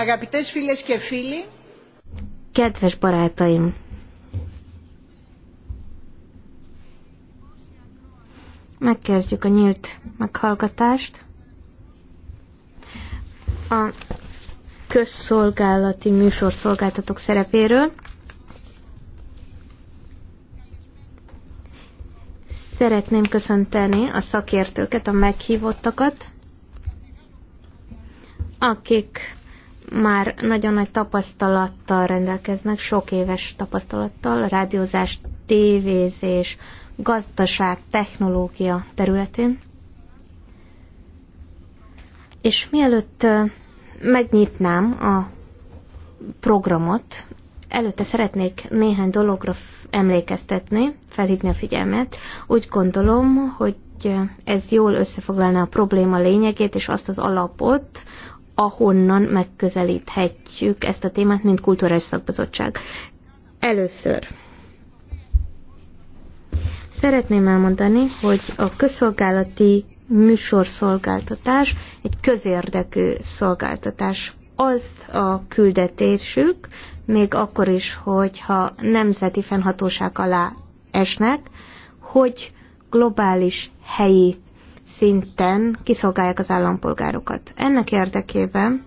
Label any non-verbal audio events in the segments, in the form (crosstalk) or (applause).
Αγαπητές φίλες και φίλοι. Kedves barátaim! Megkezdjük a nyílt meghallgatást. A közszolgálati műsorszolgáltatók szerepéről. Szeretném köszönteni a szakértőket, a meghívottakat, akik már nagyon nagy tapasztalattal rendelkeznek, sok éves tapasztalattal, rádiózás, tévézés, gazdaság, technológia területén. És mielőtt megnyitnám a programot, előtte szeretnék néhány dologra emlékeztetni, felhívni a figyelmet. Úgy gondolom, hogy ez jól összefoglalná a probléma lényegét és azt az alapot, ahonnan megközelíthetjük ezt a témát, mint kulturális szakbizottság. Először szeretném elmondani, hogy a közszolgálati műsorszolgáltatás egy közérdekű szolgáltatás. Az a küldetésük, még akkor is, hogyha nemzeti fennhatóság alá esnek, hogy globális helyi szinten kiszolgálják az állampolgárokat. Ennek érdekében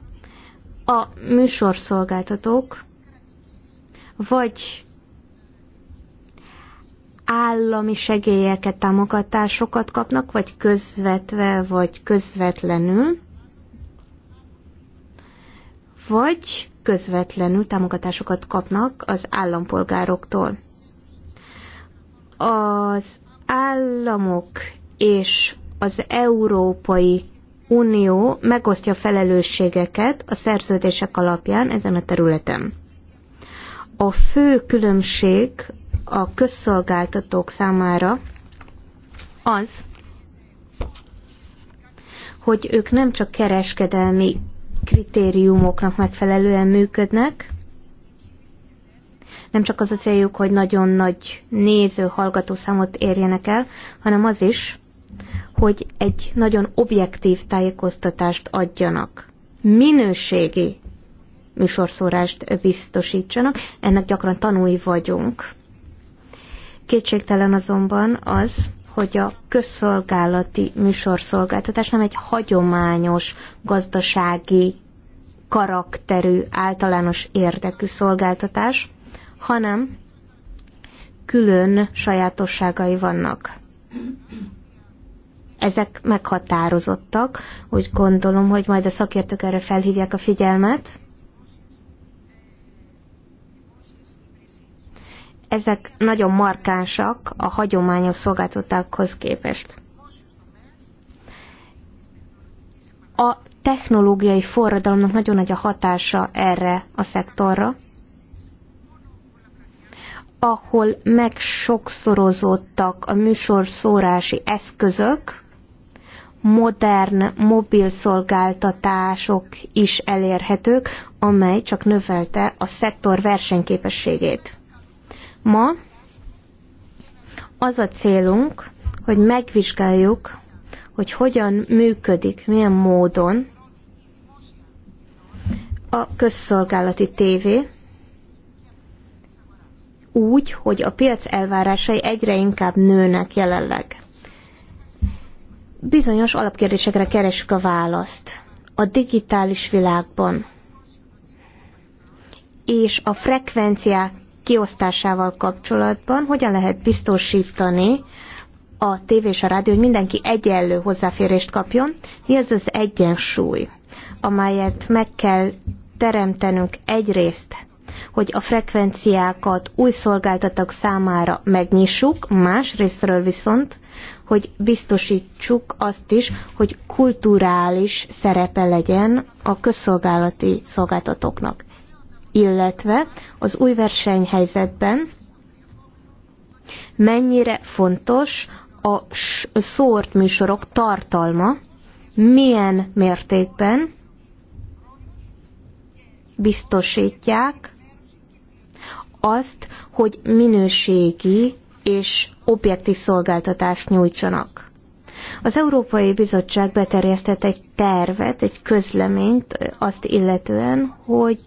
a műsorszolgáltatók vagy állami segélyeket, támogatásokat kapnak, vagy közvetve, vagy közvetlenül, vagy közvetlenül támogatásokat kapnak az állampolgároktól. Az államok és az Európai Unió megosztja felelősségeket a szerződések alapján ezen a területen. A fő különbség a közszolgáltatók számára az, hogy ők nem csak kereskedelmi kritériumoknak megfelelően működnek, nem csak az a céljuk, hogy nagyon nagy néző, hallgató számot érjenek el, hanem az is, hogy egy nagyon objektív tájékoztatást adjanak, minőségi műsorszórást biztosítsanak, ennek gyakran tanúi vagyunk. Kétségtelen azonban az, hogy a közszolgálati műsorszolgáltatás nem egy hagyományos gazdasági karakterű általános érdekű szolgáltatás, hanem külön sajátosságai vannak ezek meghatározottak. Úgy gondolom, hogy majd a szakértők erre felhívják a figyelmet. Ezek nagyon markánsak a hagyományos szolgáltatókhoz képest. A technológiai forradalomnak nagyon nagy a hatása erre a szektorra ahol megsokszorozottak a műsorszórási eszközök, modern mobil szolgáltatások is elérhetők, amely csak növelte a szektor versenyképességét. Ma az a célunk, hogy megvizsgáljuk, hogy hogyan működik, milyen módon a közszolgálati tévé, úgy, hogy a piac elvárásai egyre inkább nőnek jelenleg bizonyos alapkérdésekre keresük a választ. A digitális világban és a frekvenciák kiosztásával kapcsolatban hogyan lehet biztosítani a tévé és a rádió, hogy mindenki egyenlő hozzáférést kapjon. Mi az az egyensúly, amelyet meg kell teremtenünk egyrészt, hogy a frekvenciákat új szolgáltatók számára megnyissuk, másrésztről viszont, hogy biztosítsuk azt is, hogy kulturális szerepe legyen a közszolgálati szolgáltatóknak. Illetve az új versenyhelyzetben mennyire fontos a szórt műsorok tartalma, milyen mértékben biztosítják azt, hogy minőségi és objektív szolgáltatást nyújtsanak. Az Európai Bizottság beterjesztett egy tervet, egy közleményt azt illetően, hogy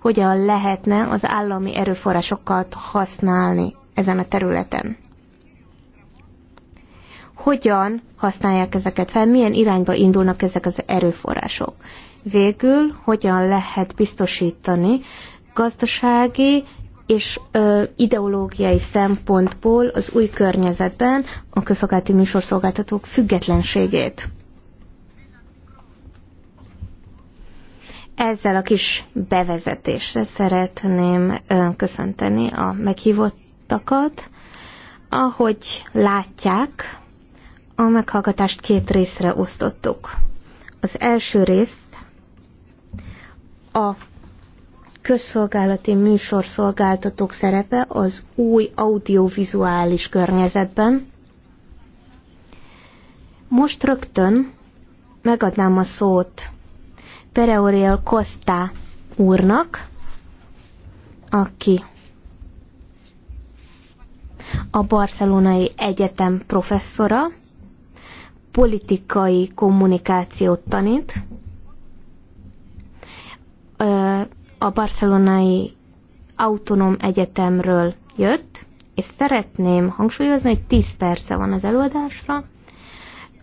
hogyan lehetne az állami erőforrásokat használni ezen a területen. Hogyan használják ezeket fel, milyen irányba indulnak ezek az erőforrások. Végül hogyan lehet biztosítani gazdasági és ö, ideológiai szempontból az új környezetben a közszolgálati műsorszolgáltatók függetlenségét. Ezzel a kis bevezetésre szeretném ö, köszönteni a meghívottakat. Ahogy látják, a meghallgatást két részre osztottuk. Az első rész a közszolgálati műsorszolgáltatók szerepe az új audiovizuális környezetben. Most rögtön megadnám a szót Pereoriel Costa úrnak, aki a Barcelonai Egyetem professzora, politikai kommunikációt tanít, a barcelonai autonóm egyetemről jött, és szeretném hangsúlyozni, hogy 10 perce van az előadásra,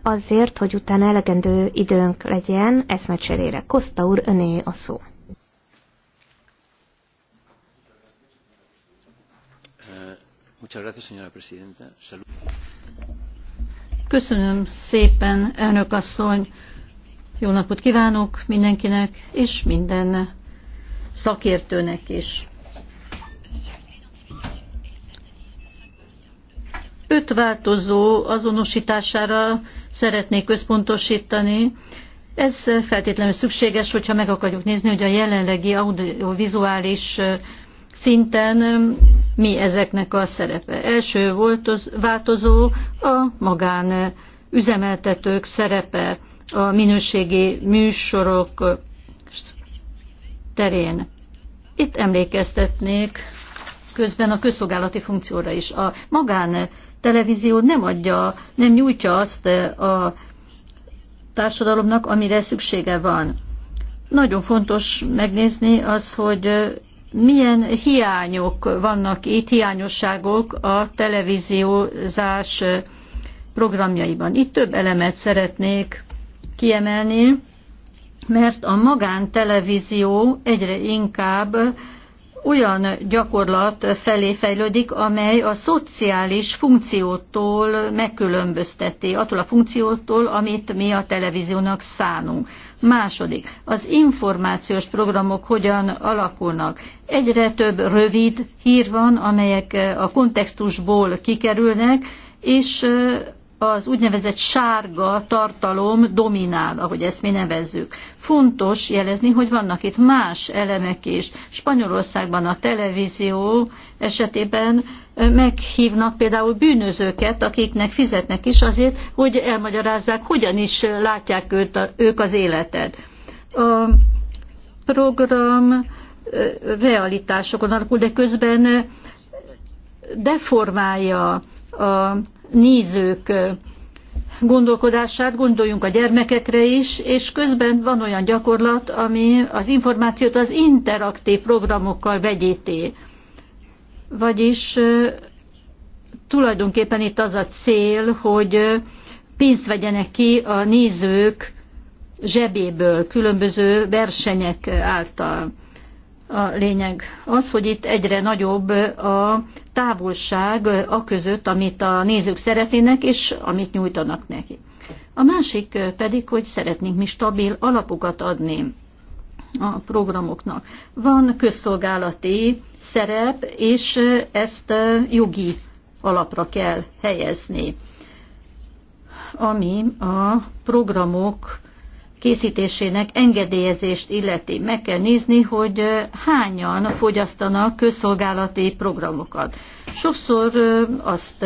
azért, hogy utána elegendő időnk legyen eszmecserére. Kosta úr, öné a szó. Eh, Köszönöm szépen, elnök asszony. Jó napot kívánok mindenkinek, és minden szakértőnek is. Öt változó azonosítására szeretnék központosítani. Ez feltétlenül szükséges, hogyha meg akarjuk nézni, hogy a jelenlegi audiovizuális szinten mi ezeknek a szerepe. Első volt az változó a magán üzemeltetők szerepe, a minőségi műsorok terén. Itt emlékeztetnék közben a közszolgálati funkcióra is. A magán televízió nem adja, nem nyújtja azt a társadalomnak, amire szüksége van. Nagyon fontos megnézni az, hogy milyen hiányok vannak itt, hiányosságok a televíziózás programjaiban. Itt több elemet szeretnék kiemelni mert a magántelevízió egyre inkább olyan gyakorlat felé fejlődik, amely a szociális funkciótól megkülönbözteti, attól a funkciótól, amit mi a televíziónak szánunk. Második, az információs programok hogyan alakulnak. Egyre több rövid hír van, amelyek a kontextusból kikerülnek, és az úgynevezett sárga tartalom dominál, ahogy ezt mi nevezzük. Fontos jelezni, hogy vannak itt más elemek is. Spanyolországban a televízió esetében meghívnak például bűnözőket, akiknek fizetnek is azért, hogy elmagyarázzák, hogyan is látják őt, ők az életed. A program realitásokon alakul, de közben deformálja a nézők gondolkodását, gondoljunk a gyermekekre is, és közben van olyan gyakorlat, ami az információt az interaktív programokkal vegyíti. Vagyis tulajdonképpen itt az a cél, hogy pénzt vegyenek ki a nézők zsebéből, különböző versenyek által. A lényeg az, hogy itt egyre nagyobb a távolság a között, amit a nézők szeretnének, és amit nyújtanak neki. A másik pedig, hogy szeretnénk mi stabil alapokat adni a programoknak. Van közszolgálati szerep, és ezt jogi alapra kell helyezni, ami a programok készítésének engedélyezést illeti. Meg kell nézni, hogy hányan fogyasztanak közszolgálati programokat. Sokszor azt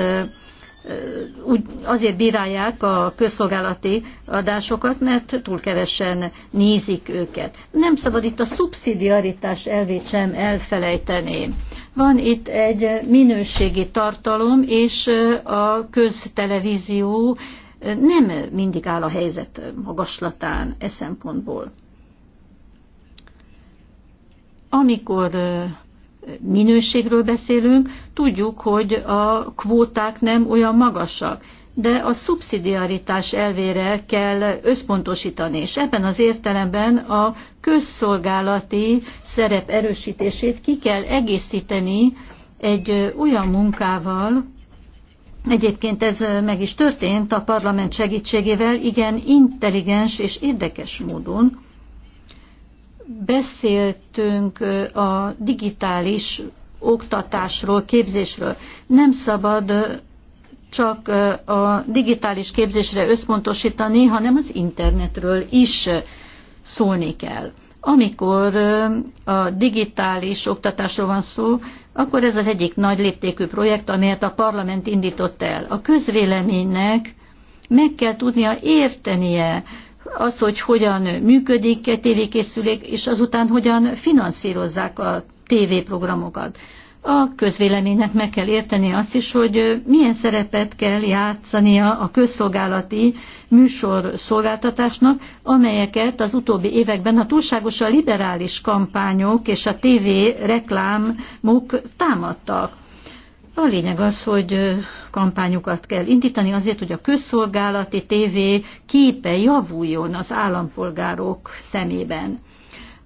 úgy, azért bírálják a közszolgálati adásokat, mert túl kevesen nézik őket. Nem szabad itt a szubszidiaritás elvét sem elfelejteni. Van itt egy minőségi tartalom, és a köztelevízió nem mindig áll a helyzet magaslatán e szempontból. Amikor minőségről beszélünk, tudjuk, hogy a kvóták nem olyan magasak, de a szubszidiaritás elvére kell összpontosítani, és ebben az értelemben a közszolgálati szerep erősítését ki kell egészíteni egy olyan munkával, Egyébként ez meg is történt a parlament segítségével, igen intelligens és érdekes módon. Beszéltünk a digitális oktatásról, képzésről. Nem szabad csak a digitális képzésre összpontosítani, hanem az internetről is szólni kell. Amikor a digitális oktatásról van szó, akkor ez az egyik nagy léptékű projekt, amelyet a parlament indított el. A közvéleménynek meg kell tudnia értenie az, hogy hogyan működik a tévékészülék, és azután hogyan finanszírozzák a tévéprogramokat. A közvéleménynek meg kell érteni azt is, hogy milyen szerepet kell játszania a közszolgálati szolgáltatásnak, amelyeket az utóbbi években a túlságosan liberális kampányok és a TV reklámok támadtak. A lényeg az, hogy kampányokat kell indítani azért, hogy a közszolgálati tévé képe javuljon az állampolgárok szemében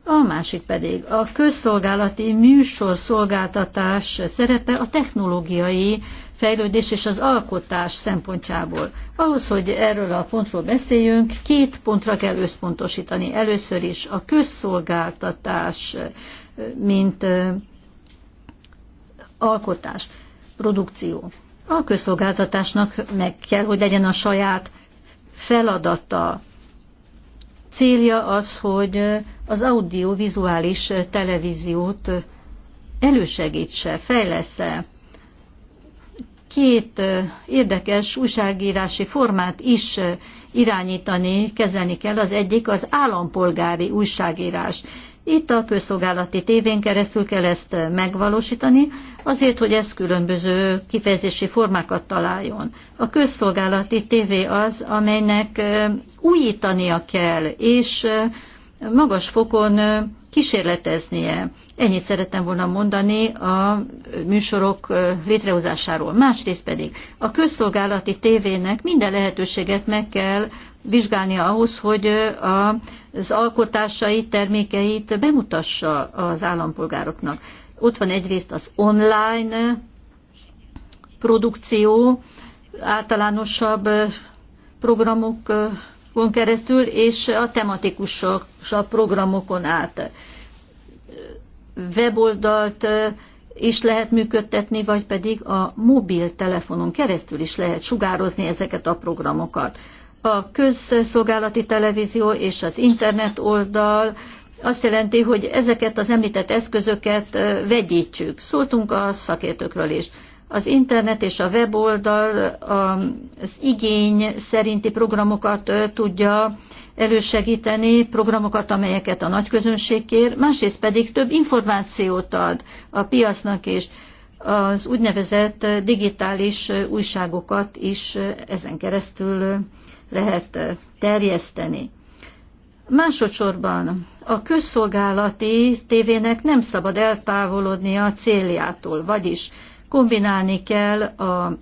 a másik pedig a közszolgálati műsorszolgáltatás szerepe a technológiai fejlődés és az alkotás szempontjából. Ahhoz, hogy erről a pontról beszéljünk, két pontra kell összpontosítani. Először is a közszolgáltatás, mint alkotás, produkció. A közszolgáltatásnak meg kell, hogy legyen a saját feladata. Célja az, hogy az audiovizuális televíziót elősegítse, fejlesze. Két érdekes újságírási formát is irányítani, kezelni kell. Az egyik az állampolgári újságírás. Itt a közszolgálati tévén keresztül kell ezt megvalósítani, azért, hogy ez különböző kifejezési formákat találjon. A közszolgálati tévé az, amelynek újítania kell, és magas fokon kísérleteznie. Ennyit szerettem volna mondani a műsorok létrehozásáról. Másrészt pedig a közszolgálati tévének minden lehetőséget meg kell vizsgálnia ahhoz, hogy az alkotásait, termékeit bemutassa az állampolgároknak. Ott van egyrészt az online produkció, általánosabb programok programokon keresztül, és a tematikus a programokon át. Weboldalt is lehet működtetni, vagy pedig a mobiltelefonon keresztül is lehet sugározni ezeket a programokat. A közszolgálati televízió és az internet oldal azt jelenti, hogy ezeket az említett eszközöket vegyítsük. Szóltunk a szakértőkről is az internet és a weboldal az igény szerinti programokat tudja elősegíteni, programokat, amelyeket a nagyközönség kér, másrészt pedig több információt ad a piacnak és az úgynevezett digitális újságokat is ezen keresztül lehet terjeszteni. Másodszorban a közszolgálati tévének nem szabad eltávolodnia a céljától, vagyis Kombinálni kell a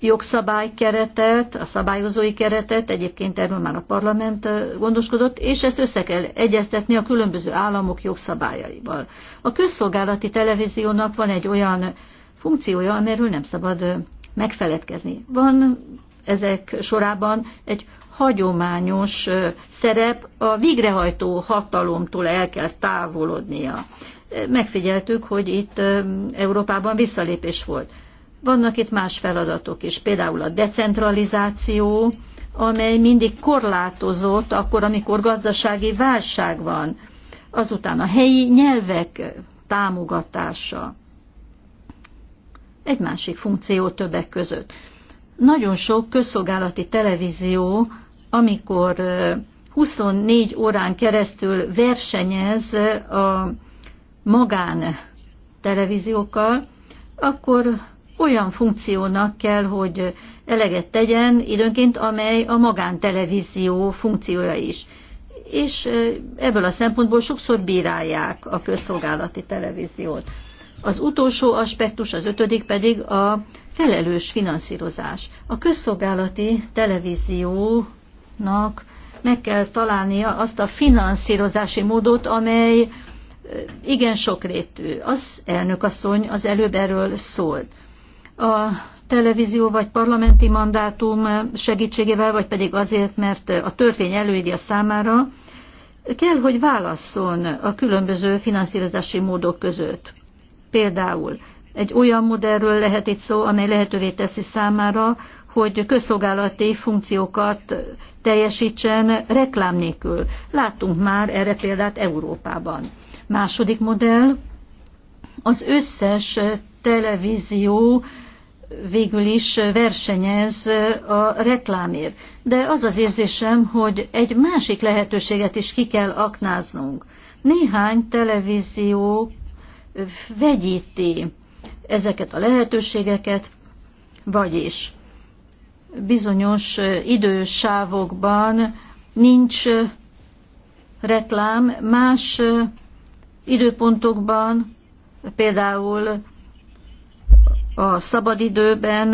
jogszabálykeretet, a szabályozói keretet, egyébként erről már a parlament gondoskodott, és ezt össze kell egyeztetni a különböző államok jogszabályaival. A közszolgálati televíziónak van egy olyan funkciója, amiről nem szabad megfeledkezni. Van ezek sorában egy hagyományos szerep, a végrehajtó hatalomtól el kell távolodnia megfigyeltük, hogy itt Európában visszalépés volt. Vannak itt más feladatok is, például a decentralizáció, amely mindig korlátozott akkor, amikor gazdasági válság van. Azután a helyi nyelvek támogatása. Egy másik funkció többek között. Nagyon sok közszolgálati televízió, amikor 24 órán keresztül versenyez a magán televíziókkal, akkor olyan funkciónak kell, hogy eleget tegyen időnként, amely a magántelevízió funkciója is. És ebből a szempontból sokszor bírálják a közszolgálati televíziót. Az utolsó aspektus, az ötödik pedig a felelős finanszírozás. A közszolgálati televíziónak meg kell találnia azt a finanszírozási módot, amely igen sokrétű. Az elnök asszony az előbb erről szólt. A televízió vagy parlamenti mandátum segítségével, vagy pedig azért, mert a törvény előírja számára, kell, hogy válasszon a különböző finanszírozási módok között. Például egy olyan modellről lehet itt szó, amely lehetővé teszi számára, hogy közszolgálati funkciókat teljesítsen reklám nélkül. Láttunk már erre példát Európában. Második modell, az összes televízió végül is versenyez a reklámért. De az az érzésem, hogy egy másik lehetőséget is ki kell aknáznunk. Néhány televízió vegyíti ezeket a lehetőségeket, vagyis bizonyos idősávokban nincs reklám, más időpontokban, például a szabadidőben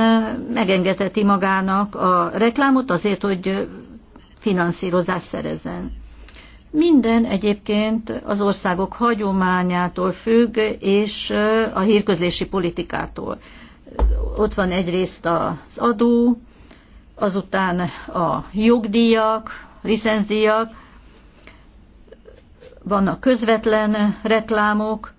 megengedheti magának a reklámot azért, hogy finanszírozást szerezzen. Minden egyébként az országok hagyományától függ, és a hírközlési politikától. Ott van egyrészt az adó, azután a jogdíjak, licenszdíjak, vannak közvetlen reklámok,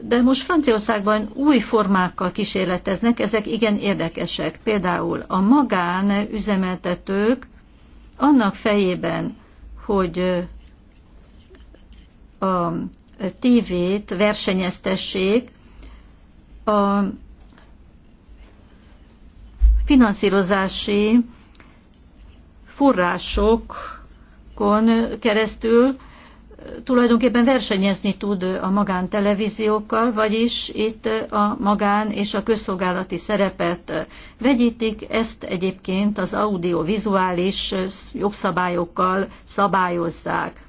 de most Franciaországban új formákkal kísérleteznek, ezek igen érdekesek. Például a magán üzemeltetők annak fejében, hogy a tévét versenyeztessék, a finanszírozási forrásokon keresztül tulajdonképpen versenyezni tud a magántelevíziókkal, vagyis itt a magán és a közszolgálati szerepet vegyítik, ezt egyébként az audiovizuális jogszabályokkal szabályozzák.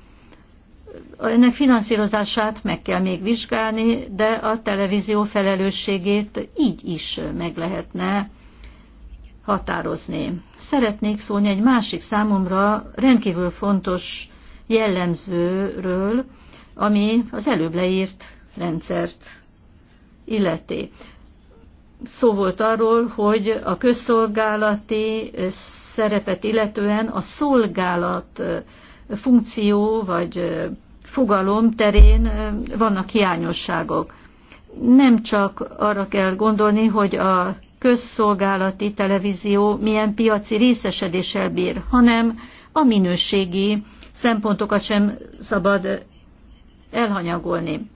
Ennek finanszírozását meg kell még vizsgálni, de a televízió felelősségét így is meg lehetne határozni. Szeretnék szólni egy másik számomra rendkívül fontos jellemzőről, ami az előbb leírt rendszert illeti. Szó volt arról, hogy a közszolgálati szerepet illetően a szolgálat funkció vagy fogalom terén vannak hiányosságok. Nem csak arra kell gondolni, hogy a közszolgálati televízió milyen piaci részesedéssel bír, hanem a minőségi szempontokat sem szabad elhanyagolni.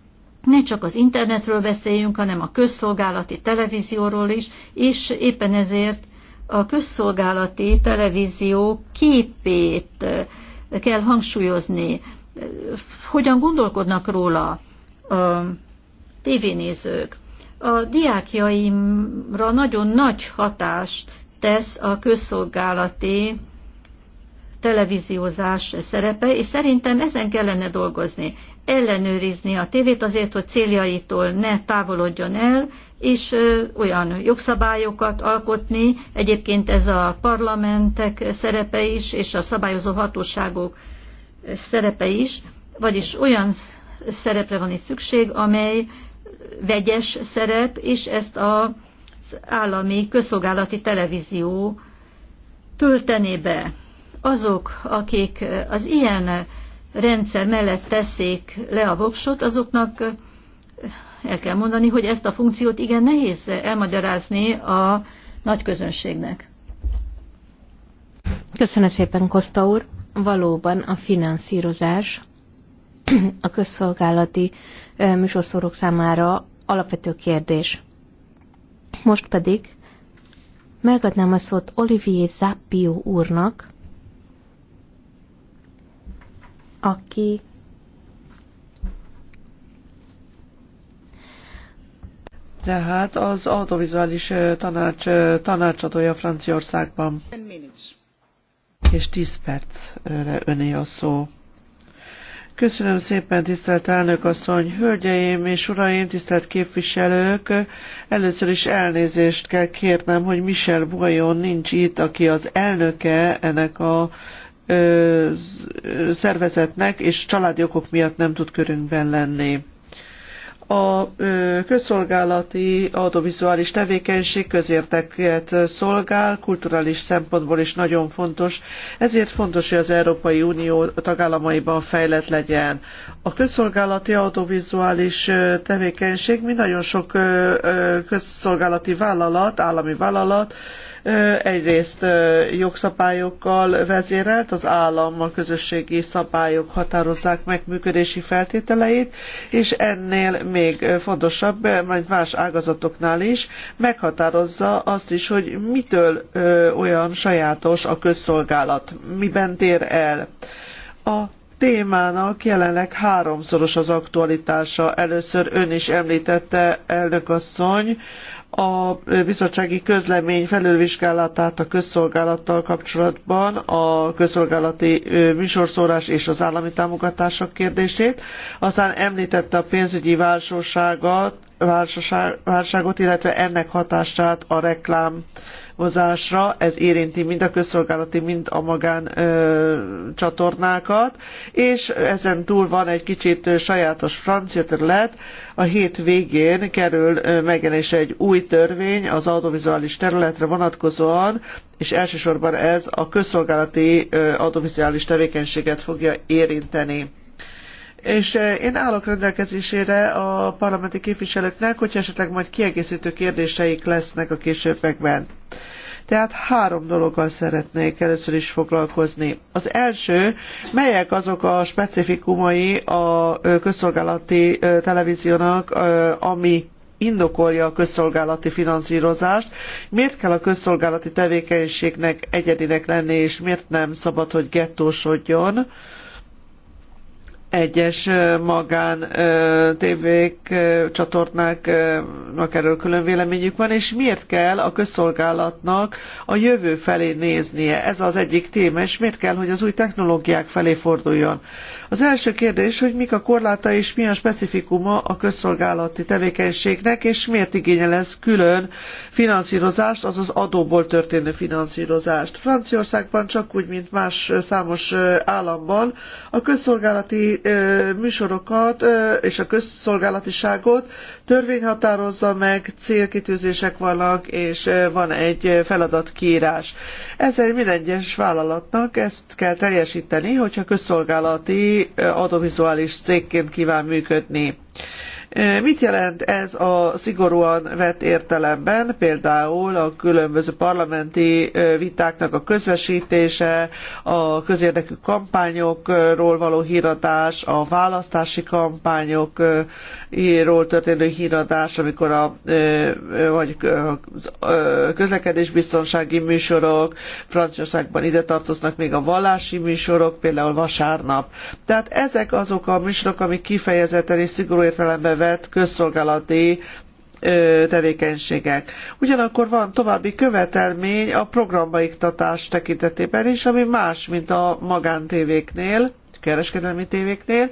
Ne csak az internetről beszéljünk, hanem a közszolgálati televízióról is, és éppen ezért a közszolgálati televízió képét kell hangsúlyozni. Hogyan gondolkodnak róla a tévénézők? A diákjaimra nagyon nagy hatást tesz a közszolgálati televíziózás szerepe, és szerintem ezen kellene dolgozni. Ellenőrizni a tévét azért, hogy céljaitól ne távolodjon el, és olyan jogszabályokat alkotni. Egyébként ez a parlamentek szerepe is, és a szabályozó hatóságok szerepe is, vagyis olyan szerepre van itt szükség, amely vegyes szerep, és ezt a állami közszolgálati televízió töltené be azok, akik az ilyen rendszer mellett teszik le a voksot, azoknak el kell mondani, hogy ezt a funkciót igen nehéz elmagyarázni a nagy közönségnek. Köszönöm szépen, Kosta úr. Valóban a finanszírozás a közszolgálati műsorszórók számára alapvető kérdés. Most pedig megadnám a szót Olivier Zappio úrnak, aki tehát az audiovizuális tanács tanácsadója Franciaországban. És 10 percre öné a szó. Köszönöm szépen, tisztelt elnök asszony, hölgyeim és uraim, tisztelt képviselők! Először is elnézést kell kérnem, hogy Michel Boyon nincs itt, aki az elnöke ennek a szervezetnek, és családi okok miatt nem tud körünkben lenni a közszolgálati audiovizuális tevékenység közérteket szolgál, kulturális szempontból is nagyon fontos, ezért fontos, hogy az Európai Unió tagállamaiban fejlett legyen. A közszolgálati audiovizuális tevékenység, mi nagyon sok közszolgálati vállalat, állami vállalat, Egyrészt jogszabályokkal vezérelt, az állam, a közösségi szabályok határozzák meg működési feltételeit, és ennél még fontosabb, majd más ágazatoknál is, meghatározza azt is, hogy mitől olyan sajátos a közszolgálat, miben tér el. A témának jelenleg háromszoros az aktualitása. Először ön is említette, elnök asszony, a bizottsági közlemény felülvizsgálatát a közszolgálattal kapcsolatban, a közszolgálati műsorszórás és az állami támogatások kérdését, aztán említette a pénzügyi válságot, válságot illetve ennek hatását a reklám programozásra, ez érinti mind a közszolgálati, mind a magán ö, csatornákat, és ezen túl van egy kicsit sajátos francia terület, a hét végén kerül megjelenés egy új törvény az audiovizuális területre vonatkozóan, és elsősorban ez a közszolgálati audiovizuális tevékenységet fogja érinteni és eh, én állok rendelkezésére a parlamenti képviselőknek, hogyha esetleg majd kiegészítő kérdéseik lesznek a későbbekben. Tehát három dologgal szeretnék először is foglalkozni. Az első, melyek azok a specifikumai a közszolgálati televíziónak, ami indokolja a közszolgálati finanszírozást, miért kell a közszolgálati tevékenységnek egyedinek lenni, és miért nem szabad, hogy gettósodjon egyes magán tévék, csatornáknak erről külön véleményük van, és miért kell a közszolgálatnak a jövő felé néznie? Ez az egyik téma, és miért kell, hogy az új technológiák felé forduljon? Az első kérdés, hogy mik a korlátai és mi a specifikuma a közszolgálati tevékenységnek, és miért igényel ez külön finanszírozást, azaz adóból történő finanszírozást. Franciaországban csak úgy, mint más számos államban a közszolgálati műsorokat és a közszolgálatiságot törvény határozza meg, célkitűzések vannak, és van egy feladatkírás. Ezért minden egyes vállalatnak ezt kell teljesíteni, hogyha közszolgálati audiovizuális cégként kíván működni. Mit jelent ez a szigorúan vett értelemben, például a különböző parlamenti vitáknak a közvesítése, a közérdekű kampányokról való híradás, a választási kampányokról történő híradás, amikor a, vagy közlekedésbiztonsági műsorok, Franciaországban ide tartoznak még a vallási műsorok, például vasárnap. Tehát ezek azok a műsorok, amik kifejezetten és szigorú értelemben elvett közszolgálati tevékenységek. Ugyanakkor van további követelmény a programbaiktatás tekintetében is, ami más, mint a magántévéknél, kereskedelmi tévéknél.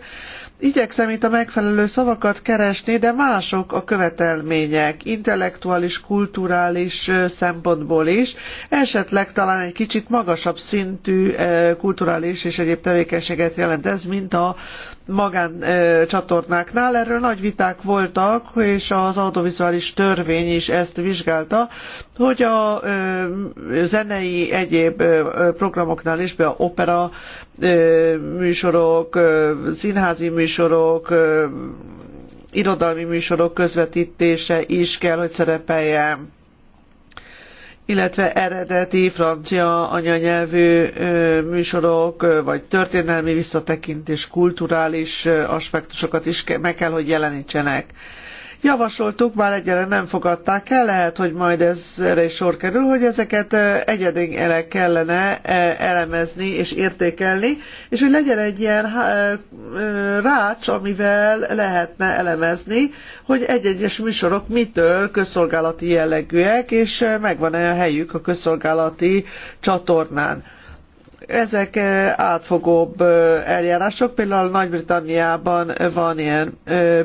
Igyekszem itt a megfelelő szavakat keresni, de mások a követelmények, intellektuális, kulturális szempontból is, esetleg talán egy kicsit magasabb szintű kulturális és egyéb tevékenységet jelent ez, mint a magáncsatornáknál. Erről nagy viták voltak, és az audiovizuális törvény is ezt vizsgálta, hogy a zenei egyéb programoknál is, be opera műsorok, színházi műsorok, irodalmi műsorok közvetítése is kell, hogy szerepeljen illetve eredeti francia anyanyelvű műsorok, vagy történelmi visszatekintés, kulturális aspektusokat is meg kell, hogy jelenítsenek. Javasoltuk, már egyre nem fogadták el, lehet, hogy majd ez erre is sor kerül, hogy ezeket egyedileg kellene elemezni és értékelni, és hogy legyen egy ilyen rács, amivel lehetne elemezni, hogy egy-egyes műsorok mitől közszolgálati jellegűek, és megvan-e a helyük a közszolgálati csatornán ezek átfogóbb eljárások, például Nagy-Britanniában van ilyen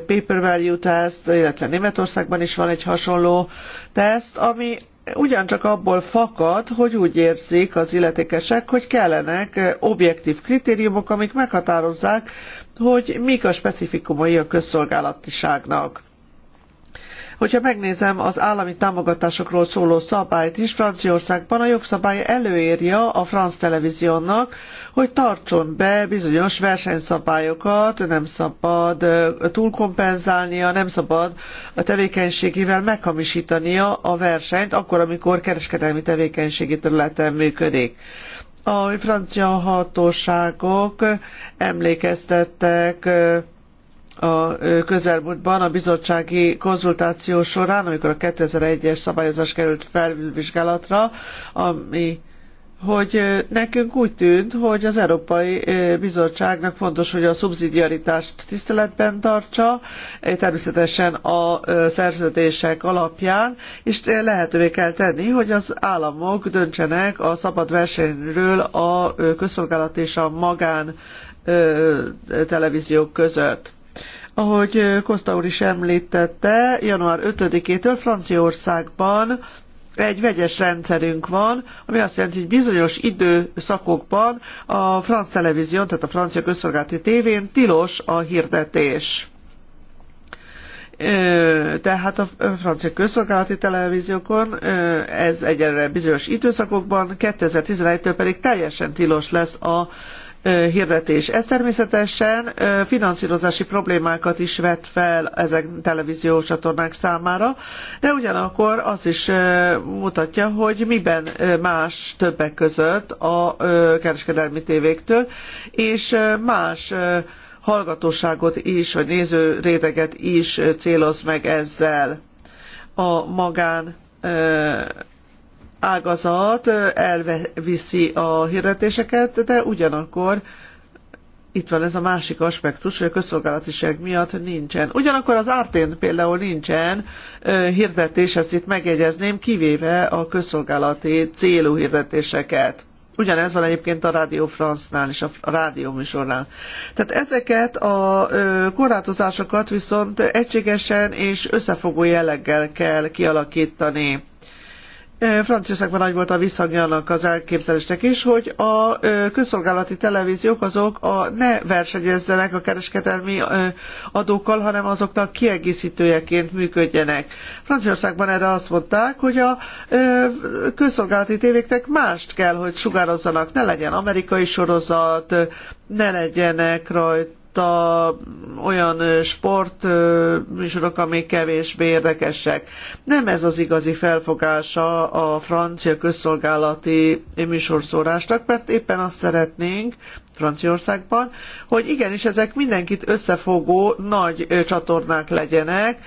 paper value test, illetve Németországban is van egy hasonló teszt, ami ugyancsak abból fakad, hogy úgy érzik az illetékesek, hogy kellenek objektív kritériumok, amik meghatározzák, hogy mik a specifikumai a közszolgálatiságnak. Hogyha megnézem az állami támogatásokról szóló szabályt is, Franciaországban a jogszabály előírja a franc televíziónak, hogy tartson be bizonyos versenyszabályokat, nem szabad túlkompenzálnia, nem szabad a tevékenységével meghamisítania a versenyt, akkor, amikor kereskedelmi tevékenységi területen működik a francia hatóságok emlékeztettek a közelmúltban a bizottsági konzultáció során, amikor a 2001-es szabályozás került felvizsgálatra, ami hogy nekünk úgy tűnt, hogy az Európai Bizottságnak fontos, hogy a szubszidiaritást tiszteletben tartsa, természetesen a szerződések alapján, és lehetővé kell tenni, hogy az államok döntsenek a szabad versenyről a közszolgálat és a magán televíziók között. Ahogy Kosta úr is említette, január 5-től Franciaországban egy vegyes rendszerünk van, ami azt jelenti, hogy bizonyos időszakokban a franc televízión, tehát a francia közszolgálati tévén tilos a hirdetés. Tehát a francia közszolgálati televíziókon ez egyenre bizonyos időszakokban, 2011-től pedig teljesen tilos lesz a hirdetés. Ez természetesen finanszírozási problémákat is vet fel ezek televíziós csatornák számára, de ugyanakkor azt is mutatja, hogy miben más többek között a kereskedelmi tévéktől, és más hallgatóságot is, vagy néző réteget is céloz meg ezzel a magán ágazat elviszi a hirdetéseket, de ugyanakkor itt van ez a másik aspektus, hogy a közszolgálatiság miatt nincsen. Ugyanakkor az ártén például nincsen hirdetés, ezt itt megjegyezném, kivéve a közszolgálati célú hirdetéseket. Ugyanez van egyébként a Rádió France-nál és a rádió műsornál. Tehát ezeket a korlátozásokat viszont egységesen és összefogó jelleggel kell kialakítani Franciaországban nagy volt a visszhangja annak az elképzelésnek is, hogy a közszolgálati televíziók azok a, ne versenyezzenek a kereskedelmi adókkal, hanem azoknak kiegészítőjeként működjenek. Franciaországban erre azt mondták, hogy a közszolgálati tévéknek mást kell, hogy sugározzanak, ne legyen amerikai sorozat, ne legyenek rajta a, olyan sport műsorok, amik kevésbé érdekesek. Nem ez az igazi felfogása a francia közszolgálati műsorszórásnak, mert éppen azt szeretnénk, Franciaországban, hogy igenis ezek mindenkit összefogó nagy csatornák legyenek,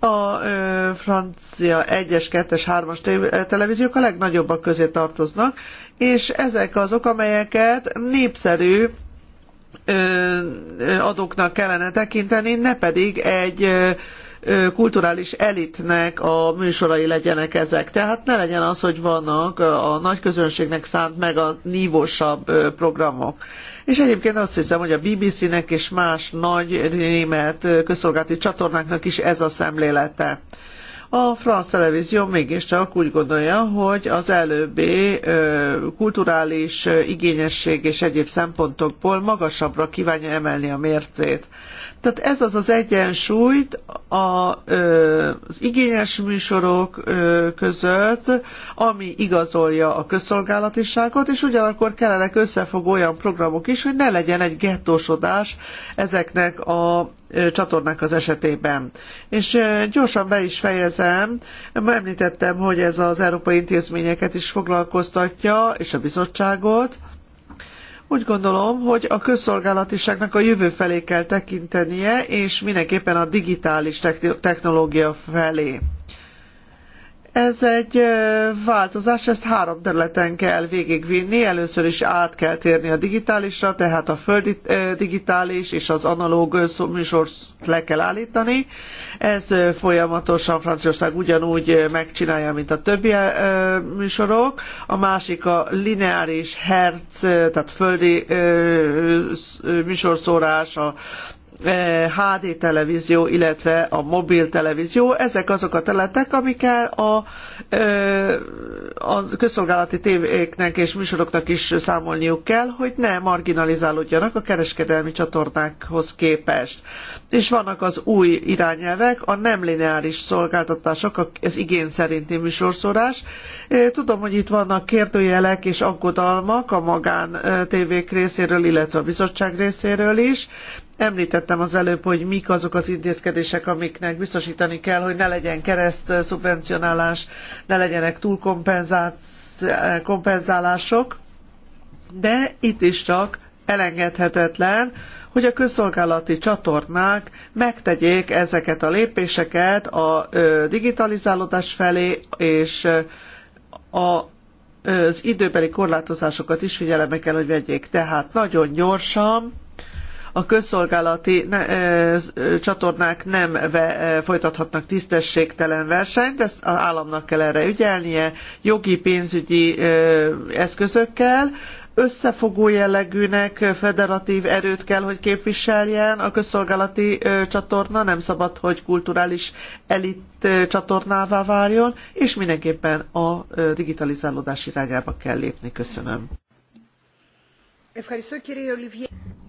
a ö, francia 1-es, 2-es, 3-as televíziók a legnagyobbak közé tartoznak, és ezek azok, amelyeket népszerű adóknak kellene tekinteni, ne pedig egy kulturális elitnek a műsorai legyenek ezek. Tehát ne legyen az, hogy vannak a nagy közönségnek szánt meg a nívósabb programok. És egyébként azt hiszem, hogy a BBC-nek és más nagy német közszolgálati csatornáknak is ez a szemlélete a francia televízió mégiscsak úgy gondolja, hogy az előbbi kulturális igényesség és egyéb szempontokból magasabbra kívánja emelni a mércét. Tehát ez az az egyensúlyt a, az igényes műsorok között, ami igazolja a közszolgálatiságot, és ugyanakkor kellenek összefog olyan programok is, hogy ne legyen egy gettósodás ezeknek a csatornák az esetében. És gyorsan be is fejezem, említettem, hogy ez az európai intézményeket is foglalkoztatja, és a bizottságot, úgy gondolom, hogy a közszolgálatiságnak a jövő felé kell tekintenie, és mindenképpen a digitális technológia felé. Ez egy változás, ezt három területen kell végigvinni. Először is át kell térni a digitálisra, tehát a földi digitális és az analóg műsort le kell állítani. Ez folyamatosan Franciaország ugyanúgy megcsinálja, mint a többi műsorok. A másik a lineáris herc, tehát földi műsorszórás, a HD eh, televízió, illetve a mobil televízió. Ezek azok a területek, amikkel a, eh, a közszolgálati tévéknek és műsoroknak is számolniuk kell, hogy ne marginalizálódjanak a kereskedelmi csatornákhoz képest. És vannak az új irányelvek, a nem lineáris szolgáltatások, az igény szerinti műsorszórás. Eh, tudom, hogy itt vannak kérdőjelek és aggodalmak a magán tévék részéről, illetve a bizottság részéről is, Említettem az előbb, hogy mik azok az intézkedések, amiknek biztosítani kell, hogy ne legyen kereszt szubvencionálás, ne legyenek túlkompenzálások, de itt is csak elengedhetetlen, hogy a közszolgálati csatornák megtegyék ezeket a lépéseket a digitalizálódás felé, és a az időbeli korlátozásokat is figyelembe kell, hogy vegyék. Tehát nagyon gyorsan, a közszolgálati csatornák nem folytathatnak tisztességtelen versenyt, ezt az államnak kell erre ügyelnie, jogi, pénzügyi eszközökkel, összefogó jellegűnek federatív erőt kell, hogy képviseljen a közszolgálati csatorna, nem szabad, hogy kulturális elit csatornává váljon, és mindenképpen a digitalizálódás irányába kell lépni. Köszönöm.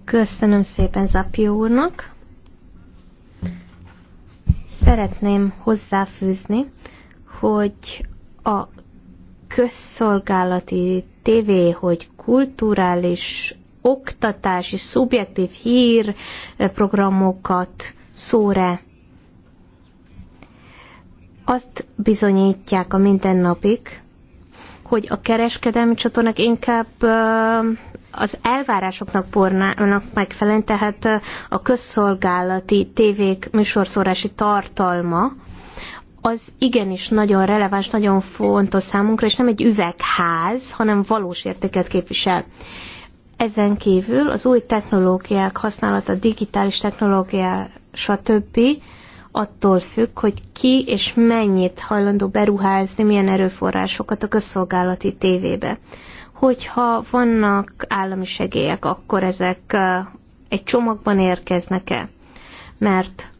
Köszönöm szépen Zapió úrnak. Szeretném hozzáfűzni, hogy a közszolgálati tévé, hogy kulturális, oktatási, szubjektív hírprogramokat eh, szóre azt bizonyítják a mindennapik, hogy a kereskedelmi csatornák inkább eh, az elvárásoknak pornának megfelelően, tehát a közszolgálati tévék műsorszórási tartalma, az igenis nagyon releváns, nagyon fontos számunkra, és nem egy üvegház, hanem valós értéket képvisel. Ezen kívül az új technológiák használata, digitális technológia, stb. attól függ, hogy ki és mennyit hajlandó beruházni, milyen erőforrásokat a közszolgálati tévébe hogyha vannak állami segélyek, akkor ezek egy csomagban érkeznek-e? Mert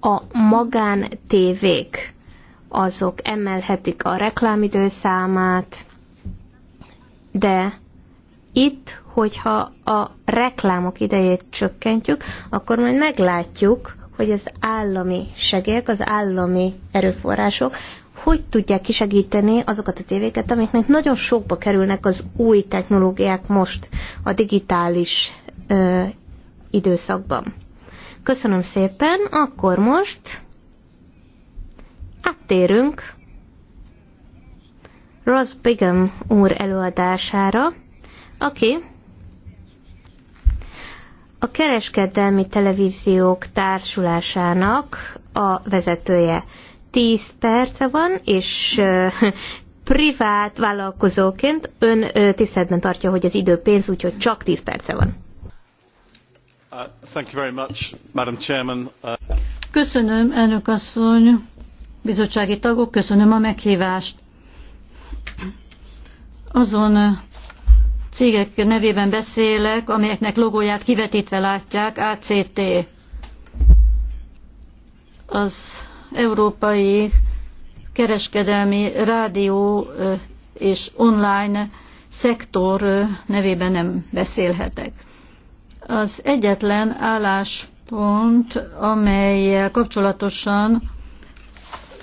a magán tévék azok emelhetik a reklámidőszámát, de itt, hogyha a reklámok idejét csökkentjük, akkor majd meglátjuk, hogy az állami segélyek, az állami erőforrások hogy tudják kisegíteni azokat a tévéket, amiknek nagyon sokba kerülnek az új technológiák most a digitális ö, időszakban. Köszönöm szépen, akkor most áttérünk Ross Bigham úr előadására, aki a kereskedelmi televíziók társulásának a vezetője. 10 perce van, és privát vállalkozóként ön tiszteletben tartja, hogy az idő pénz, úgyhogy csak 10 perce van. Uh, uh, köszönöm, elnök asszony, bizottsági tagok, köszönöm a meghívást. Azon cégek nevében beszélek, amelyeknek logóját kivetítve látják, ACT. Az európai kereskedelmi rádió és online szektor nevében nem beszélhetek. Az egyetlen álláspont, amely kapcsolatosan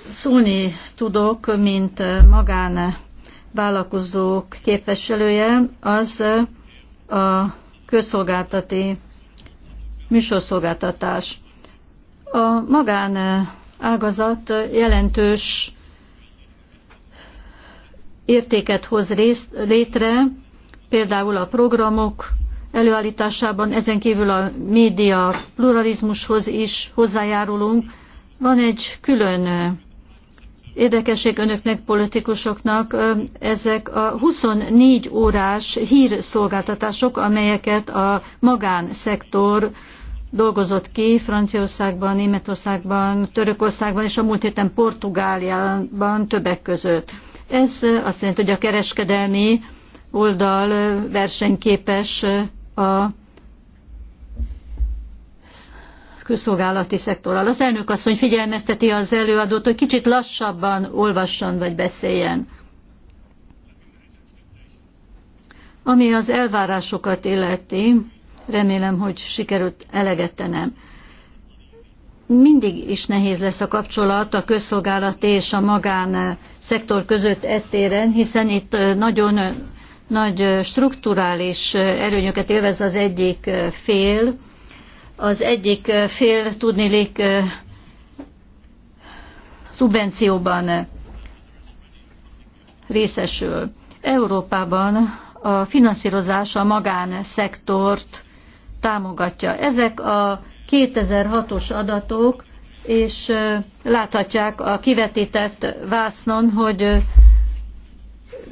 szólni tudok, mint magán vállalkozók képviselője, az a közszolgáltati műsorszolgáltatás. A magán ágazat jelentős értéket hoz részt, létre, például a programok előállításában, ezen kívül a média pluralizmushoz is hozzájárulunk. Van egy külön érdekesség önöknek, politikusoknak, ezek a 24 órás hírszolgáltatások, amelyeket a magánszektor dolgozott ki Franciaországban, Németországban, Törökországban és a múlt héten Portugáliában többek között. Ez azt jelenti, hogy a kereskedelmi oldal versenyképes a közszolgálati szektorral. Az elnök asszony figyelmezteti az előadót, hogy kicsit lassabban olvasson vagy beszéljen. Ami az elvárásokat illeti, Remélem, hogy sikerült eleget Mindig is nehéz lesz a kapcsolat a közszolgálat és a magán eh, szektor között ettéren, hiszen itt eh, nagyon eh, nagy strukturális erőnyöket élvez az egyik fél. Az egyik fél tudnélik szubvencióban részesül. Európában a finanszírozás a magánszektort támogatja. Ezek a 2006-os adatok, és láthatják a kivetített vásznon, hogy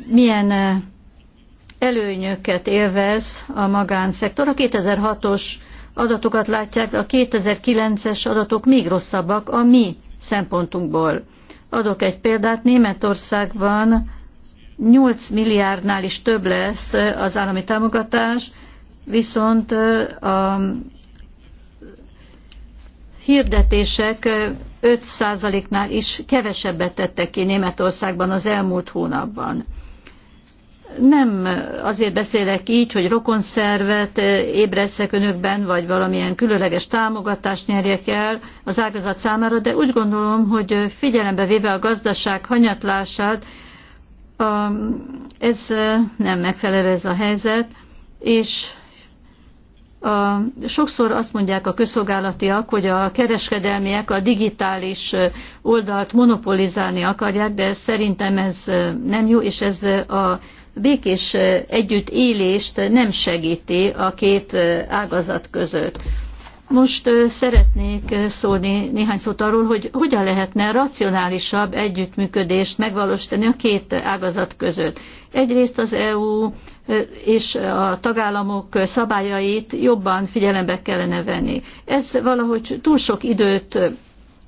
milyen előnyöket élvez a magánszektor. A 2006-os adatokat látják, a 2009-es adatok még rosszabbak a mi szempontunkból. Adok egy példát, Németországban 8 milliárdnál is több lesz az állami támogatás, viszont a hirdetések 5%-nál is kevesebbet tettek ki Németországban az elmúlt hónapban. Nem azért beszélek így, hogy rokonszervet ébreszek önökben, vagy valamilyen különleges támogatást nyerjek el az ágazat számára, de úgy gondolom, hogy figyelembe véve a gazdaság hanyatlását, ez nem megfelelő ez a helyzet, és a, sokszor azt mondják a közszolgálatiak, hogy a kereskedelmiek a digitális oldalt monopolizálni akarják, de szerintem ez nem jó, és ez a békés együttélést nem segíti a két ágazat között. Most szeretnék szólni néhány szót arról, hogy hogyan lehetne racionálisabb együttműködést megvalósítani a két ágazat között. Egyrészt az EU és a tagállamok szabályait jobban figyelembe kellene venni. Ez valahogy túl sok időt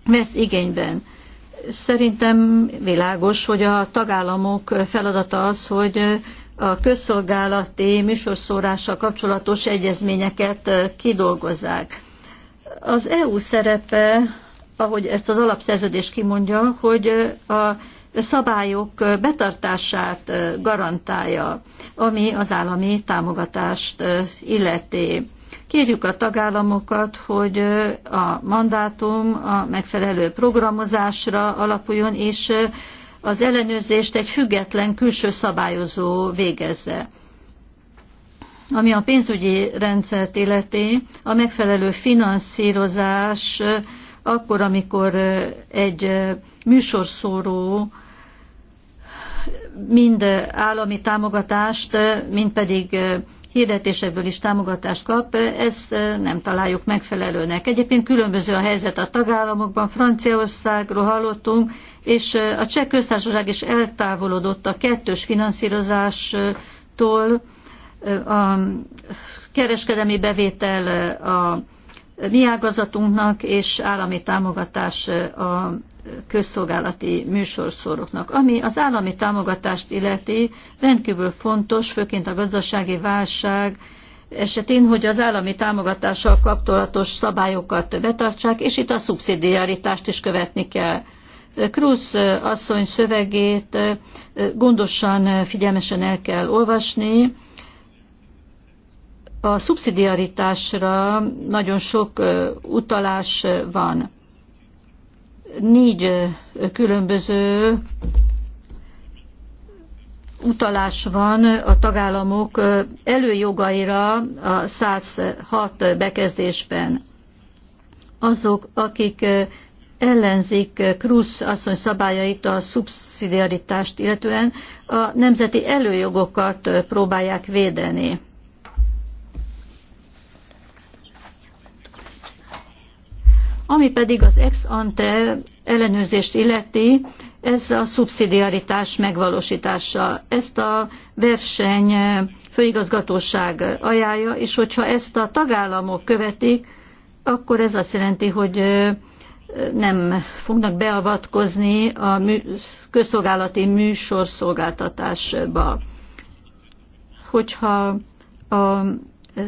vesz igényben. Szerintem világos, hogy a tagállamok feladata az, hogy a közszolgálati műsorszórással kapcsolatos egyezményeket kidolgozzák. Az EU szerepe, ahogy ezt az alapszerződés kimondja, hogy a szabályok betartását garantálja, ami az állami támogatást illeti. Kérjük a tagállamokat, hogy a mandátum a megfelelő programozásra alapuljon, és az ellenőrzést egy független külső szabályozó végezze. Ami a pénzügyi rendszert illeti, a megfelelő finanszírozás akkor, amikor egy műsorszóró mind állami támogatást, mind pedig hirdetésekből is támogatást kap, ezt nem találjuk megfelelőnek. Egyébként különböző a helyzet a tagállamokban, Franciaországról hallottunk, és a cseh köztársaság is eltávolodott a kettős finanszírozástól, a kereskedelmi bevétel a mi ágazatunknak és állami támogatás a közszolgálati műsorszoroknak. Ami az állami támogatást illeti, rendkívül fontos, főként a gazdasági válság esetén, hogy az állami támogatással kapcsolatos szabályokat betartsák, és itt a szubszidiaritást is követni kell. Krusz asszony szövegét gondosan, figyelmesen el kell olvasni. A szubszidiaritásra nagyon sok utalás van négy különböző utalás van a tagállamok előjogaira a 106 bekezdésben. Azok, akik ellenzik Krusz asszony szabályait a szubszidiaritást illetően a nemzeti előjogokat próbálják védeni. Ami pedig az ex ante ellenőrzést illeti, ez a szubszidiaritás megvalósítása. Ezt a verseny főigazgatóság ajánlja, és hogyha ezt a tagállamok követik, akkor ez azt jelenti, hogy nem fognak beavatkozni a közszolgálati műsorszolgáltatásba. Hogyha a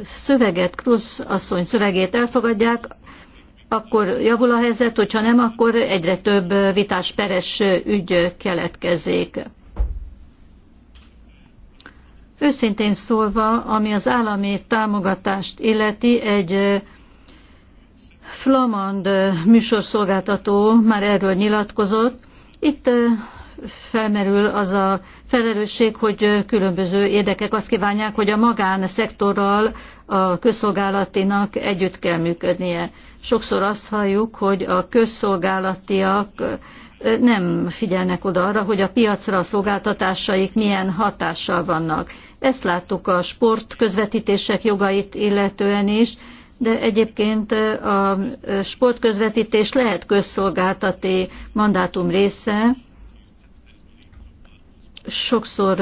szöveget, Krusz asszony szövegét elfogadják, akkor javul a helyzet, hogyha nem, akkor egyre több vitás peres ügy keletkezik. Őszintén szólva, ami az állami támogatást illeti, egy flamand műsorszolgáltató már erről nyilatkozott. Itt felmerül az a felelősség, hogy különböző érdekek azt kívánják, hogy a magánszektorral a közszolgálatinak együtt kell működnie. Sokszor azt halljuk, hogy a közszolgálatiak nem figyelnek oda arra, hogy a piacra a szolgáltatásaik milyen hatással vannak. Ezt láttuk a sport közvetítések jogait illetően is, de egyébként a sportközvetítés lehet közszolgáltati mandátum része, sokszor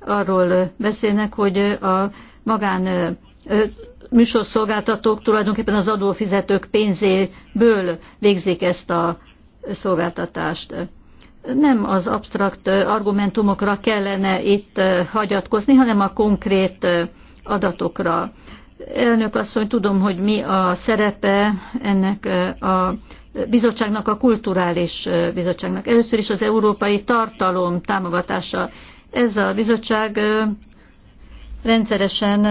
arról beszélnek, hogy a magán műsorszolgáltatók tulajdonképpen az adófizetők pénzéből végzik ezt a szolgáltatást. Nem az absztrakt argumentumokra kellene itt hagyatkozni, hanem a konkrét adatokra. Elnök asszony, tudom, hogy mi a szerepe ennek a bizottságnak, a kulturális bizottságnak. Először is az európai tartalom támogatása. Ez a bizottság rendszeresen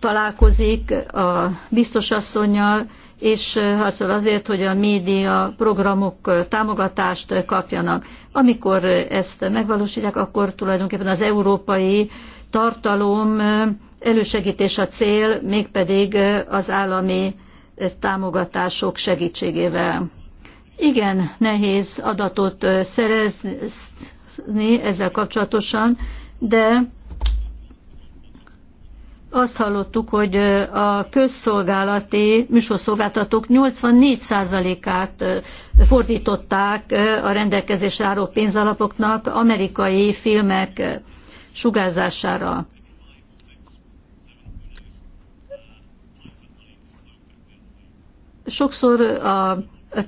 találkozik a biztosasszonynal, és harcol azért, hogy a média programok támogatást kapjanak. Amikor ezt megvalósítják, akkor tulajdonképpen az európai tartalom elősegítés a cél, mégpedig az állami támogatások segítségével. Igen, nehéz adatot szerezni ezzel kapcsolatosan, de azt hallottuk, hogy a közszolgálati műsorszolgáltatók 84%-át fordították a rendelkezésre álló pénzalapoknak amerikai filmek sugárzására. sokszor a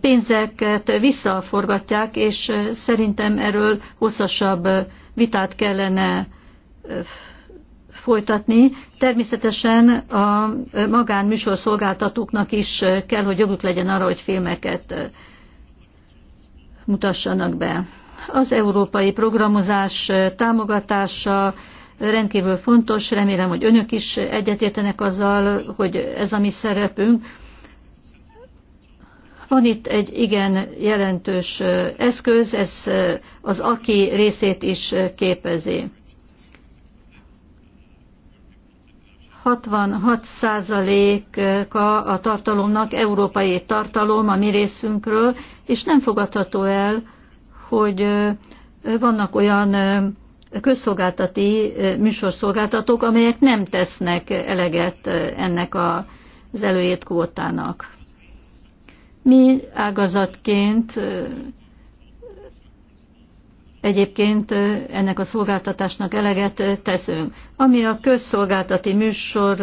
pénzeket visszaforgatják, és szerintem erről hosszasabb vitát kellene folytatni. Természetesen a műsorszolgáltatóknak is kell, hogy joguk legyen arra, hogy filmeket mutassanak be. Az európai programozás támogatása rendkívül fontos, remélem, hogy önök is egyetértenek azzal, hogy ez a mi szerepünk, van itt egy igen jelentős eszköz, ez az aki részét is képezi. 66%-a a tartalomnak európai tartalom a mi részünkről, és nem fogadható el, hogy vannak olyan közszolgáltati műsorszolgáltatók, amelyek nem tesznek eleget ennek az előét kvótának. Mi ágazatként egyébként ennek a szolgáltatásnak eleget teszünk. Ami a közszolgáltati műsor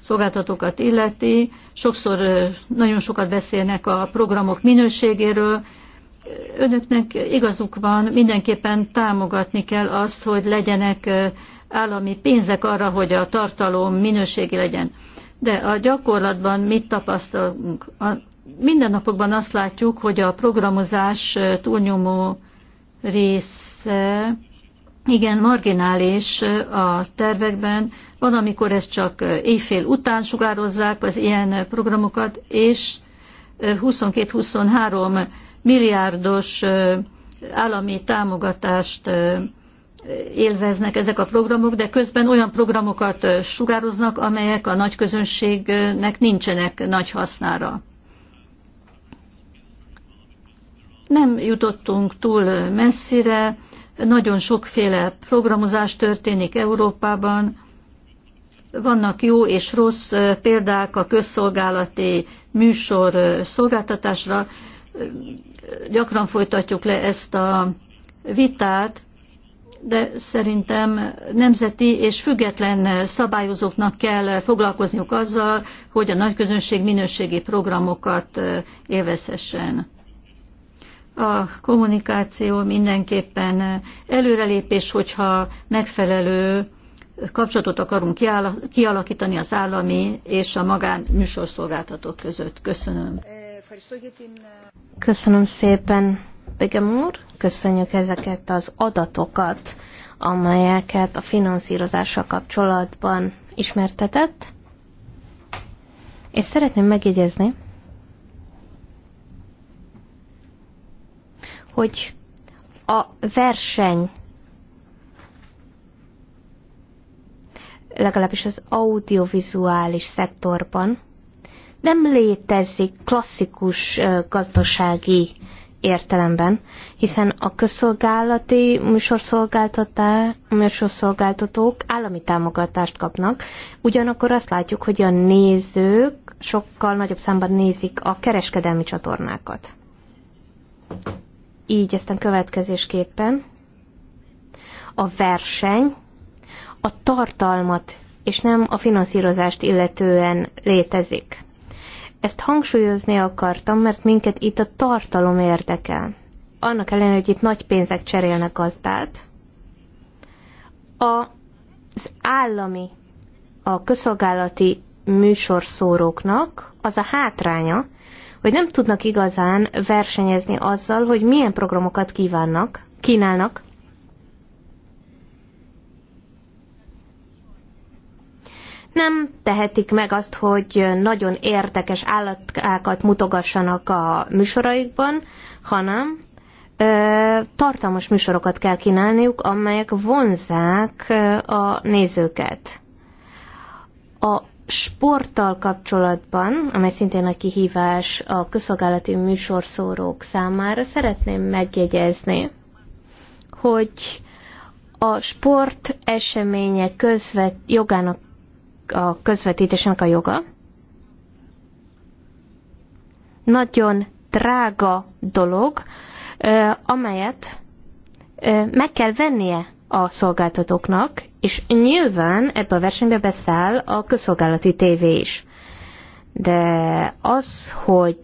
szolgáltatókat illeti, sokszor nagyon sokat beszélnek a programok minőségéről, Önöknek igazuk van, mindenképpen támogatni kell azt, hogy legyenek állami pénzek arra, hogy a tartalom minőségi legyen. De a gyakorlatban mit tapasztalunk? mindennapokban azt látjuk, hogy a programozás túlnyomó része igen marginális a tervekben. Van, amikor ezt csak éjfél után sugározzák az ilyen programokat, és 22-23 milliárdos állami támogatást élveznek ezek a programok, de közben olyan programokat sugároznak, amelyek a nagy közönségnek nincsenek nagy hasznára. Nem jutottunk túl messzire, nagyon sokféle programozás történik Európában, vannak jó és rossz példák a közszolgálati műsor szolgáltatásra. Gyakran folytatjuk le ezt a vitát, de szerintem nemzeti és független szabályozóknak kell foglalkozniuk azzal, hogy a nagyközönség minőségi programokat élvezhessen a kommunikáció mindenképpen előrelépés, hogyha megfelelő kapcsolatot akarunk kialakítani az állami és a magán műsorszolgáltatók között. Köszönöm. Köszönöm szépen, Begem úr. Köszönjük ezeket az adatokat, amelyeket a finanszírozással kapcsolatban ismertetett. És szeretném megjegyezni, hogy a verseny legalábbis az audiovizuális szektorban nem létezik klasszikus gazdasági értelemben, hiszen a közszolgálati műsorszolgáltatók állami támogatást kapnak, ugyanakkor azt látjuk, hogy a nézők sokkal nagyobb számban nézik a kereskedelmi csatornákat így aztán következésképpen a verseny a tartalmat és nem a finanszírozást illetően létezik. Ezt hangsúlyozni akartam, mert minket itt a tartalom érdekel. Annak ellenére, hogy itt nagy pénzek cserélnek gazdát, az állami, a közszolgálati műsorszóróknak az a hátránya, hogy nem tudnak igazán versenyezni azzal, hogy milyen programokat kívánnak, kínálnak. Nem tehetik meg azt, hogy nagyon érdekes állatkákat mutogassanak a műsoraikban, hanem ö, tartalmas műsorokat kell kínálniuk, amelyek vonzák a nézőket. A sporttal kapcsolatban, amely szintén a kihívás a közszolgálati műsorszórók számára, szeretném megjegyezni, hogy a sport eseménye közvet, jogának a közvetítésnek a joga nagyon drága dolog, amelyet meg kell vennie a szolgáltatóknak, és nyilván ebbe a versenybe beszáll a közszolgálati tévé is. De az, hogy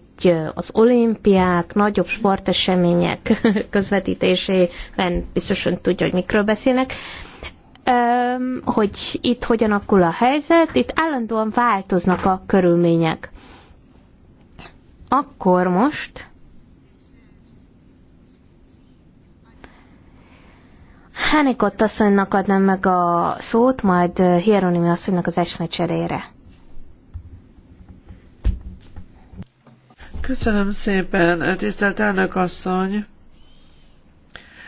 az olimpiák, nagyobb sportesemények (laughs) közvetítésében biztosan tudja, hogy mikről beszélnek, hogy itt hogyan alakul a helyzet, itt állandóan változnak a körülmények. Akkor most Hánikott asszonynak adnám meg a szót, majd Hieronimi asszonynak az cserére. Köszönöm szépen, tisztelt elnök asszony!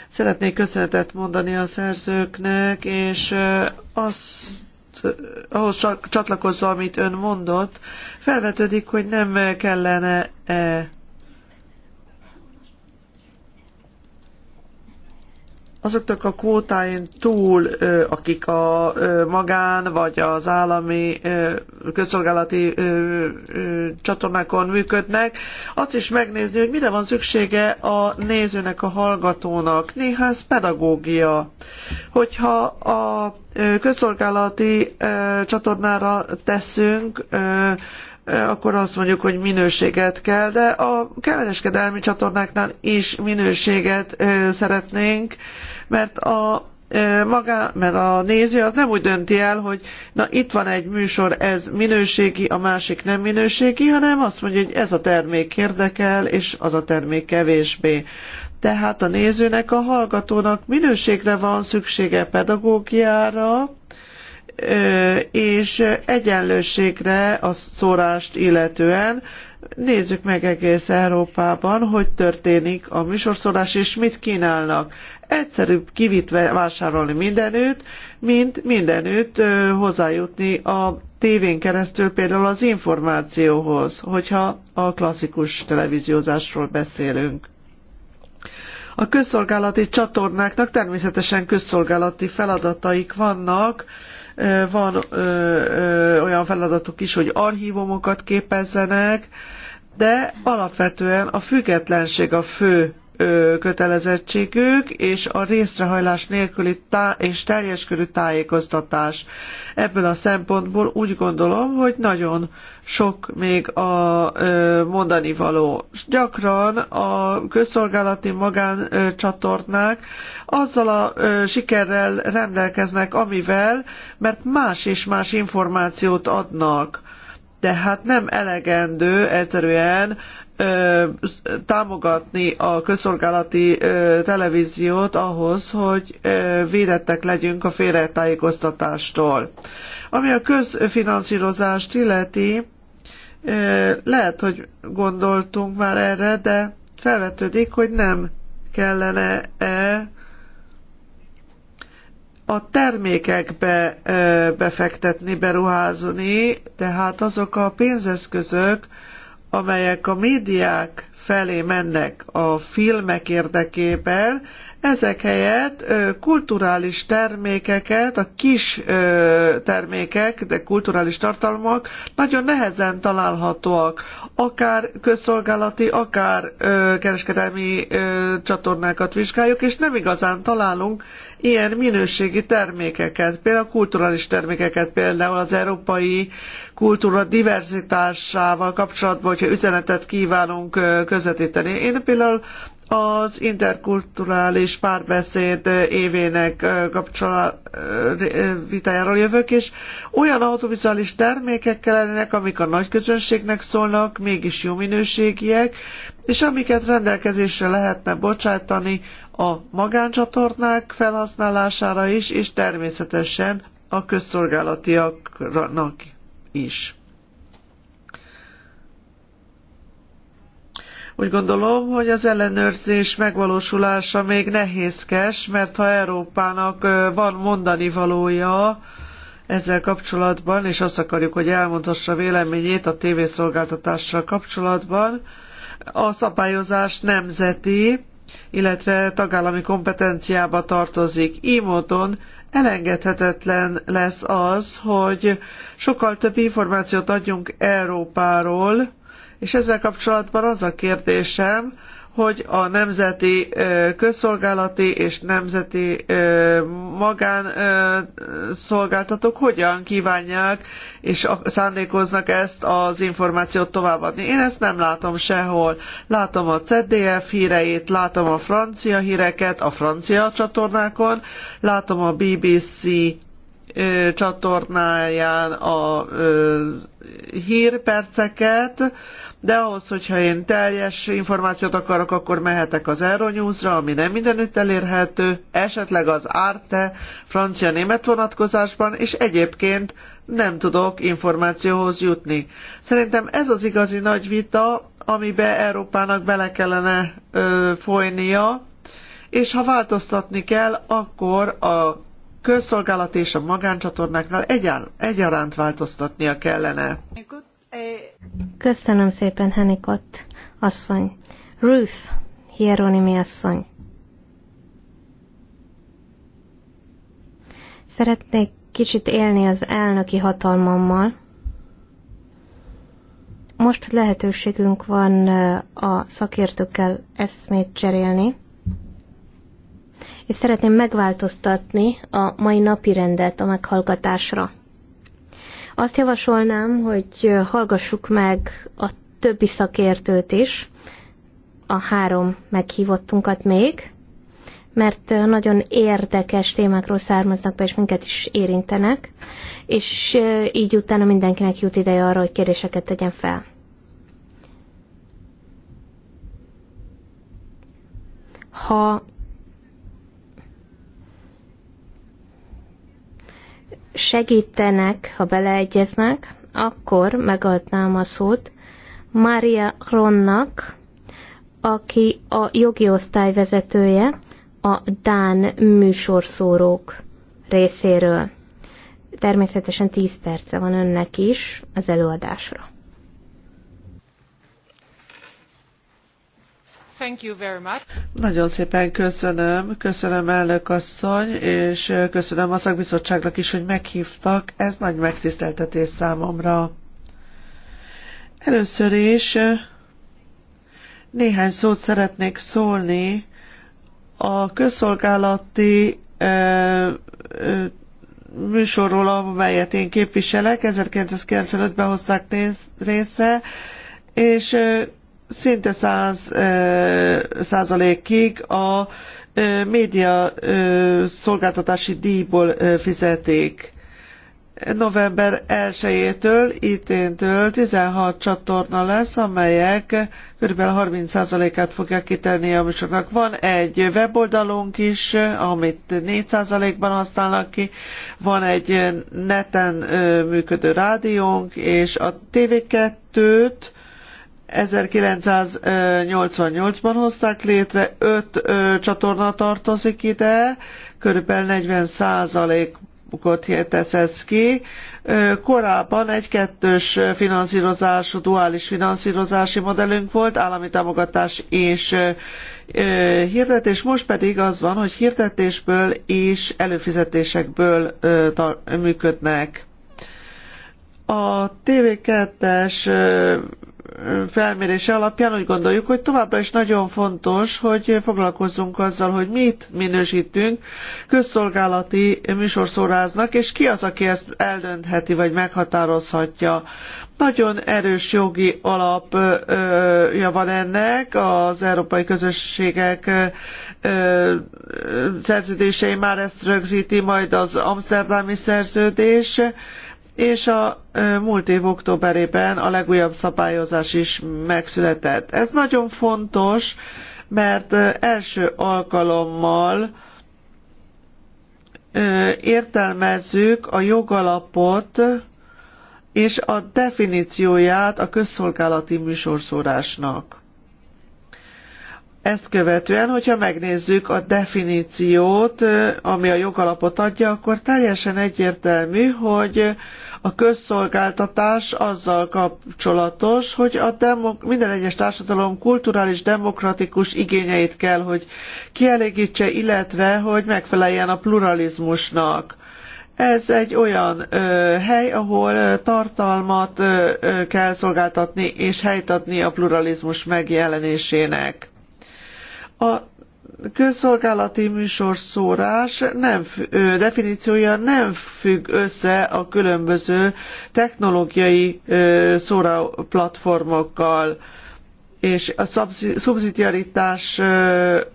Szeretnék köszönetet mondani a szerzőknek, és azt ahhoz csatlakozva, amit ön mondott, felvetődik, hogy nem kellene-e azoknak a kvótáin túl, akik a magán vagy az állami közszolgálati csatornákon működnek, azt is megnézni, hogy mire van szüksége a nézőnek, a hallgatónak. Néhány pedagógia. Hogyha a közszolgálati csatornára teszünk, akkor azt mondjuk, hogy minőséget kell, de a kereskedelmi csatornáknál is minőséget szeretnénk, mert a maga, mert a néző az nem úgy dönti el, hogy na itt van egy műsor, ez minőségi, a másik nem minőségi, hanem azt mondja, hogy ez a termék érdekel, és az a termék kevésbé. Tehát a nézőnek, a hallgatónak minőségre van szüksége pedagógiára, és egyenlőségre a szórást illetően. Nézzük meg egész Európában, hogy történik a műsorszórás, és mit kínálnak egyszerűbb kivit vásárolni mindenütt, mint mindenütt hozzájutni a tévén keresztül például az információhoz, hogyha a klasszikus televíziózásról beszélünk. A közszolgálati csatornáknak természetesen közszolgálati feladataik vannak, van ö, ö, olyan feladatok is, hogy archívumokat képezzenek, de alapvetően a függetlenség a fő kötelezettségük, és a részrehajlás nélküli tá- és teljes körű tájékoztatás. Ebből a szempontból úgy gondolom, hogy nagyon sok még a mondani való. Gyakran a közszolgálati magáncsatornák azzal a sikerrel rendelkeznek, amivel, mert más és más információt adnak tehát nem elegendő egyszerűen támogatni a közszolgálati televíziót ahhoz, hogy védettek legyünk a félretájékoztatástól. Ami a közfinanszírozást illeti, lehet, hogy gondoltunk már erre, de felvetődik, hogy nem kellene-e a termékekbe befektetni, beruházni, tehát azok a pénzeszközök, amelyek a médiák felé mennek a filmek érdekében, ezek helyett kulturális termékeket, a kis termékek, de kulturális tartalmak nagyon nehezen találhatóak, akár közszolgálati, akár kereskedelmi csatornákat vizsgáljuk, és nem igazán találunk ilyen minőségi termékeket, például kulturális termékeket, például az európai kultúra diverzitásával kapcsolatban, hogyha üzenetet kívánunk közvetíteni. Én például az interkulturális párbeszéd évének kapcsolat vitájáról jövök, és olyan autovizuális termékek kellenek, amik a nagy közönségnek szólnak, mégis jó minőségiek, és amiket rendelkezésre lehetne bocsátani a magáncsatornák felhasználására is, és természetesen a közszolgálatiaknak is. Úgy gondolom, hogy az ellenőrzés megvalósulása még nehézkes, mert ha Európának van mondani valója ezzel kapcsolatban, és azt akarjuk, hogy elmondhassa véleményét a tévészolgáltatással kapcsolatban, a szabályozás nemzeti, illetve tagállami kompetenciába tartozik. Így módon elengedhetetlen lesz az, hogy sokkal több információt adjunk Európáról, és ezzel kapcsolatban az a kérdésem, hogy a nemzeti közszolgálati és nemzeti magánszolgáltatók hogyan kívánják és szándékoznak ezt az információt továbbadni. Én ezt nem látom sehol. Látom a CDF híreit, látom a francia híreket a francia csatornákon, látom a BBC csatornáján a hírperceket, de ahhoz, hogyha én teljes információt akarok, akkor mehetek az Euronews-ra, ami nem mindenütt elérhető, esetleg az Arte francia-német vonatkozásban, és egyébként nem tudok információhoz jutni. Szerintem ez az igazi nagy vita, amibe Európának bele kellene ö, folynia, és ha változtatni kell, akkor a közszolgálat és a magáncsatornáknál egyan, egyaránt változtatnia kellene. Köszönöm szépen, Henikot, asszony. Ruth, Hieronymi asszony. Szeretnék kicsit élni az elnöki hatalmammal. Most lehetőségünk van a szakértőkkel eszmét cserélni, és szeretném megváltoztatni a mai napi rendet a meghallgatásra. Azt javasolnám, hogy hallgassuk meg a többi szakértőt is, a három meghívottunkat még, mert nagyon érdekes témákról származnak be, és minket is érintenek, és így utána mindenkinek jut ideje arra, hogy kérdéseket tegyen fel. Ha segítenek, ha beleegyeznek, akkor megadnám a szót Mária Ronnak, aki a jogi osztály vezetője a Dán műsorszórók részéről. Természetesen 10 perce van önnek is az előadásra. Thank you very much. Nagyon szépen köszönöm, köszönöm elnök asszony, és köszönöm a szakbizottságnak is, hogy meghívtak. Ez nagy megtiszteltetés számomra. Először is néhány szót szeretnék szólni a közszolgálati műsorról, amelyet én képviselek. 1995-ben hozták részre, és szinte 100 százalékig a média szolgáltatási díjból fizetik. November 1-től, iténtől 16 csatorna lesz, amelyek kb. 30%-át fogják kitenni a műsornak. Van egy weboldalunk is, amit 4%-ban használnak ki, van egy neten működő rádiónk, és a TV2-t 1988-ban hozták létre, öt ö, csatorna tartozik ide, körülbelül 40 százalék bukott tesz ez ki. Korábban egy kettős finanszírozású, duális finanszírozási modellünk volt, állami támogatás és hirdetés, most pedig az van, hogy hirdetésből és előfizetésekből működnek. A TV2-es felmérése alapján úgy gondoljuk, hogy továbbra is nagyon fontos, hogy foglalkozzunk azzal, hogy mit minősítünk közszolgálati műsorszóráznak, és ki az, aki ezt eldöntheti vagy meghatározhatja. Nagyon erős jogi alapja van ennek, az európai közösségek szerződései már ezt rögzíti, majd az amsterdami szerződés, és a múlt év októberében a legújabb szabályozás is megszületett. Ez nagyon fontos, mert első alkalommal értelmezzük a jogalapot és a definícióját a közszolgálati műsorszórásnak. Ezt követően, hogyha megnézzük a definíciót, ami a jogalapot adja, akkor teljesen egyértelmű, hogy a közszolgáltatás azzal kapcsolatos, hogy a demok- minden egyes társadalom kulturális, demokratikus igényeit kell, hogy kielégítse, illetve hogy megfeleljen a pluralizmusnak. Ez egy olyan ö, hely, ahol ö, tartalmat ö, ö, kell szolgáltatni és helyt adni a pluralizmus megjelenésének. A közszolgálati műsorszórás nem, ö, definíciója nem függ össze a különböző technológiai ö, platformokkal, és a szubszidiaritás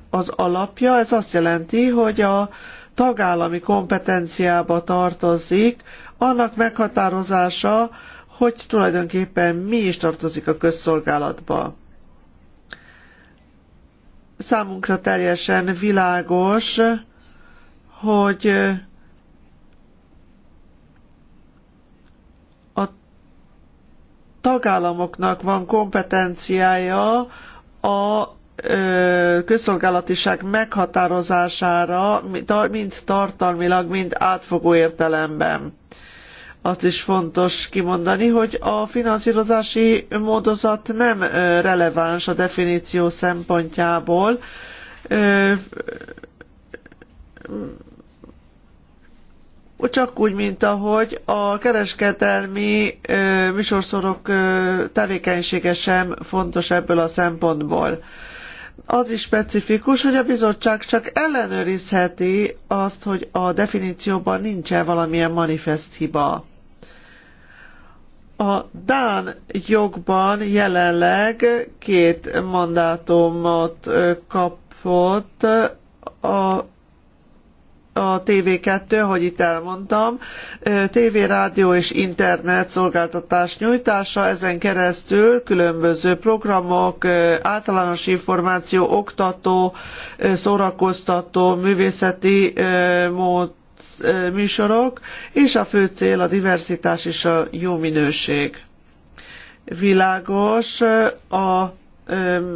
az alapja, ez azt jelenti, hogy a tagállami kompetenciába tartozik annak meghatározása, hogy tulajdonképpen mi is tartozik a közszolgálatba számunkra teljesen világos, hogy a tagállamoknak van kompetenciája a közszolgálatiság meghatározására, mind tartalmilag, mind átfogó értelemben azt is fontos kimondani, hogy a finanszírozási módozat nem releváns a definíció szempontjából. Csak úgy, mint ahogy a kereskedelmi műsorszorok tevékenysége sem fontos ebből a szempontból az is specifikus, hogy a bizottság csak ellenőrizheti azt, hogy a definícióban nincsen valamilyen manifest hiba. A Dán jogban jelenleg két mandátumot kapott a a TV2, hogy itt elmondtam, TV, rádió és internet szolgáltatás nyújtása, ezen keresztül különböző programok, általános információ, oktató, szórakoztató, művészeti mód, műsorok, és a fő cél a diversitás és a jó minőség. Világos a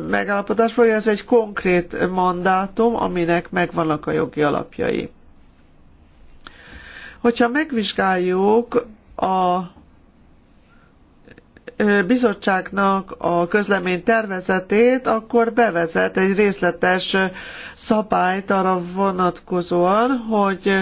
megállapodás, fogja, ez egy konkrét mandátum, aminek megvannak a jogi alapjai. Hogyha megvizsgáljuk a bizottságnak a közlemény tervezetét, akkor bevezet egy részletes szabályt arra vonatkozóan, hogy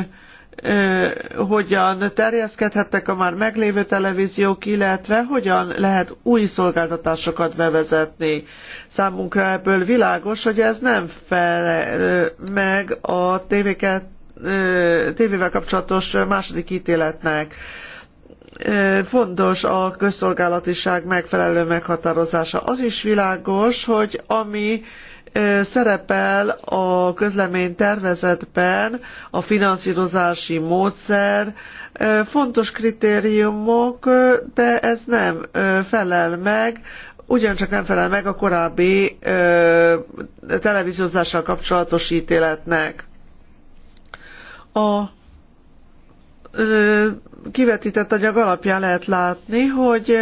hogyan terjeszkedhettek a már meglévő televíziók, illetve hogyan lehet új szolgáltatásokat bevezetni. Számunkra ebből világos, hogy ez nem felel meg a tv tévével kapcsolatos második ítéletnek. Fontos a közszolgálatiság megfelelő meghatározása. Az is világos, hogy ami szerepel a közlemény tervezetben a finanszírozási módszer, fontos kritériumok, de ez nem felel meg, ugyancsak nem felel meg a korábbi televíziózással kapcsolatos ítéletnek. A kivetített anyag alapján lehet látni, hogy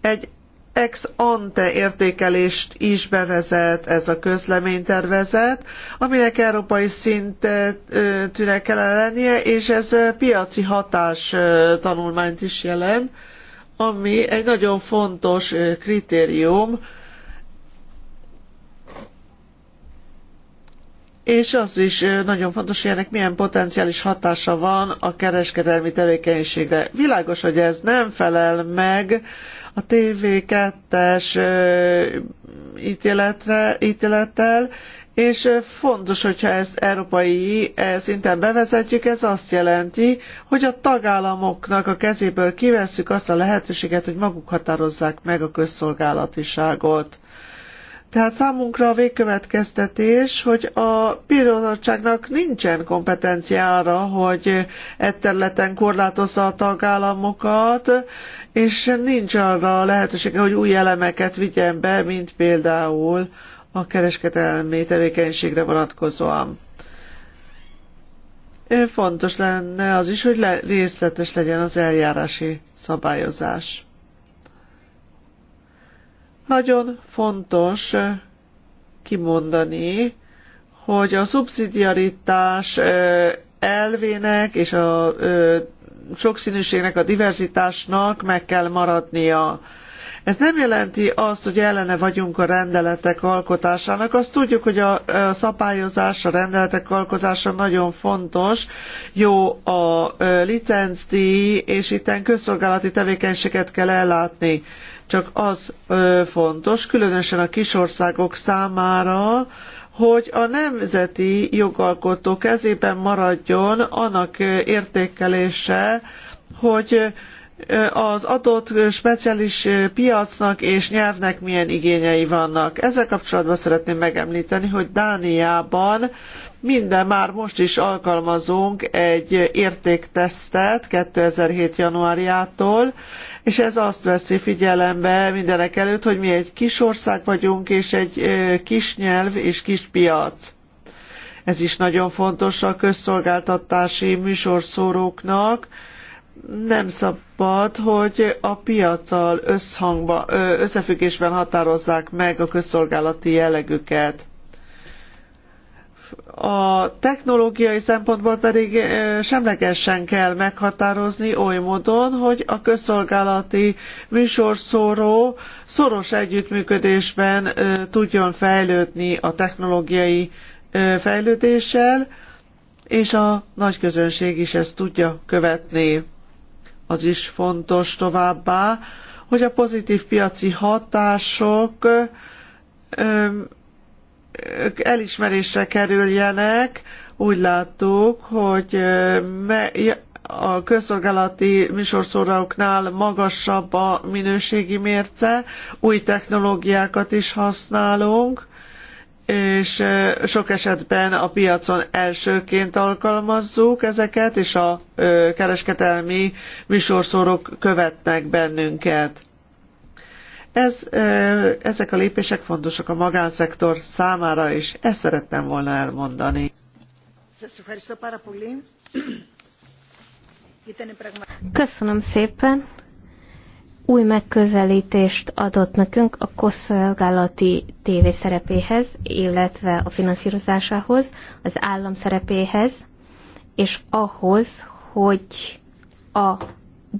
egy ex ante értékelést is bevezet ez a közleménytervezet, aminek európai szintűnek kellene lennie, és ez piaci hatás tanulmányt is jelent, ami egy nagyon fontos kritérium, és az is nagyon fontos, hogy ennek milyen potenciális hatása van a kereskedelmi tevékenységre. Világos, hogy ez nem felel meg a TV2-es ítéletre, ítélettel, és fontos, hogyha ezt európai e, szinten bevezetjük, ez azt jelenti, hogy a tagállamoknak a kezéből kivesszük azt a lehetőséget, hogy maguk határozzák meg a közszolgálatiságot. Tehát számunkra a végkövetkeztetés, hogy a bizottságnak nincsen kompetenciára, hogy egy területen korlátozza a tagállamokat, és nincs arra lehetősége, hogy új elemeket vigyen be, mint például a kereskedelmi tevékenységre vonatkozóan. Fontos lenne az is, hogy le, részletes legyen az eljárási szabályozás. Nagyon fontos kimondani, hogy a szubszidiaritás elvének és a sokszínűségnek, a diverzitásnak meg kell maradnia. Ez nem jelenti azt, hogy ellene vagyunk a rendeletek alkotásának. Azt tudjuk, hogy a, szabályozás, a rendeletek alkotása nagyon fontos. Jó a licencdíj, és itten közszolgálati tevékenységet kell ellátni. Csak az fontos, különösen a kisországok számára, hogy a nemzeti jogalkotó kezében maradjon annak értékelése, hogy az adott speciális piacnak és nyelvnek milyen igényei vannak. Ezzel kapcsolatban szeretném megemlíteni, hogy Dániában minden már most is alkalmazunk egy értéktesztet 2007. januárjától és ez azt veszi figyelembe mindenek előtt, hogy mi egy kis ország vagyunk, és egy kis nyelv és kis piac. Ez is nagyon fontos a közszolgáltatási műsorszóróknak, nem szabad, hogy a piacal összefüggésben határozzák meg a közszolgálati jellegüket a technológiai szempontból pedig semlegesen kell meghatározni oly módon, hogy a közszolgálati műsorszóró szoros együttműködésben tudjon fejlődni a technológiai fejlődéssel, és a nagy közönség is ezt tudja követni. Az is fontos továbbá, hogy a pozitív piaci hatások elismerésre kerüljenek. Úgy láttuk, hogy a közszolgálati műsorszóraoknál magasabb a minőségi mérce, új technológiákat is használunk, és sok esetben a piacon elsőként alkalmazzuk ezeket, és a kereskedelmi műsorszórok követnek bennünket. Ez, ezek a lépések fontosak a magánszektor számára is. Ezt szerettem volna elmondani. Köszönöm szépen. Új megközelítést adott nekünk a koszolgálati tévé szerepéhez, illetve a finanszírozásához, az állam szerepéhez, és ahhoz, hogy a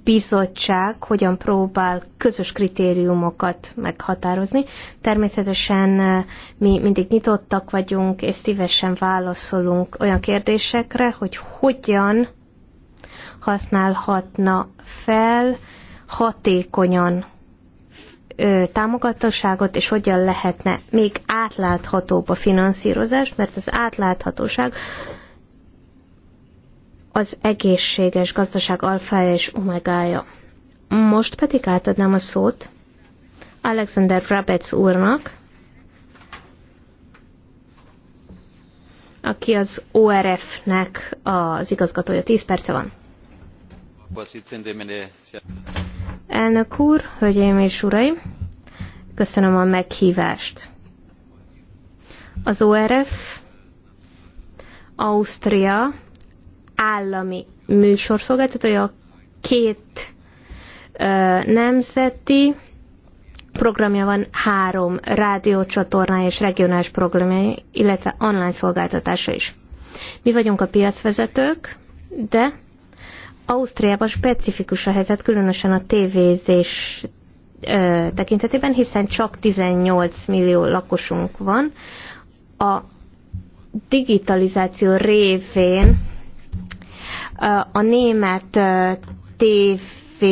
bizottság hogyan próbál közös kritériumokat meghatározni. Természetesen eh, mi mindig nyitottak vagyunk, és szívesen válaszolunk olyan kérdésekre, hogy hogyan használhatna fel hatékonyan támogatóságot, és hogyan lehetne még átláthatóbb a finanszírozás, mert az átláthatóság az egészséges gazdaság alfája és omegája. Most pedig átadnám a szót Alexander Rabetz úrnak, aki az ORF-nek az igazgatója. 10 perce van. Elnök úr, hölgyeim és uraim, köszönöm a meghívást. Az ORF Ausztria állami műsorszolgáltatója, két ö, nemzeti programja van, három rádiócsatornája és regionális programja, illetve online szolgáltatása is. Mi vagyunk a piacvezetők, de Ausztriában specifikus a helyzet, különösen a tévézés ö, tekintetében, hiszen csak 18 millió lakosunk van. A digitalizáció révén a német TV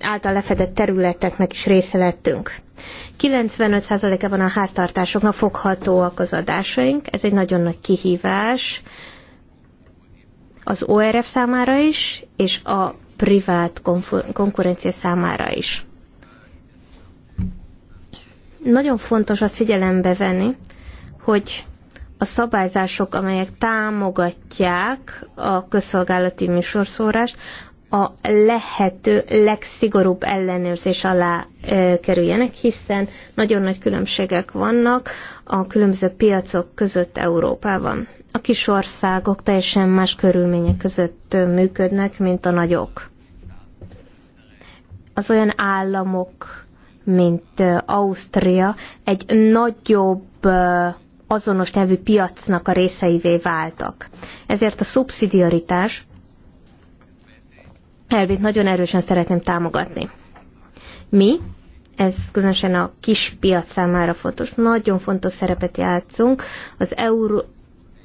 által lefedett területeknek is része lettünk. 95%-ában a háztartásoknak foghatóak az adásaink, ez egy nagyon nagy kihívás az ORF számára is, és a privát konkurencia számára is. Nagyon fontos azt figyelembe venni, hogy a szabályzások, amelyek támogatják a közszolgálati műsorszórást, a lehető legszigorúbb ellenőrzés alá e, kerüljenek, hiszen nagyon nagy különbségek vannak a különböző piacok között Európában. A kis országok teljesen más körülmények között működnek, mint a nagyok. Az olyan államok, mint Ausztria, egy nagyobb azonos nevű piacnak a részeivé váltak. Ezért a szubszidiaritás elvét nagyon erősen szeretném támogatni. Mi, ez különösen a kis piac számára fontos, nagyon fontos szerepet játszunk az, euró,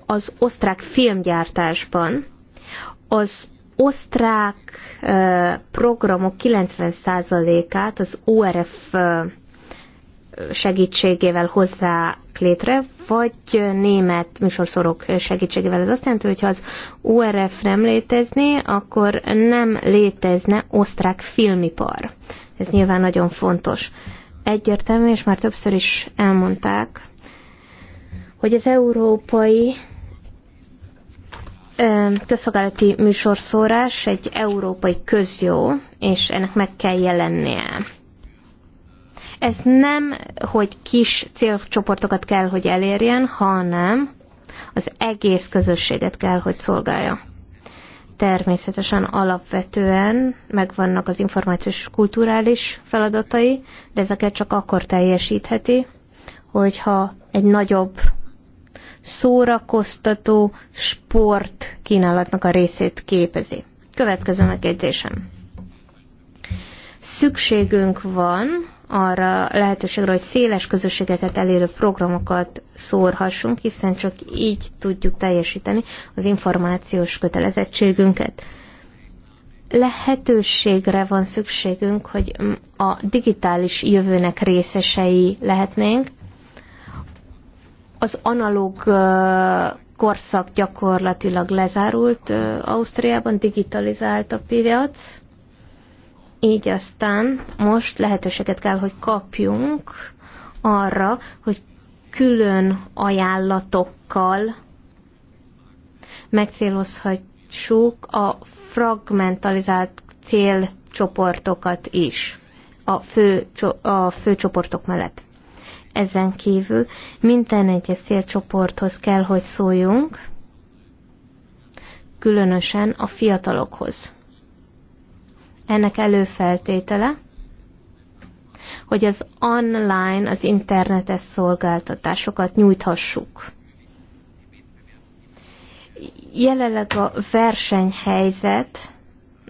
az osztrák filmgyártásban. Az osztrák eh, programok 90%-át az ORF eh, segítségével hozzá létre, vagy német műsorszorok segítségével. Ez azt jelenti, hogy ha az URF nem létezné, akkor nem létezne osztrák filmipar. Ez nyilván nagyon fontos. Egyértelmű, és már többször is elmondták, hogy az európai közszolgálati műsorszórás egy európai közjó, és ennek meg kell jelennie ez nem, hogy kis célcsoportokat kell, hogy elérjen, hanem az egész közösséget kell, hogy szolgálja. Természetesen alapvetően megvannak az információs kulturális feladatai, de ezeket csak akkor teljesítheti, hogyha egy nagyobb szórakoztató sport kínálatnak a részét képezi. Következő megjegyzésem. Szükségünk van arra lehetőségre, hogy széles közösségeket elérő programokat szórhassunk, hiszen csak így tudjuk teljesíteni az információs kötelezettségünket. Lehetőségre van szükségünk, hogy a digitális jövőnek részesei lehetnénk. Az analóg korszak gyakorlatilag lezárult Ausztriában, digitalizált a piac így aztán most lehetőséget kell, hogy kapjunk arra, hogy külön ajánlatokkal megcélozhatjuk a fragmentalizált célcsoportokat is a fő, a fő csoportok mellett. Ezen kívül minden egyes célcsoporthoz kell, hogy szóljunk, különösen a fiatalokhoz. Ennek előfeltétele, hogy az online, az internetes szolgáltatásokat nyújthassuk. Jelenleg a versenyhelyzet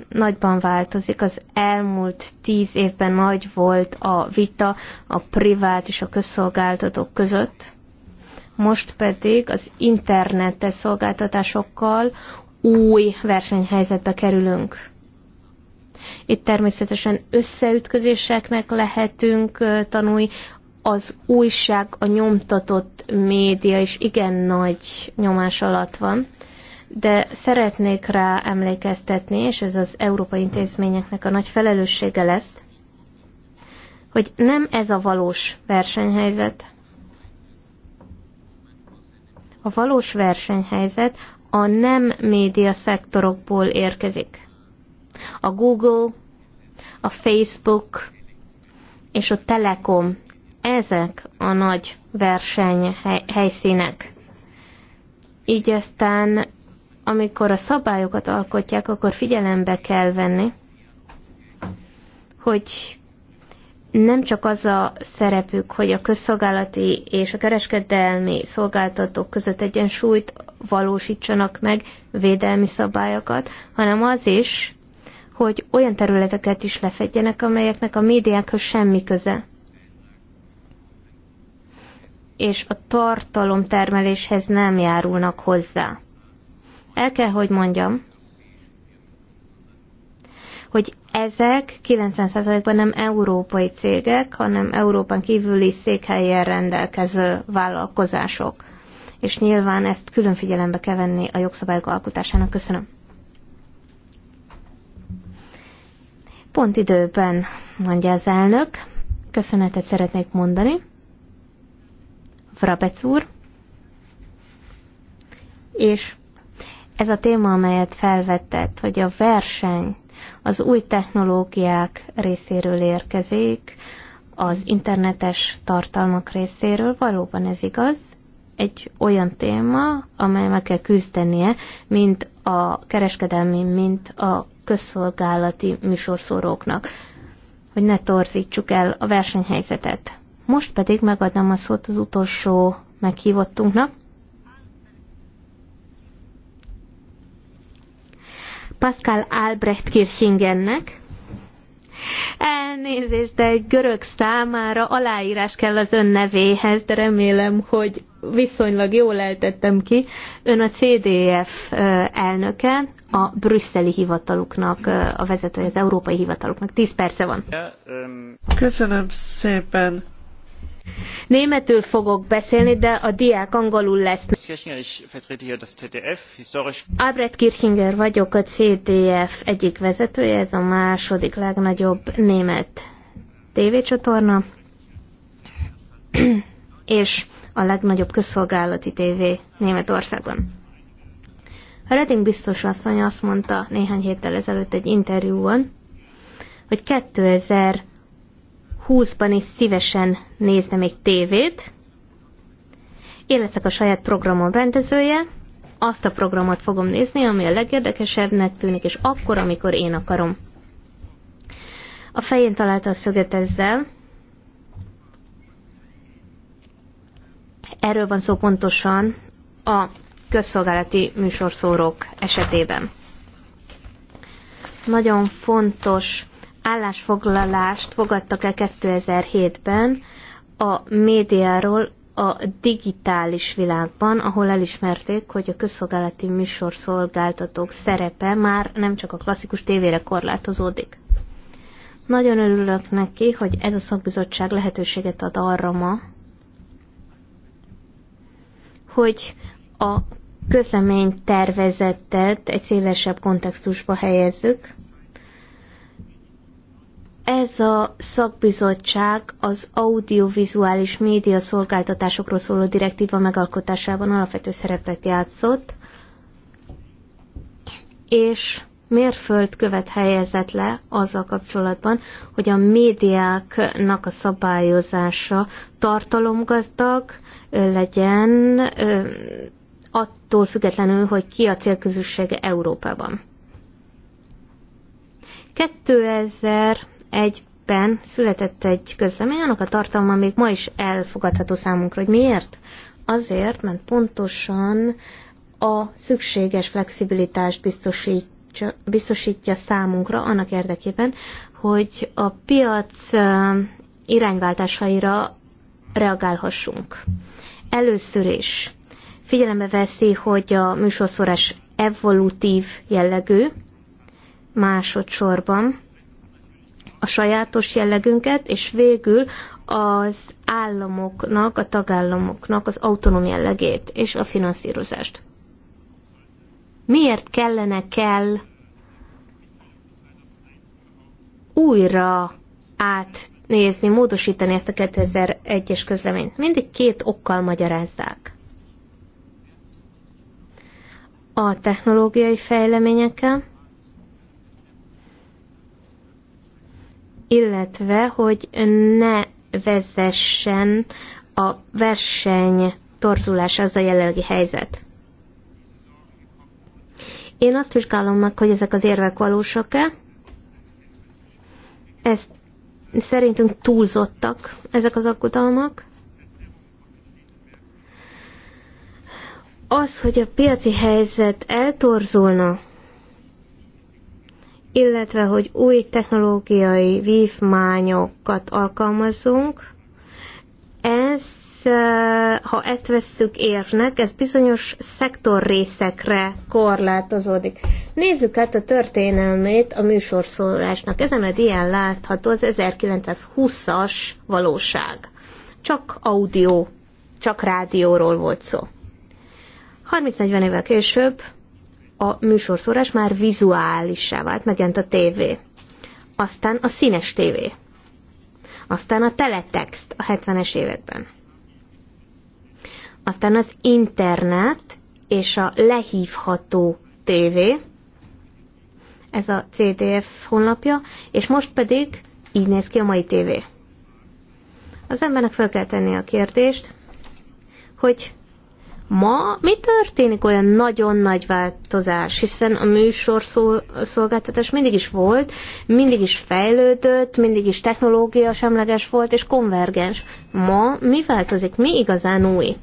nagyban változik. Az elmúlt tíz évben nagy volt a vita a privát és a közszolgáltatók között. Most pedig az internetes szolgáltatásokkal új versenyhelyzetbe kerülünk. Itt természetesen összeütközéseknek lehetünk tanulni. Az újság, a nyomtatott média is igen nagy nyomás alatt van, de szeretnék rá emlékeztetni, és ez az európai intézményeknek a nagy felelőssége lesz, hogy nem ez a valós versenyhelyzet. A valós versenyhelyzet a nem média szektorokból érkezik a Google, a Facebook és a Telekom. Ezek a nagy verseny helyszínek. Így aztán, amikor a szabályokat alkotják, akkor figyelembe kell venni, hogy nem csak az a szerepük, hogy a közszolgálati és a kereskedelmi szolgáltatók között egyensúlyt valósítsanak meg, védelmi szabályokat, hanem az is, hogy olyan területeket is lefedjenek, amelyeknek a médiákhoz semmi köze. És a tartalomtermeléshez nem járulnak hozzá. El kell, hogy mondjam, hogy ezek 90%-ban nem európai cégek, hanem Európán kívüli székhelyen rendelkező vállalkozások. És nyilván ezt külön figyelembe kell venni a jogszabályok alkotásának. Köszönöm. Pont időben, mondja az elnök. Köszönetet szeretnék mondani. Frabec úr. És ez a téma, amelyet felvetett, hogy a verseny az új technológiák részéről érkezik, az internetes tartalmak részéről, valóban ez igaz. Egy olyan téma, amely meg kell küzdenie, mint a kereskedelmi, mint a közszolgálati műsorszóróknak, hogy ne torzítsuk el a versenyhelyzetet. Most pedig megadnám a szót az utolsó meghívottunknak. Pascal Albrecht Kirchingennek, Elnézést, de egy görög számára aláírás kell az ön nevéhez, de remélem, hogy viszonylag jól eltettem ki. Ön a CDF elnöke, a brüsszeli hivataluknak, a vezetője az európai hivataluknak. Tíz perce van. Köszönöm szépen. Németül fogok beszélni, de a diák angolul lesz. Albrecht Kirchinger vagyok, a CDF egyik vezetője, ez a második legnagyobb német tévécsatorna, és a legnagyobb közszolgálati tévé Németországon. A Reding biztos asszony azt mondta néhány héttel ezelőtt egy interjúban, hogy 2000 20-ban is szívesen nézne még tévét. Én leszek a saját programom rendezője, azt a programot fogom nézni, ami a legérdekesebbnek tűnik, és akkor, amikor én akarom. A fején találta a szöget ezzel. Erről van szó pontosan a közszolgálati műsorszórók esetében. Nagyon fontos állásfoglalást fogadtak el 2007-ben a médiáról a digitális világban, ahol elismerték, hogy a közszolgálati műsorszolgáltatók szerepe már nem csak a klasszikus tévére korlátozódik. Nagyon örülök neki, hogy ez a szakbizottság lehetőséget ad arra ma, hogy a közlemény tervezetet egy szélesebb kontextusba helyezzük, ez a szakbizottság az audiovizuális média szolgáltatásokról szóló direktíva megalkotásában alapvető szerepet játszott, és mérföldkövet helyezett le azzal kapcsolatban, hogy a médiáknak a szabályozása tartalomgazdag legyen, attól függetlenül, hogy ki a célközössége Európában. 2000 2011-ben született egy közlemény, annak a tartalma még ma is elfogadható számunkra, hogy miért? Azért, mert pontosan a szükséges flexibilitást biztosít biztosítja számunkra annak érdekében, hogy a piac irányváltásaira reagálhassunk. Először is figyelembe veszi, hogy a műsorszórás evolutív jellegű, másodszorban a sajátos jellegünket, és végül az államoknak, a tagállamoknak az autonóm jellegét és a finanszírozást. Miért kellene kell újra átnézni, módosítani ezt a 2001-es közleményt? Mindig két okkal magyarázzák. A technológiai fejleményekkel, illetve hogy ne vezessen a verseny torzulás az a jelenlegi helyzet. Én azt vizsgálom meg, hogy ezek az érvek valósak-e. Ezt szerintünk túlzottak ezek az aggodalmak. Az, hogy a piaci helyzet eltorzulna, illetve hogy új technológiai vívmányokat alkalmazunk. Ez, ha ezt vesszük érnek, ez bizonyos szektorrészekre korlátozódik. Nézzük át a történelmét a műsorszórásnak. Ezen a dián látható az 1920-as valóság. Csak audio, csak rádióról volt szó. 30-40 évvel később a műsorszórás már vizuálissá vált, megjelent a tévé. Aztán a színes tévé. Aztán a teletext a 70-es években. Aztán az internet és a lehívható tévé. Ez a CDF honlapja, és most pedig így néz ki a mai tévé. Az embernek fel kell tenni a kérdést, hogy Ma mi történik olyan nagyon nagy változás, hiszen a műsor szolgáltatás mindig is volt, mindig is fejlődött, mindig is technológia semleges volt és konvergens. Ma mi változik, mi igazán új?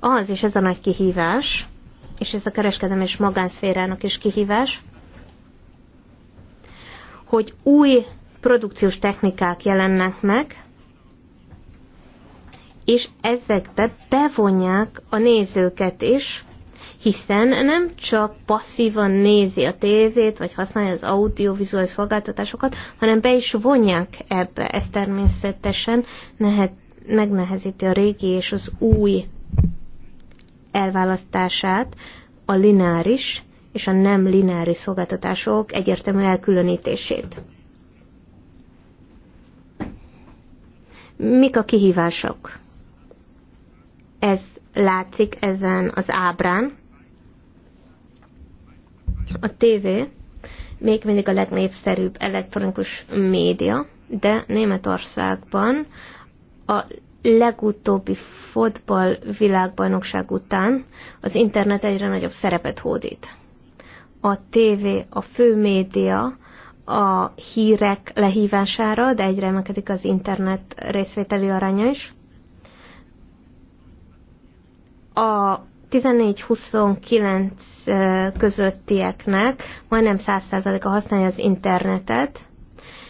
Az, és ez a nagy kihívás, és ez a kereskedelmi és magánszférának is kihívás, hogy új produkciós technikák jelennek meg, és ezekbe bevonják a nézőket is, hiszen nem csak passzívan nézi a tévét, vagy használja az audiovizuális szolgáltatásokat, hanem be is vonják ebbe. Ez természetesen nehet, megnehezíti a régi és az új elválasztását, a lineáris és a nem lineáris szolgáltatások egyértelmű elkülönítését. Mik a kihívások? Ez látszik ezen az ábrán. A TV még mindig a legnépszerűbb elektronikus média, de Németországban a legutóbbi fotball világbajnokság után az internet egyre nagyobb szerepet hódít. A TV a fő média, a hírek lehívására, de egyre emelkedik az internet részvételi aránya is a 14-29 közöttieknek majdnem 100%-a használja az internetet,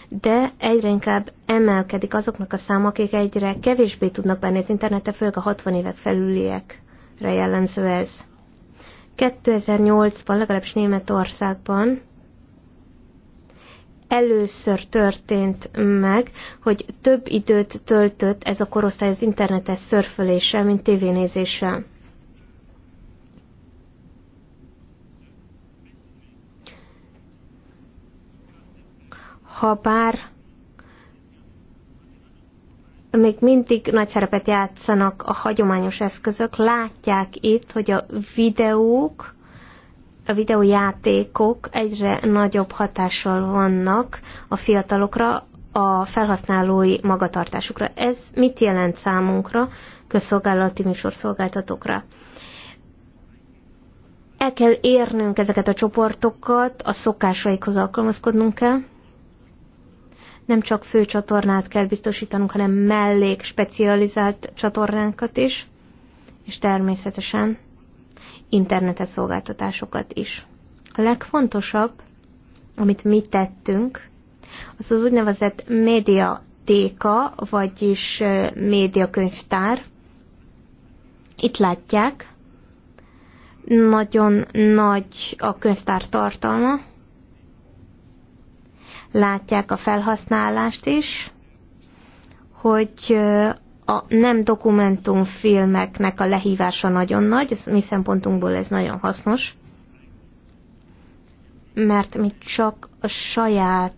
de egyre inkább emelkedik azoknak a szám, akik egyre kevésbé tudnak benni az internetet, főleg a 60 évek felüliekre jellemző ez. 2008-ban, legalábbis Németországban először történt meg, hogy több időt töltött ez a korosztály az internetes szörföléssel, mint tévénézéssel. ha bár még mindig nagy szerepet játszanak a hagyományos eszközök, látják itt, hogy a videók, a videójátékok egyre nagyobb hatással vannak a fiatalokra, a felhasználói magatartásukra. Ez mit jelent számunkra, közszolgálati műsorszolgáltatókra? El kell érnünk ezeket a csoportokat, a szokásaikhoz alkalmazkodnunk kell, nem csak fő csatornát kell biztosítanunk, hanem mellék specializált csatornákat is, és természetesen internetes szolgáltatásokat is. A legfontosabb, amit mi tettünk, az az úgynevezett médiatéka, vagyis médiakönyvtár. Itt látják, nagyon nagy a könyvtár tartalma, látják a felhasználást is, hogy a nem dokumentumfilmeknek a lehívása nagyon nagy, ez mi szempontunkból ez nagyon hasznos, mert mi csak a saját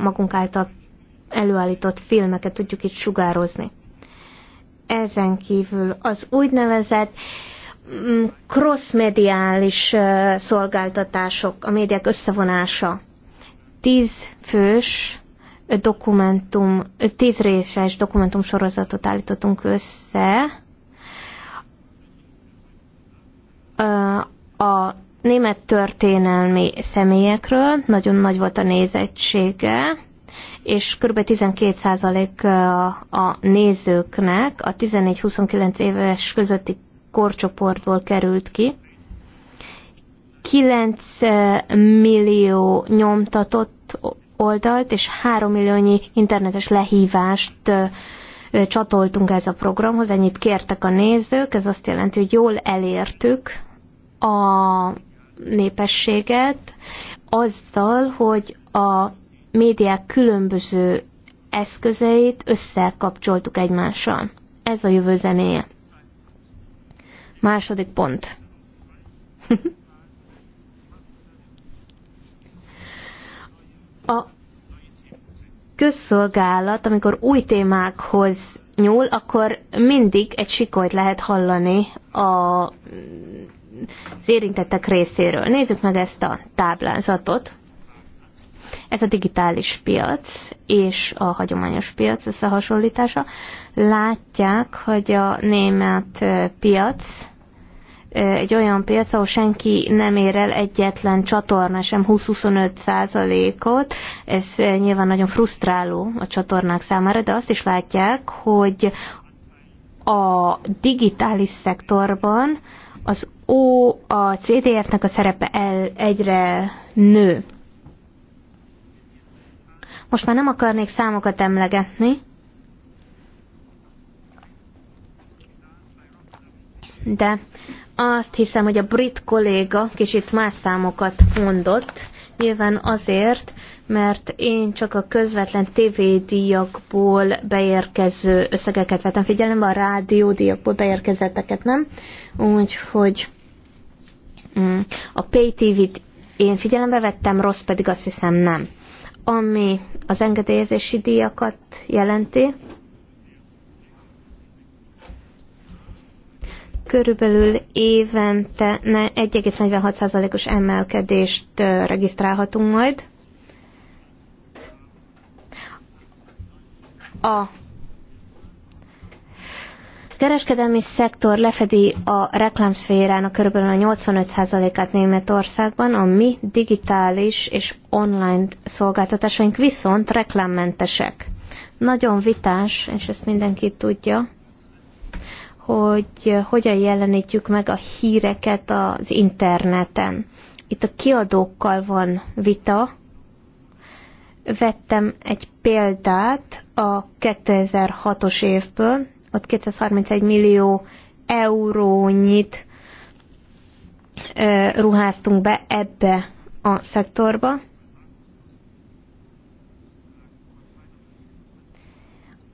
magunk által előállított filmeket tudjuk itt sugározni. Ezen kívül az úgynevezett mm, crossmediális szolgáltatások, a médiák összevonása, tíz fős dokumentum, tíz részes dokumentum sorozatot állítottunk össze. A német történelmi személyekről nagyon nagy volt a nézettsége, és kb. 12% a nézőknek a 14-29 éves közötti korcsoportból került ki. 9 millió nyomtatott oldalt és 3 milliónyi internetes lehívást csatoltunk ez a programhoz, ennyit kértek a nézők, ez azt jelenti, hogy jól elértük a népességet azzal, hogy a médiák különböző eszközeit összekapcsoltuk egymással. Ez a jövő zenéje. Második pont. (laughs) A közszolgálat, amikor új témákhoz nyúl, akkor mindig egy sikolyt lehet hallani a, az érintettek részéről. Nézzük meg ezt a táblázatot. Ez a digitális piac és a hagyományos piac összehasonlítása. Látják, hogy a német eh, piac egy olyan piac, ahol senki nem ér el egyetlen csatorna sem 20-25 százalékot. Ez nyilván nagyon frusztráló a csatornák számára, de azt is látják, hogy a digitális szektorban az O, a CDF-nek a szerepe el, egyre nő. Most már nem akarnék számokat emlegetni, de azt hiszem, hogy a brit kolléga kicsit más számokat mondott, nyilván azért, mert én csak a közvetlen tévédíjakból beérkező összegeket vettem figyelembe, a rádiódíjakból beérkezetteket nem, úgyhogy mm, a pay TV-t én figyelembe vettem, rossz pedig azt hiszem nem. Ami az engedélyezési díjakat jelenti, körülbelül évente 1,46%-os emelkedést regisztrálhatunk majd. A kereskedelmi szektor lefedi a reklámszférának körülbelül a 85%-át Németországban, a mi digitális és online szolgáltatásaink viszont reklámmentesek. Nagyon vitás, és ezt mindenki tudja, hogy hogyan jelenítjük meg a híreket az interneten. Itt a kiadókkal van vita. Vettem egy példát a 2006-os évből, ott 231 millió eurónyit ruháztunk be ebbe a szektorba.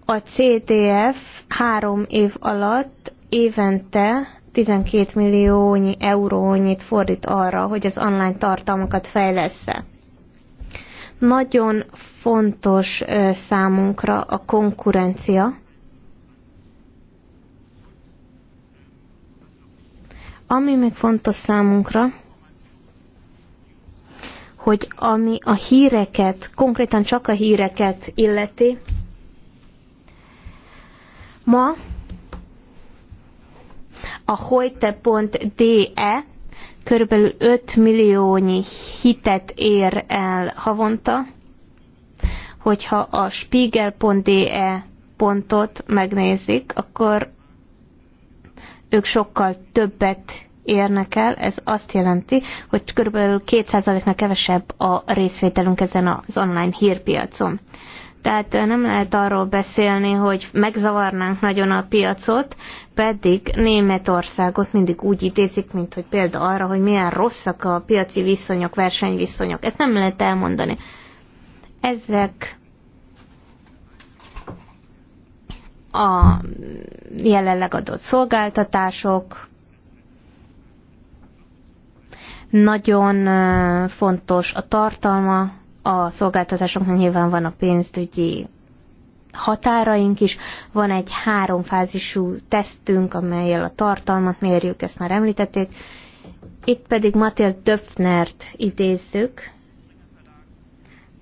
A CDF három év alatt évente 12 milliónyi eurónyit fordít arra, hogy az online tartalmakat fejlesz-e. Nagyon fontos számunkra a konkurencia, Ami még fontos számunkra, hogy ami a híreket, konkrétan csak a híreket illeti, ma a hojte.de körülbelül 5 milliónyi hitet ér el havonta, hogyha a spiegel.de pontot megnézik, akkor ők sokkal többet érnek el, ez azt jelenti, hogy körülbelül 2%-nál kevesebb a részvételünk ezen az online hírpiacon. Tehát nem lehet arról beszélni, hogy megzavarnánk nagyon a piacot, pedig Németországot mindig úgy idézik, mint hogy példa arra, hogy milyen rosszak a piaci viszonyok, versenyviszonyok. Ezt nem lehet elmondani. Ezek a jelenleg adott szolgáltatások, nagyon fontos a tartalma a szolgáltatásoknak nyilván a pénzügyi határaink is. Van egy háromfázisú tesztünk, amelyel a tartalmat mérjük, ezt már említették. Itt pedig Matthias Döpfnert idézzük,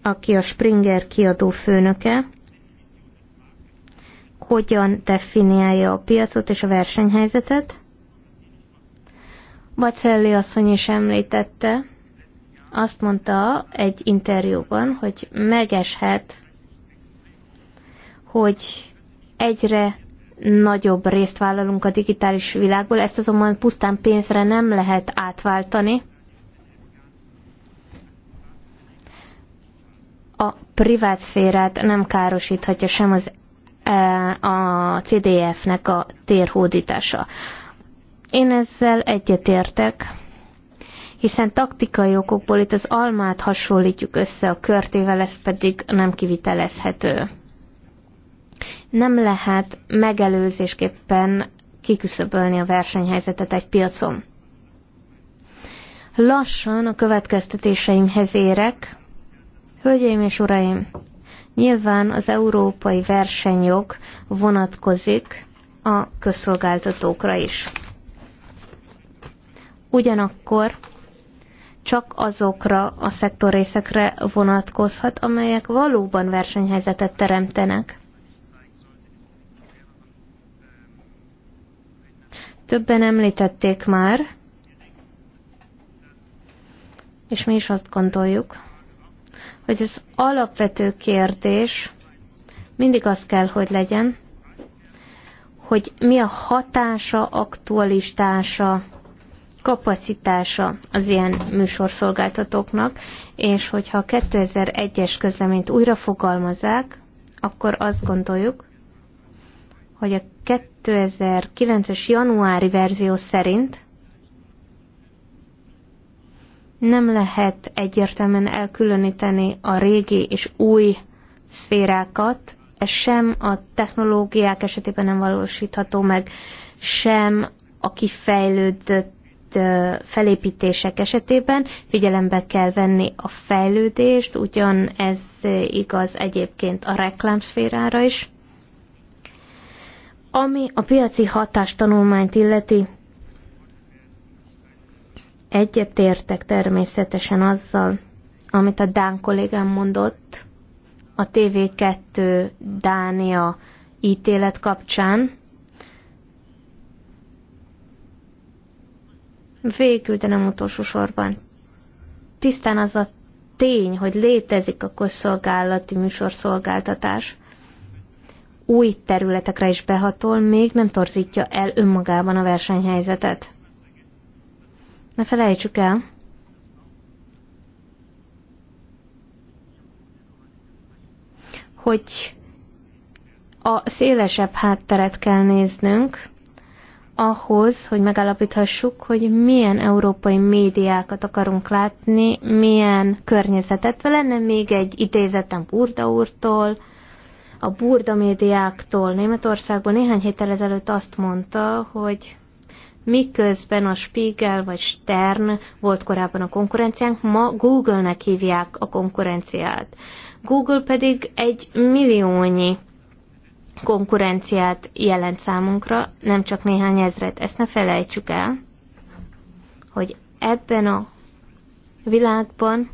aki a Springer kiadó főnöke, hogyan definiálja a piacot és a versenyhelyzetet. Bacelli asszony is említette, azt mondta egy interjúban, hogy megeshet, hogy egyre nagyobb részt vállalunk a digitális világból, ezt azonban pusztán pénzre nem lehet átváltani. A privát szférát nem károsíthatja sem az e, a CDF-nek a térhódítása. Én ezzel egyetértek hiszen taktikai okokból itt az almát hasonlítjuk össze a körtével, ez pedig nem kivitelezhető. Nem lehet megelőzésképpen kiküszöbölni a versenyhelyzetet egy piacon. Lassan a következtetéseimhez érek. Hölgyeim és uraim, nyilván az európai versenyjog vonatkozik a közszolgáltatókra is. Ugyanakkor csak azokra a szektorrészekre vonatkozhat, amelyek valóban versenyhelyzetet teremtenek. Többen említették már, és mi is azt gondoljuk, hogy az alapvető kérdés mindig az kell, hogy legyen, hogy mi a hatása, aktualistása kapacitása az ilyen műsorszolgáltatóknak, és hogyha a 2001-es közleményt újra fogalmazák, akkor azt gondoljuk, hogy a 2009-es januári verzió szerint nem lehet egyértelműen elkülöníteni a régi és új szférákat, ez sem a technológiák esetében nem valósítható meg, sem a kifejlődött felépítések esetében figyelembe kell venni a fejlődést, ugyan ez igaz egyébként a reklámszférára is. Ami a piaci hatástanulmányt illeti, egyetértek természetesen azzal, amit a Dán kollégám mondott a TV2 Dánia ítélet kapcsán, Végül, de nem utolsó sorban. Tisztán az a tény, hogy létezik a közszolgálati műsorszolgáltatás, új területekre is behatol, még nem torzítja el önmagában a versenyhelyzetet. Ne felejtsük el, hogy a szélesebb hátteret kell néznünk, ahhoz, hogy megállapíthassuk, hogy milyen európai médiákat akarunk látni, milyen környezetet. Lenne még egy idézetem Burda úrtól, a Burda médiáktól Németországból néhány héttel ezelőtt azt mondta, hogy miközben a Spiegel vagy Stern volt korábban a konkurenciánk, ma Google-nek hívják a konkurenciát. Google pedig egy milliónyi konkurenciát jelent számunkra, nem csak néhány ezret. Ezt ne felejtsük el, hogy ebben a világban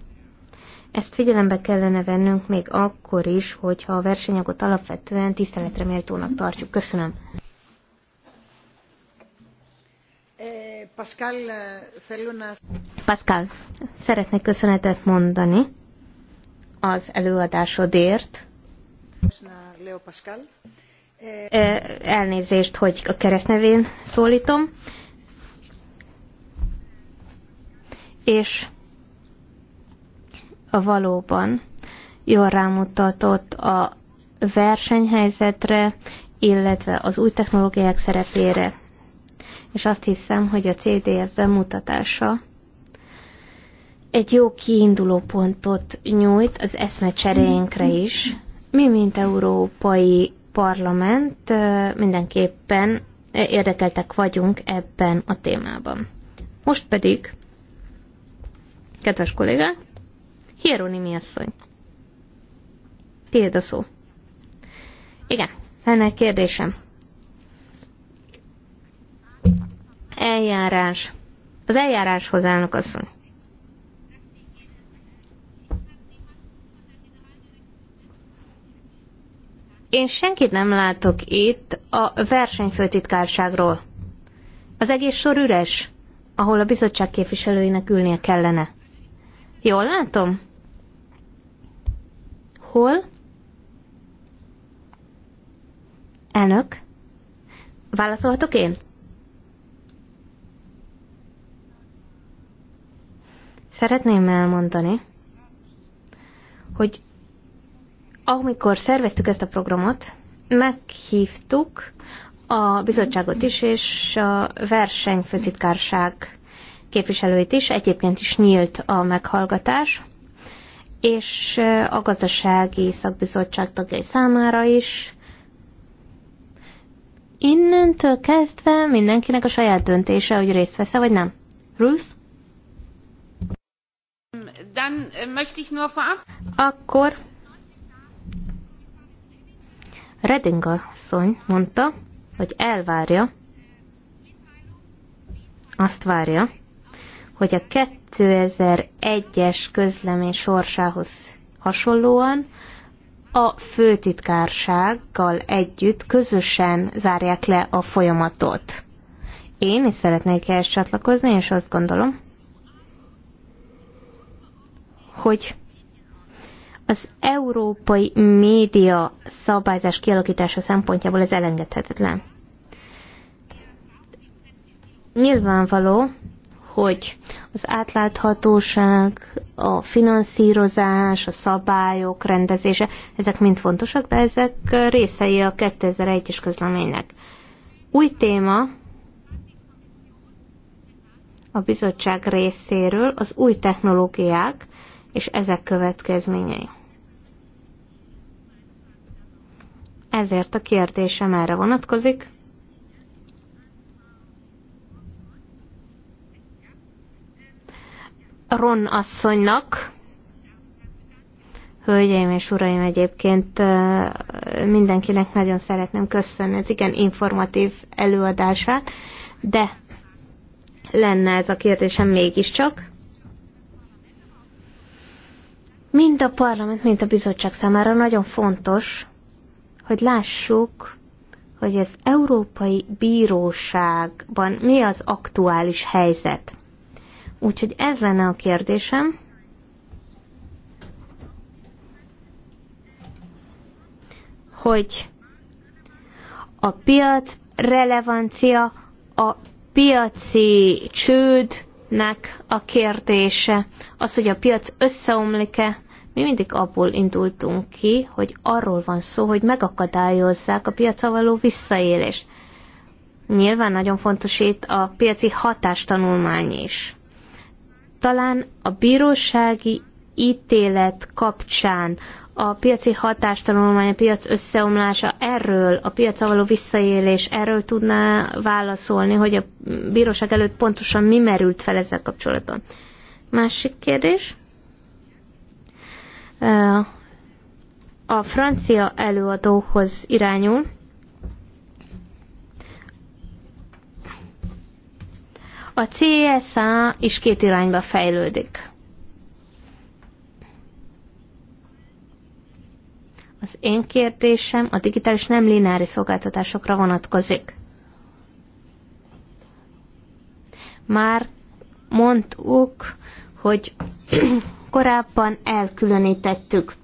ezt figyelembe kellene vennünk még akkor is, hogyha a versenyagot alapvetően tiszteletre méltónak tartjuk. Köszönöm. Eh, Pascal, eh, Pascal, szeretnék köszönetet mondani az előadásodért. Köszönöm Leo Pascal. Elnézést, hogy a keresztnevén szólítom. És a valóban jól rámutatott a versenyhelyzetre, illetve az új technológiák szerepére. És azt hiszem, hogy a CDF bemutatása egy jó kiinduló pontot nyújt az eszmecseréinkre is, mi, mint Európai Parlament mindenképpen érdekeltek vagyunk ebben a témában. Most pedig, kedves kollégák, Hieronimi asszony, tiéd a szó. Igen, lenne egy kérdésem. Eljárás. Az eljáráshoz állnak asszony. Én senkit nem látok itt a versenyfőtitkárságról. Az egész sor üres, ahol a bizottság képviselőinek ülnie kellene. Jól látom? Hol? Elnök? Válaszolhatok én? Szeretném elmondani, hogy amikor szerveztük ezt a programot, meghívtuk a bizottságot is, és a versenyfőtitkárság képviselőit is. Egyébként is nyílt a meghallgatás, és a gazdasági szakbizottság tagjai számára is. Innentől kezdve mindenkinek a saját döntése, hogy részt vesz -e, vagy nem. Ruth? Dann äh, möchte ich nur vorab... Akkor Redding asszony mondta, hogy elvárja, azt várja, hogy a 2001-es közlemény sorsához hasonlóan a főtitkársággal együtt közösen zárják le a folyamatot. Én is szeretnék ehhez csatlakozni, és azt gondolom, hogy az európai média szabályzás kialakítása szempontjából ez elengedhetetlen. Nyilvánvaló, hogy az átláthatóság, a finanszírozás, a szabályok rendezése, ezek mind fontosak, de ezek részei a 2001-es közleménynek. Új téma a bizottság részéről az új technológiák és ezek következményei. Ezért a kérdésem erre vonatkozik. Ron asszonynak, hölgyeim és uraim egyébként mindenkinek nagyon szeretném köszönni az igen informatív előadását, de lenne ez a kérdésem mégiscsak. Mind a parlament, mind a bizottság számára nagyon fontos, hogy lássuk, hogy az Európai Bíróságban mi az aktuális helyzet. Úgyhogy ez lenne a kérdésem. Hogy a piac relevancia a piaci csődnek a kérdése, az, hogy a piac összeomlik-e, mi mindig abból indultunk ki, hogy arról van szó, hogy megakadályozzák a piaca való visszaélést. Nyilván nagyon fontos itt a piaci hatástanulmány is. Talán a bírósági ítélet kapcsán a piaci hatástanulmány, a piac összeomlása erről, a piaca való visszaélés, erről tudná válaszolni, hogy a bíróság előtt pontosan mi merült fel ezzel kapcsolatban. Másik kérdés a francia előadóhoz irányul. A CSA is két irányba fejlődik. Az én kérdésem a digitális nem lineáris szolgáltatásokra vonatkozik. Már mondtuk, hogy (clears throat) korábban elkülönítettük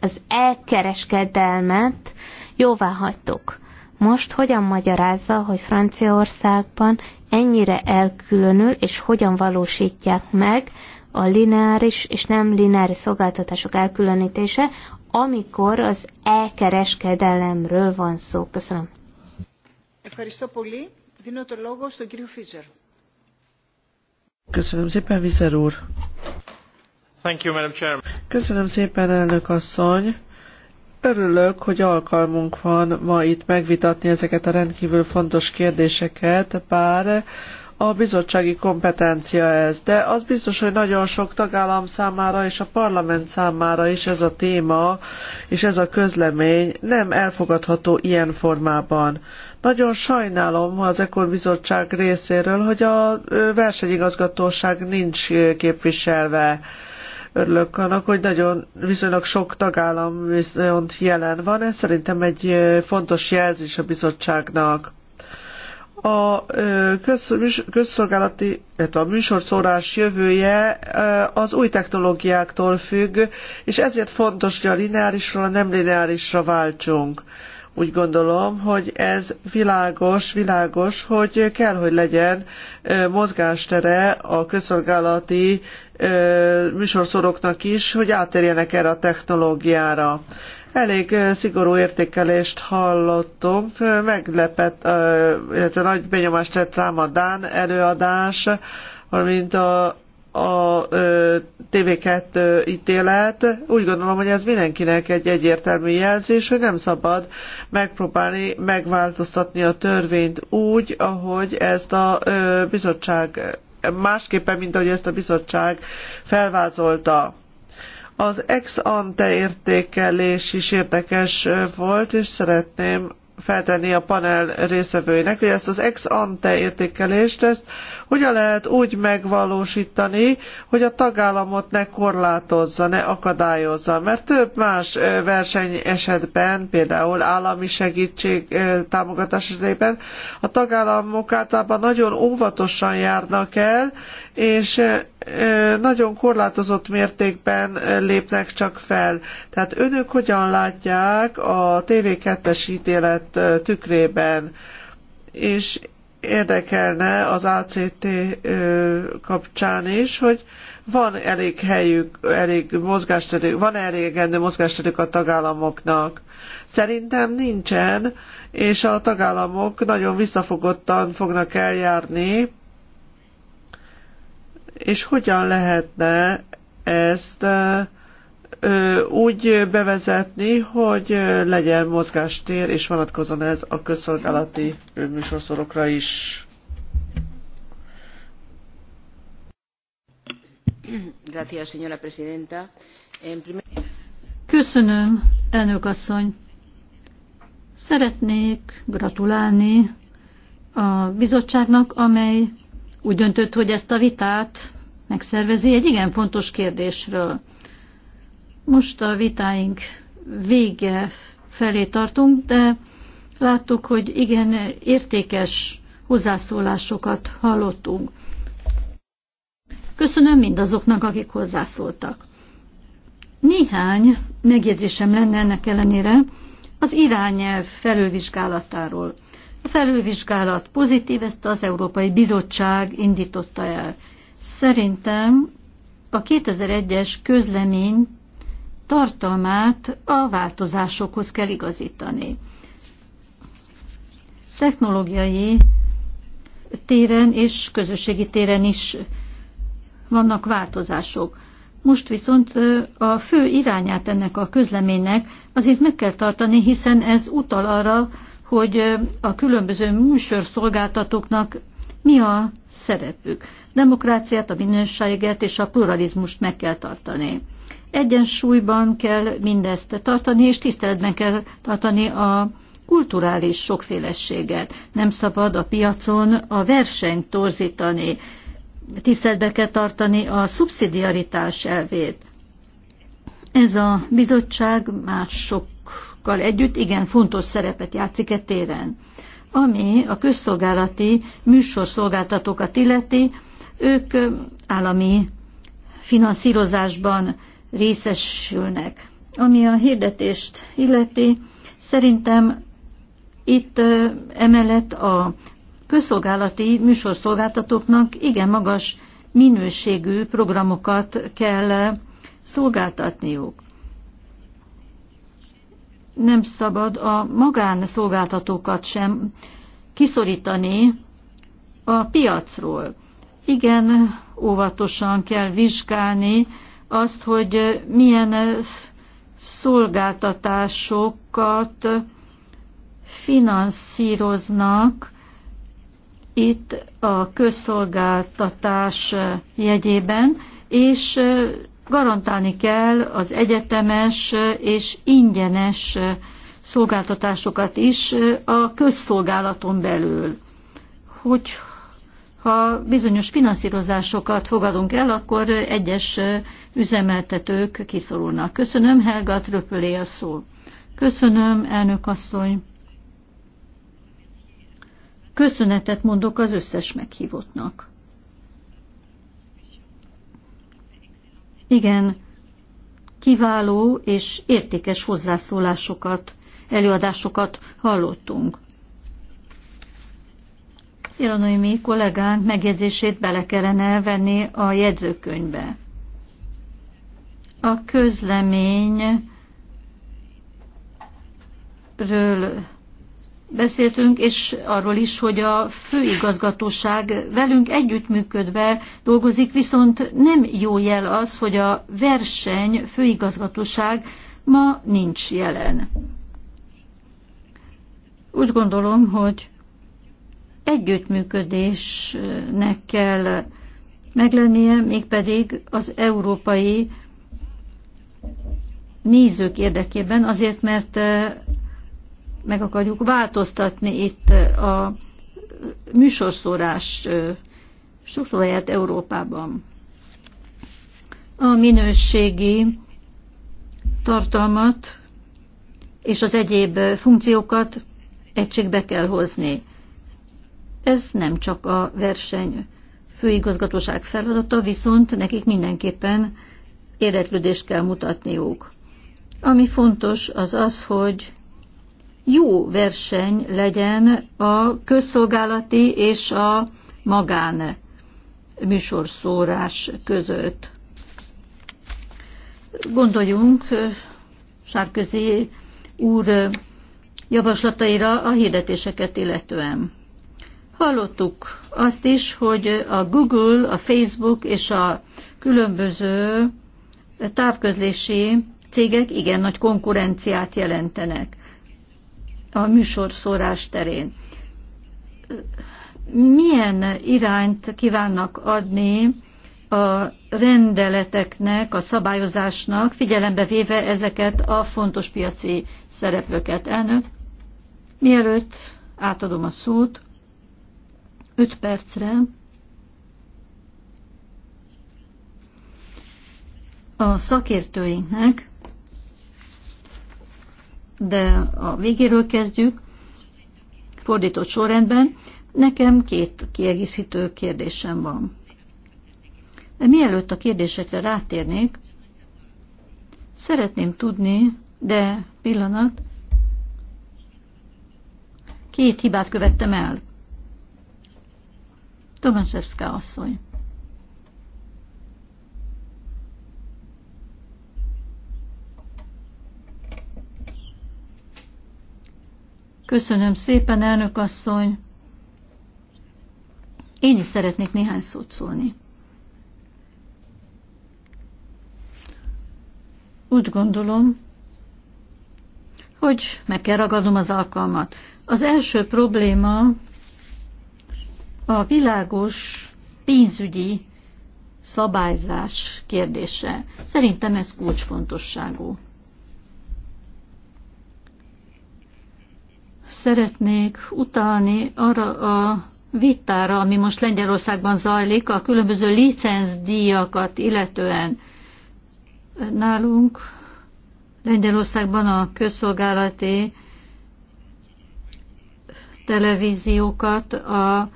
az elkereskedelmet, jóvá hagytuk. Most hogyan magyarázza, hogy Franciaországban ennyire elkülönül, és hogyan valósítják meg a lineáris és nem lineáris szolgáltatások elkülönítése, amikor az elkereskedelemről van szó. Köszönöm. Köszönöm. Köszönöm szépen, Vizer úr. Thank you, Madam Chair. Köszönöm szépen, elnök asszony. Örülök, hogy alkalmunk van ma itt megvitatni ezeket a rendkívül fontos kérdéseket, bár a bizottsági kompetencia ez, de az biztos, hogy nagyon sok tagállam számára és a parlament számára is ez a téma és ez a közlemény nem elfogadható ilyen formában. Nagyon sajnálom az Ekor Bizottság részéről, hogy a versenyigazgatóság nincs képviselve. Örülök annak, hogy nagyon viszonylag sok tagállam viszont jelen van. Ez szerintem egy fontos jelzés a bizottságnak a közszolgálati, illetve a műsorszórás jövője az új technológiáktól függ, és ezért fontos, hogy a lineárisról a nem lineárisra váltsunk. Úgy gondolom, hogy ez világos, világos, hogy kell, hogy legyen mozgástere a közszolgálati műsorszoroknak is, hogy átérjenek erre a technológiára. Elég szigorú értékelést hallottunk, meglepett, illetve nagy benyomást tett rám a Dán előadás, valamint a a TV2 ítélet, úgy gondolom, hogy ez mindenkinek egy egyértelmű jelzés, hogy nem szabad megpróbálni megváltoztatni a törvényt úgy, ahogy ezt a bizottság másképpen, mint ahogy ezt a bizottság felvázolta. Az ex ante értékelés is érdekes volt, és szeretném feltenni a panel részvevőinek, hogy ezt az ex ante értékelést, ezt hogyan lehet úgy megvalósítani, hogy a tagállamot ne korlátozza, ne akadályozza, mert több más verseny esetben, például állami segítség támogatás esetében a tagállamok általában nagyon óvatosan járnak el, és nagyon korlátozott mértékben lépnek csak fel. Tehát önök hogyan látják a TV2-es ítélet tükrében, és érdekelne az ACT kapcsán is, hogy van elég helyük, elég mozgásterük, van elégendő mozgásterük a tagállamoknak. Szerintem nincsen, és a tagállamok nagyon visszafogottan fognak eljárni, és hogyan lehetne ezt úgy bevezetni, hogy legyen mozgástér, és vonatkozom ez a közszolgálati műsorszorokra is. Köszönöm, elnök asszony. Szeretnék gratulálni a bizottságnak, amely úgy döntött, hogy ezt a vitát megszervezi egy igen fontos kérdésről. Most a vitáink vége felé tartunk, de láttuk, hogy igen értékes hozzászólásokat hallottunk. Köszönöm mindazoknak, akik hozzászóltak. Néhány megjegyzésem lenne ennek ellenére az irányelv felülvizsgálatáról. A felülvizsgálat pozitív, ezt az Európai Bizottság indította el. Szerintem a 2001-es közlemény tartalmát a változásokhoz kell igazítani. Technológiai téren és közösségi téren is vannak változások. Most viszont a fő irányát ennek a közleménynek azért meg kell tartani, hiszen ez utal arra, hogy a különböző műsorszolgáltatóknak mi a szerepük. Demokráciát, a minőséget és a pluralizmust meg kell tartani. Egyensúlyban kell mindezt tartani, és tiszteletben kell tartani a kulturális sokféleséget. Nem szabad a piacon a versenyt torzítani. Tiszteletben kell tartani a szubszidiaritás elvét. Ez a bizottság már sok kal együtt igen fontos szerepet játszik e téren. Ami a közszolgálati műsorszolgáltatókat illeti, ők állami finanszírozásban részesülnek. Ami a hirdetést illeti, szerintem itt emellett a közszolgálati műsorszolgáltatóknak igen magas minőségű programokat kell szolgáltatniuk nem szabad a magánszolgáltatókat sem kiszorítani a piacról. Igen, óvatosan kell vizsgálni azt, hogy milyen szolgáltatásokat finanszíroznak itt a közszolgáltatás jegyében, és garantálni kell az egyetemes és ingyenes szolgáltatásokat is a közszolgálaton belül. Hogy ha bizonyos finanszírozásokat fogadunk el, akkor egyes üzemeltetők kiszorulnak. Köszönöm, Helga Tröpölé a szó. Köszönöm, elnök asszony. Köszönetet mondok az összes meghívottnak. igen kiváló és értékes hozzászólásokat, előadásokat hallottunk. mi kollégánk megjegyzését bele kellene venni a jegyzőkönyvbe. A közleményről beszéltünk, és arról is, hogy a főigazgatóság velünk együttműködve dolgozik, viszont nem jó jel az, hogy a verseny főigazgatóság ma nincs jelen. Úgy gondolom, hogy együttműködésnek kell meglennie, mégpedig az európai nézők érdekében, azért mert meg akarjuk változtatni itt a műsorszórás struktúráját Európában. A minőségi tartalmat és az egyéb funkciókat egységbe kell hozni. Ez nem csak a verseny főigazgatóság feladata, viszont nekik mindenképpen érdeklődést kell mutatniuk. Ami fontos, az az, hogy jó verseny legyen a közszolgálati és a magán műsorszórás között. Gondoljunk Sárközi úr javaslataira a hirdetéseket illetően. Hallottuk azt is, hogy a Google, a Facebook és a különböző távközlési cégek igen nagy konkurenciát jelentenek a műsorszórás terén. Milyen irányt kívánnak adni a rendeleteknek, a szabályozásnak, figyelembe véve ezeket a fontos piaci szereplőket. Elnök, mielőtt átadom a szót, 5 percre a szakértőinknek, de a végéről kezdjük, fordított sorrendben. Nekem két kiegészítő kérdésem van. De mielőtt a kérdésekre rátérnék, szeretném tudni, de pillanat, két hibát követtem el. Tomaszewska asszony. Köszönöm szépen, elnök asszony. Én is szeretnék néhány szót szólni. Úgy gondolom, hogy meg kell ragadnom az alkalmat. Az első probléma a világos pénzügyi szabályzás kérdése. Szerintem ez kulcsfontosságú. szeretnék utalni arra a vitára, ami most Lengyelországban zajlik, a különböző licenzdíjakat illetően. Nálunk Lengyelországban a közszolgálati televíziókat a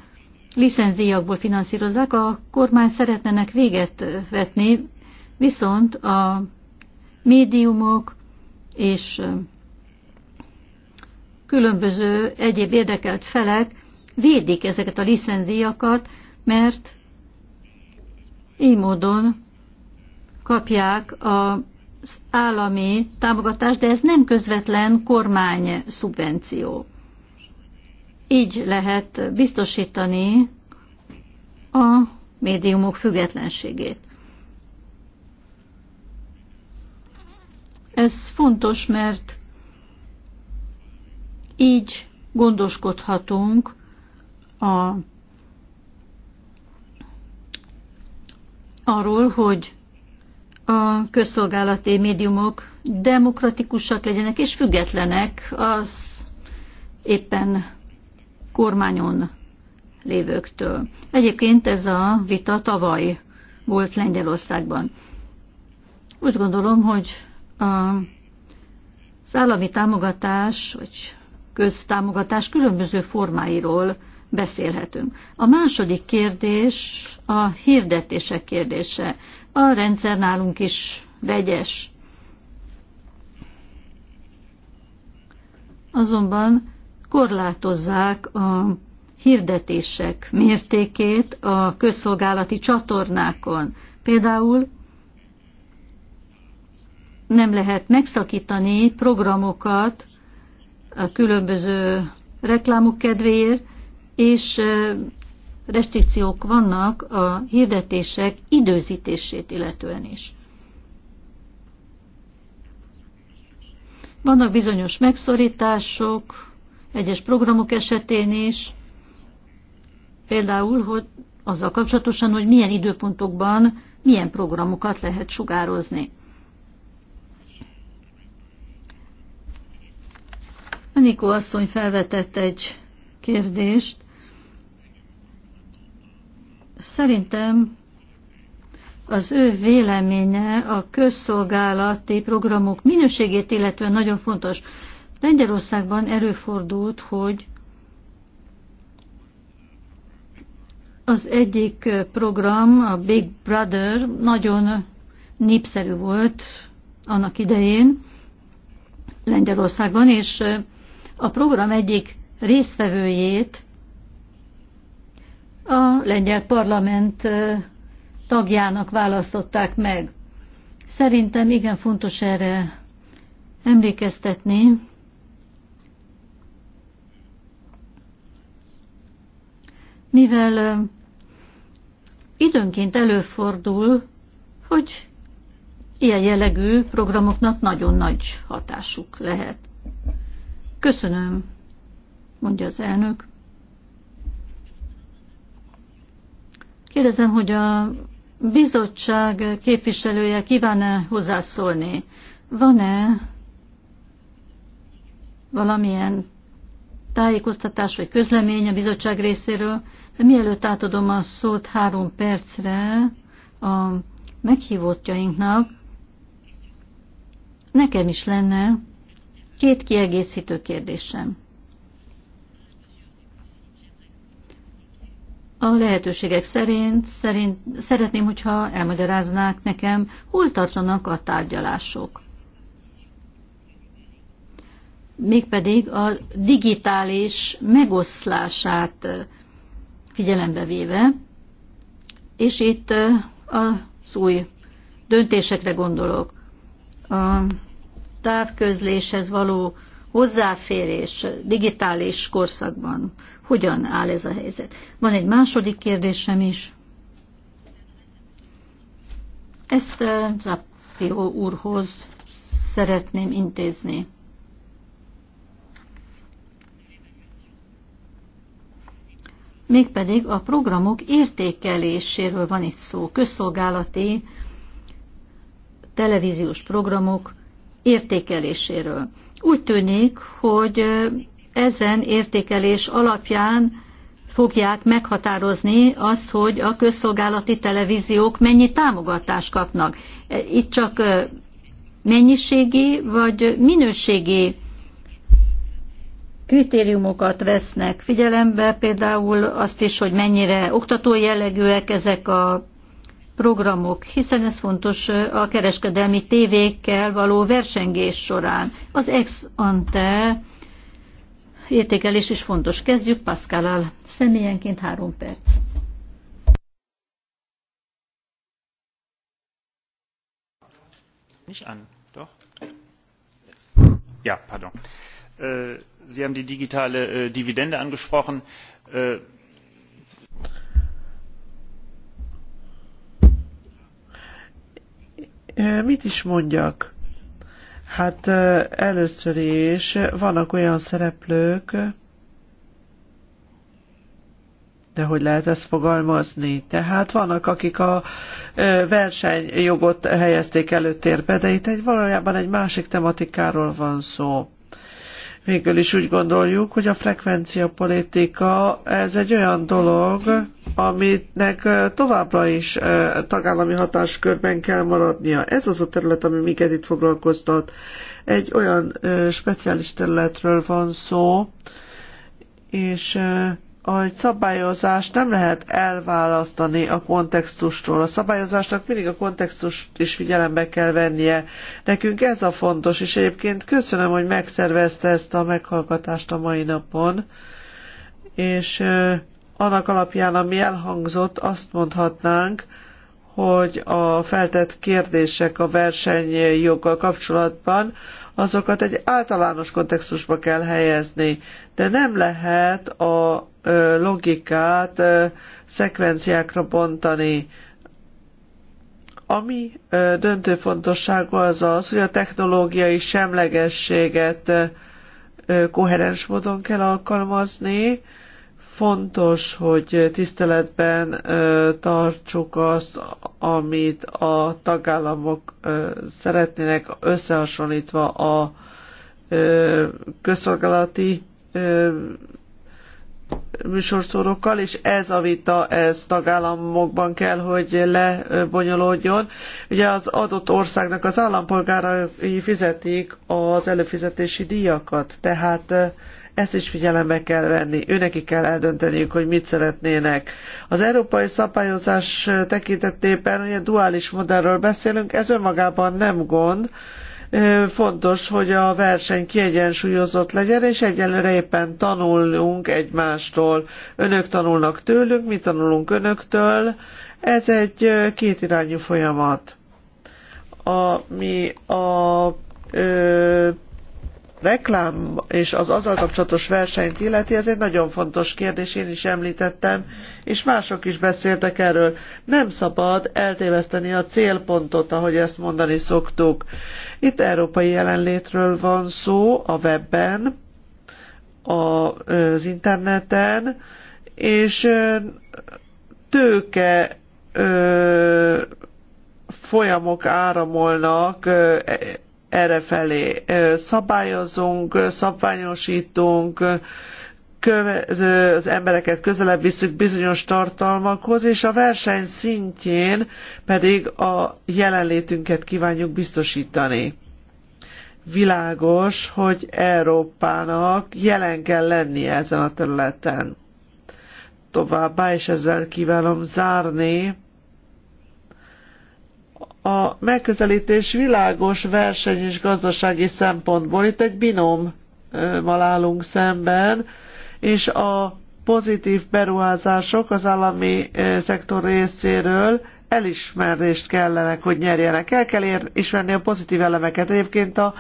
licenzdíjakból finanszírozzák, a kormány szeretnenek véget vetni, viszont a médiumok és különböző egyéb érdekelt felek védik ezeket a licenziakat, mert így módon kapják az állami támogatást, de ez nem közvetlen kormány szubvenció. Így lehet biztosítani a médiumok függetlenségét. Ez fontos, mert így gondoskodhatunk a, arról, hogy a közszolgálati médiumok demokratikusak legyenek és függetlenek az éppen kormányon lévőktől. Egyébként ez a vita tavaly volt Lengyelországban. Úgy gondolom, hogy a, az állami támogatás, vagy köztámogatás különböző formáiról beszélhetünk. A második kérdés a hirdetések kérdése. A rendszer nálunk is vegyes. Azonban korlátozzák a hirdetések mértékét a közszolgálati csatornákon. Például nem lehet megszakítani programokat a különböző reklámok kedvéért, és restrikciók vannak a hirdetések időzítését illetően is. Vannak bizonyos megszorítások, egyes programok esetén is, például, hogy azzal kapcsolatosan, hogy milyen időpontokban milyen programokat lehet sugározni. Anikó asszony felvetett egy kérdést. Szerintem az ő véleménye a közszolgálati programok minőségét illetően nagyon fontos. Lengyelországban erőfordult, hogy az egyik program, a Big Brother, nagyon népszerű volt annak idején Lengyelországban, és a program egyik résztvevőjét, a lengyel parlament tagjának választották meg. Szerintem igen fontos erre emlékeztetni, mivel időnként előfordul, hogy ilyen jellegű programoknak nagyon nagy hatásuk lehet. Köszönöm, mondja az elnök. Kérdezem, hogy a bizottság képviselője kíván-e hozzászólni? Van-e valamilyen tájékoztatás vagy közlemény a bizottság részéről? De mielőtt átadom a szót három percre a meghívottjainknak, nekem is lenne Két kiegészítő kérdésem. A lehetőségek szerint, szerint szeretném, hogyha elmagyaráznák nekem, hol tartanak a tárgyalások. Mégpedig a digitális megoszlását figyelembe véve, és itt eh, az új döntésekre gondolok. A távközléshez való hozzáférés digitális korszakban. Hogyan áll ez a helyzet? Van egy második kérdésem is. Ezt eh, Zappió úrhoz szeretném intézni. Mégpedig a programok értékeléséről van itt szó. Közszolgálati televíziós programok értékeléséről. Úgy tűnik, hogy ezen értékelés alapján fogják meghatározni azt, hogy a közszolgálati televíziók mennyi támogatást kapnak. E, itt csak mennyiségi vagy minőségi kritériumokat vesznek figyelembe, például azt is, hogy mennyire oktató jellegűek ezek a programok, hiszen ez fontos a kereskedelmi tévékkel való versengés során. Az ex ante értékelés is fontos. Kezdjük Pascalal. Személyenként három perc. Nicht an, doch? Ja, pardon. Äh, Sie haben die digitale äh, Dividende angesprochen. Äh, Mit is mondjak? Hát először is vannak olyan szereplők, de hogy lehet ezt fogalmazni? Tehát vannak, akik a versenyjogot helyezték előtérbe, de itt egy, valójában egy másik tematikáról van szó végül is úgy gondoljuk, hogy a frekvencia politika ez egy olyan dolog, aminek továbbra is tagállami hatáskörben kell maradnia. Ez az a terület, ami minket itt foglalkoztat. Egy olyan speciális területről van szó, és hogy szabályozást nem lehet elválasztani a kontextustól. A szabályozásnak mindig a kontextust is figyelembe kell vennie. Nekünk ez a fontos, és egyébként köszönöm, hogy megszervezte ezt a meghallgatást a mai napon, és annak alapján, ami elhangzott, azt mondhatnánk, hogy a feltett kérdések a versenyjoggal kapcsolatban azokat egy általános kontextusba kell helyezni, de nem lehet a logikát szekvenciákra bontani. Ami döntő fontosságú az az, hogy a technológiai semlegességet koherens módon kell alkalmazni. Fontos, hogy tiszteletben tartsuk azt, amit a tagállamok szeretnének összehasonlítva a közszolgálati műsorszórókkal, és ez a vita, ez tagállamokban kell, hogy lebonyolódjon. Ugye az adott országnak az állampolgárai fizetik az előfizetési díjakat, tehát eh, ezt is figyelembe kell venni, őnekik kell eldönteniük, hogy mit szeretnének. Az európai szabályozás tekintetében ugye duális modellről beszélünk, ez önmagában nem gond, Fontos, hogy a verseny kiegyensúlyozott legyen, és egyelőre éppen tanulunk egymástól. Önök tanulnak tőlünk, mi tanulunk önöktől. Ez egy kétirányú folyamat. Ami a ö, reklám és az azzal kapcsolatos versenyt illeti, ez egy nagyon fontos kérdés, én is említettem, és mások is beszéltek erről. Nem szabad eltéveszteni a célpontot, ahogy ezt mondani szoktuk. Itt európai jelenlétről van szó a webben, az interneten, és tőke folyamok áramolnak errefelé. Szabályozunk, szabványosítunk, az embereket közelebb visszük bizonyos tartalmakhoz, és a verseny szintjén pedig a jelenlétünket kívánjuk biztosítani. Világos, hogy Európának jelen kell lennie ezen a területen. Továbbá, és ezzel kívánom zárni, a megközelítés világos verseny és gazdasági szempontból. Itt egy binommal állunk szemben, és a pozitív beruházások az állami szektor részéről elismerést kellene, hogy nyerjenek. El kell ismerni a pozitív elemeket. Egyébként a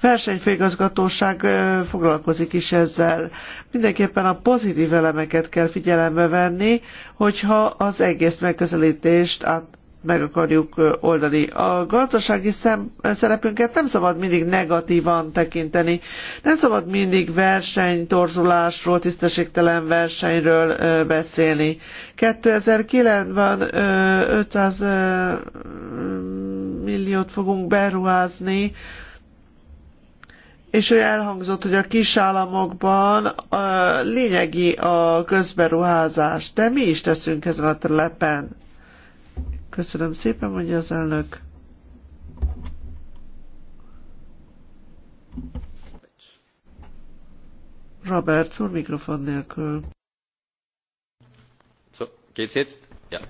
versenyfőgazgatóság foglalkozik is ezzel. Mindenképpen a pozitív elemeket kell figyelembe venni, hogyha az egész megközelítést át meg akarjuk oldani. A gazdasági szem, szerepünket nem szabad mindig negatívan tekinteni, nem szabad mindig versenytorzulásról, tisztességtelen versenyről ö, beszélni. 2009-ben 500 ö, milliót fogunk beruházni, és ő elhangzott, hogy a kisállamokban a, lényegi a közberuházás, de mi is teszünk ezen a területen? Köszönöm szépen, mondja az elnök. Robert úr mikrofon nélkül. So, geht's jetzt? Ja.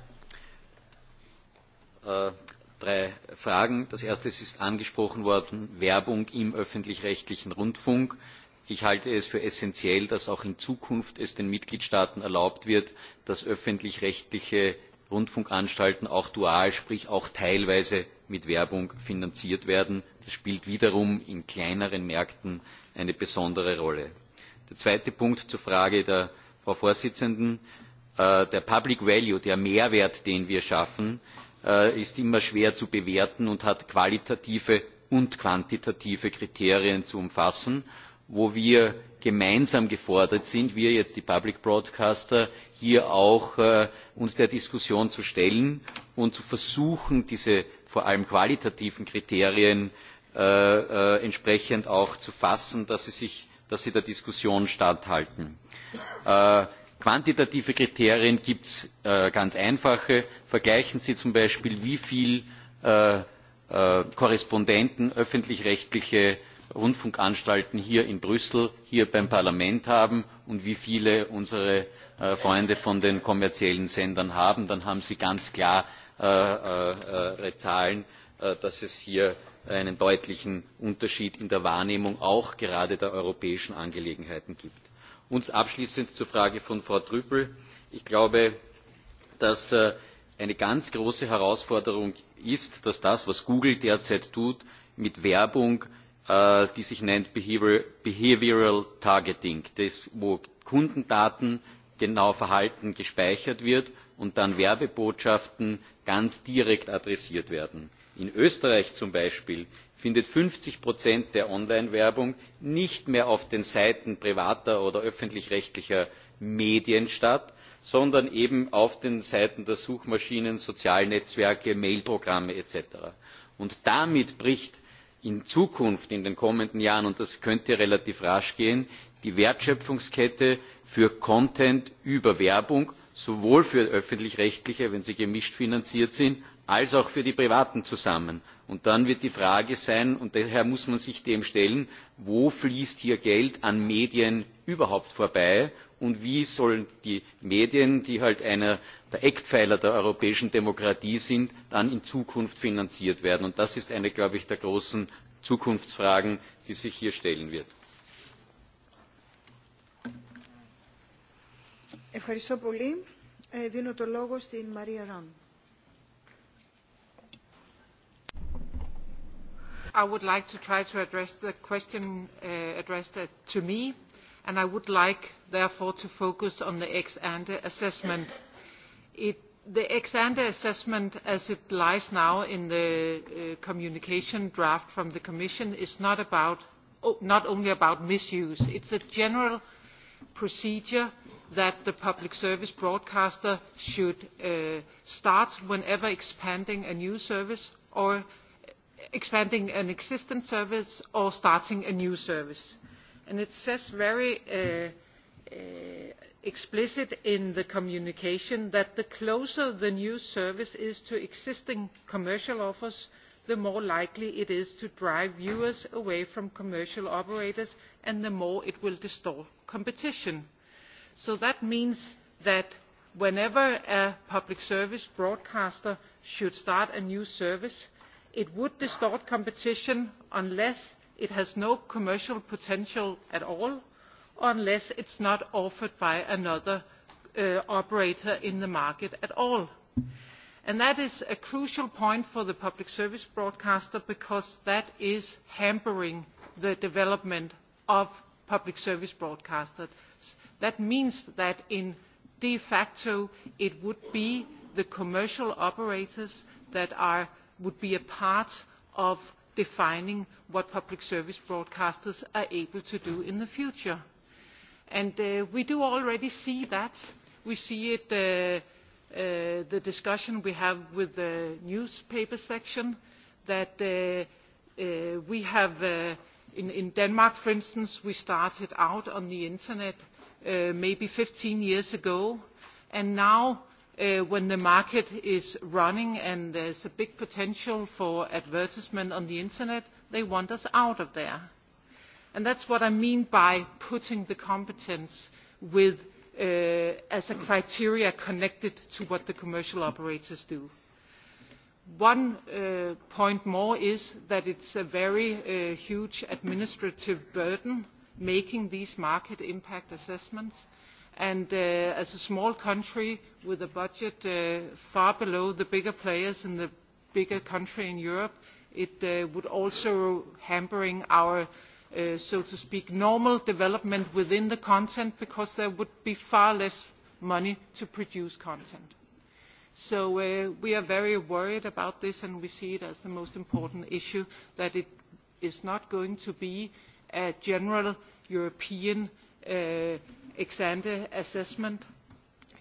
Uh, drei Fragen. Das erste ist angesprochen worden, Werbung im öffentlich-rechtlichen Rundfunk. Ich halte es für essentiell, dass auch in Zukunft es den Mitgliedstaaten erlaubt wird, dass öffentlich-rechtliche rundfunkanstalten auch dual sprich auch teilweise mit werbung finanziert werden. das spielt wiederum in kleineren märkten eine besondere rolle. der zweite punkt zur frage der frau vorsitzenden äh, der public value der mehrwert den wir schaffen äh, ist immer schwer zu bewerten und hat qualitative und quantitative kriterien zu umfassen wo wir gemeinsam gefordert sind wir jetzt die public broadcaster uns hier auch äh, der diskussion zu stellen und zu versuchen diese vor allem qualitativen kriterien äh, äh, entsprechend auch zu fassen dass sie der diskussion standhalten. quantitative kriterien gibt es ganz einfache vergleichen sie zum beispiel wie viele korrespondenten öffentlich rechtliche rundfunkanstalten hier in brüssel hier beim parlament haben und wie viele unsere äh, freunde von den kommerziellen sendern haben dann haben sie ganz klare äh, äh, zahlen dass es hier einen deutlichen unterschied in der wahrnehmung auch gerade der europäischen angelegenheiten gibt. abschließend zur frage von frau trüpel ich glaube dass eine ganz große herausforderung ist dass das was google derzeit tut mit werbung Äh, die sich nennt Behavioral Targeting, das, wo Kundendaten genau Verhalten gespeichert wird und dann Werbebotschaften ganz direkt adressiert werden. In Österreich zum Beispiel findet 50 Prozent der Online-Werbung nicht mehr auf den Seiten privater oder öffentlich-rechtlicher Medien statt, sondern eben auf den Seiten der Suchmaschinen, Sozialnetzwerke, Mailprogramme etc. Und damit bricht in zukunft in den kommenden jahren und das könnte relativ rasch gehen die wertschöpfungskette für content über werbung sowohl für öffentlich rechtliche wenn sie gemischt finanziert sind als auch für die privaten zusammen. und dann wird die frage sein und daher muss man sich dem stellen wo fließt hier geld an medien überhaupt vorbei? und wie sollen die medien die halt einer der eckpfeiler der europäischen demokratie sind dann in zukunft finanziert werden? das ist eine der großen zukunftsfragen die sich hier stellen wird. i would like to try to address the question uh, addressed uh, to me and i would like therefore to focus on the ex ante assessment. the ex ante assessment as it lies now in the uh, communication draft from the commission is not, about, not only about misuse it is a general procedure that the public service broadcaster should uh, start whenever expanding a new service or expanding an existing service or starting a new service and it says very uh, uh, explicitly in the communication that the closer the new service is to existing commercial offers the more likely it is to drive viewers away from commercial operators and the more it will distort competition. so that means that whenever a public service broadcaster should start a new service it would distort competition unless it has no commercial potential at all unless it is not offered by another uh, operator in the market at all. And that is a crucial point for the public service broadcaster because that is hampering the development of public service broadcasters. That means that in de facto it would be the commercial operators that would be a part of defining what public service broadcasters are able to do in the future. And uh, we do already see that. We see it, in uh, uh, the discussion we have with the newspaper section, that we have, in, Denmark for instance, we started out on the internet maybe 15 years ago, and now Uh, when the market is running and there is a big potential for advertisement on the internet they want us out of there. that is what i mean by putting the competence with, uh, as a criteria connected to what the commercial operators do. one uh, point more is that it is a very uh, huge administrative burden making these market impact assessments and uh, as a small country with a budget uh, far below the bigger players in the bigger country in Europe, it uh, would also hampering our, uh, so to speak, normal development within the content because there would be far less money to produce content. So uh, we are very worried about this and we see it as the most important issue that it is not going to be a general European uh, ex ante assessment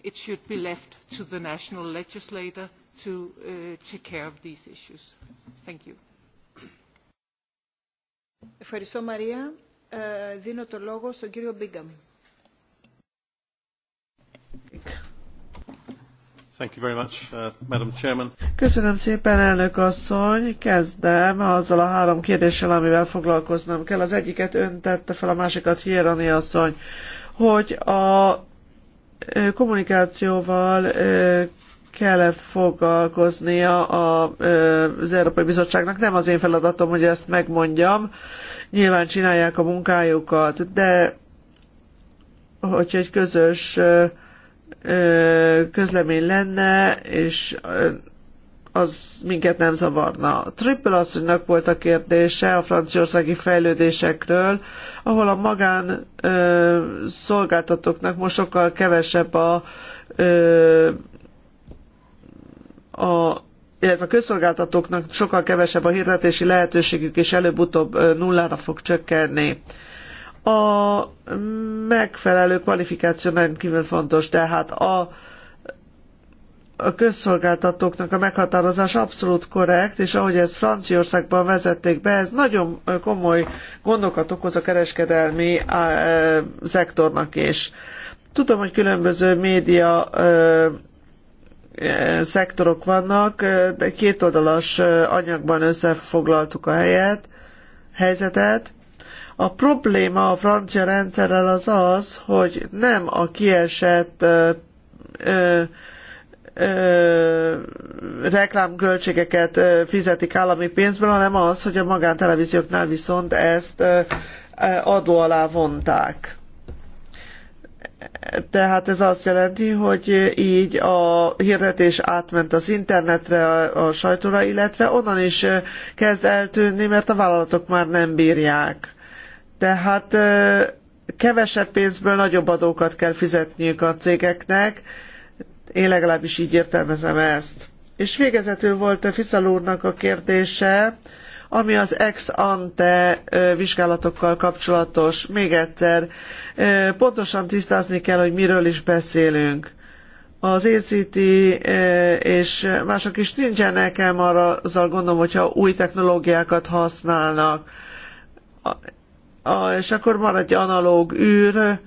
it should be left to the national legislator to uh, take care of these issues. Thank you. Ευχαριστώ Μαρία. δίνω το λόγο στον κύριο Μπίγκαμ. Thank you very much, uh, Madam Chairman. Köszönöm szépen, elnök asszony. Kezdem azzal a három kérdéssel, amivel foglalkoznom kell. Az egyiket ön tette fel, a másikat Hierani asszony, hogy a kommunikációval kell -e foglalkoznia az Európai Bizottságnak. Nem az én feladatom, hogy ezt megmondjam. Nyilván csinálják a munkájukat, de hogyha egy közös közlemény lenne, és az minket nem zavarna. Triple asszonynak volt a kérdése a franciaországi fejlődésekről, ahol a magán ö, szolgáltatóknak most sokkal kevesebb a, ö, a illetve a közszolgáltatóknak sokkal kevesebb a hirdetési lehetőségük, és előbb-utóbb nullára fog csökkenni. A megfelelő kvalifikáció nem kívül fontos, tehát a a közszolgáltatóknak a meghatározás abszolút korrekt, és ahogy ezt Franciaországban vezették be, ez nagyon komoly gondokat okoz a kereskedelmi e, szektornak is. Tudom, hogy különböző média e, e, szektorok vannak, de kétoldalas anyagban összefoglaltuk a helyet, helyzetet. A probléma a francia rendszerrel az az, hogy nem a kiesett ö, reklámköltségeket ö, fizetik állami pénzből, hanem az, hogy a magántelevízióknál viszont ezt ö, adó alá vonták. Tehát ez azt jelenti, hogy így a hirdetés átment az internetre, a, a sajtóra, illetve onnan is kezd eltűnni, mert a vállalatok már nem bírják. Tehát kevesebb pénzből nagyobb adókat kell fizetniük a cégeknek, én legalábbis így értelmezem ezt. És végezetül volt a Fiszal úrnak a kérdése, ami az ex ante vizsgálatokkal kapcsolatos. Még egyszer, pontosan tisztázni kell, hogy miről is beszélünk. Az ACT és mások is nincsenek el arra, azzal gondolom, hogyha új technológiákat használnak. És akkor marad egy analóg űr,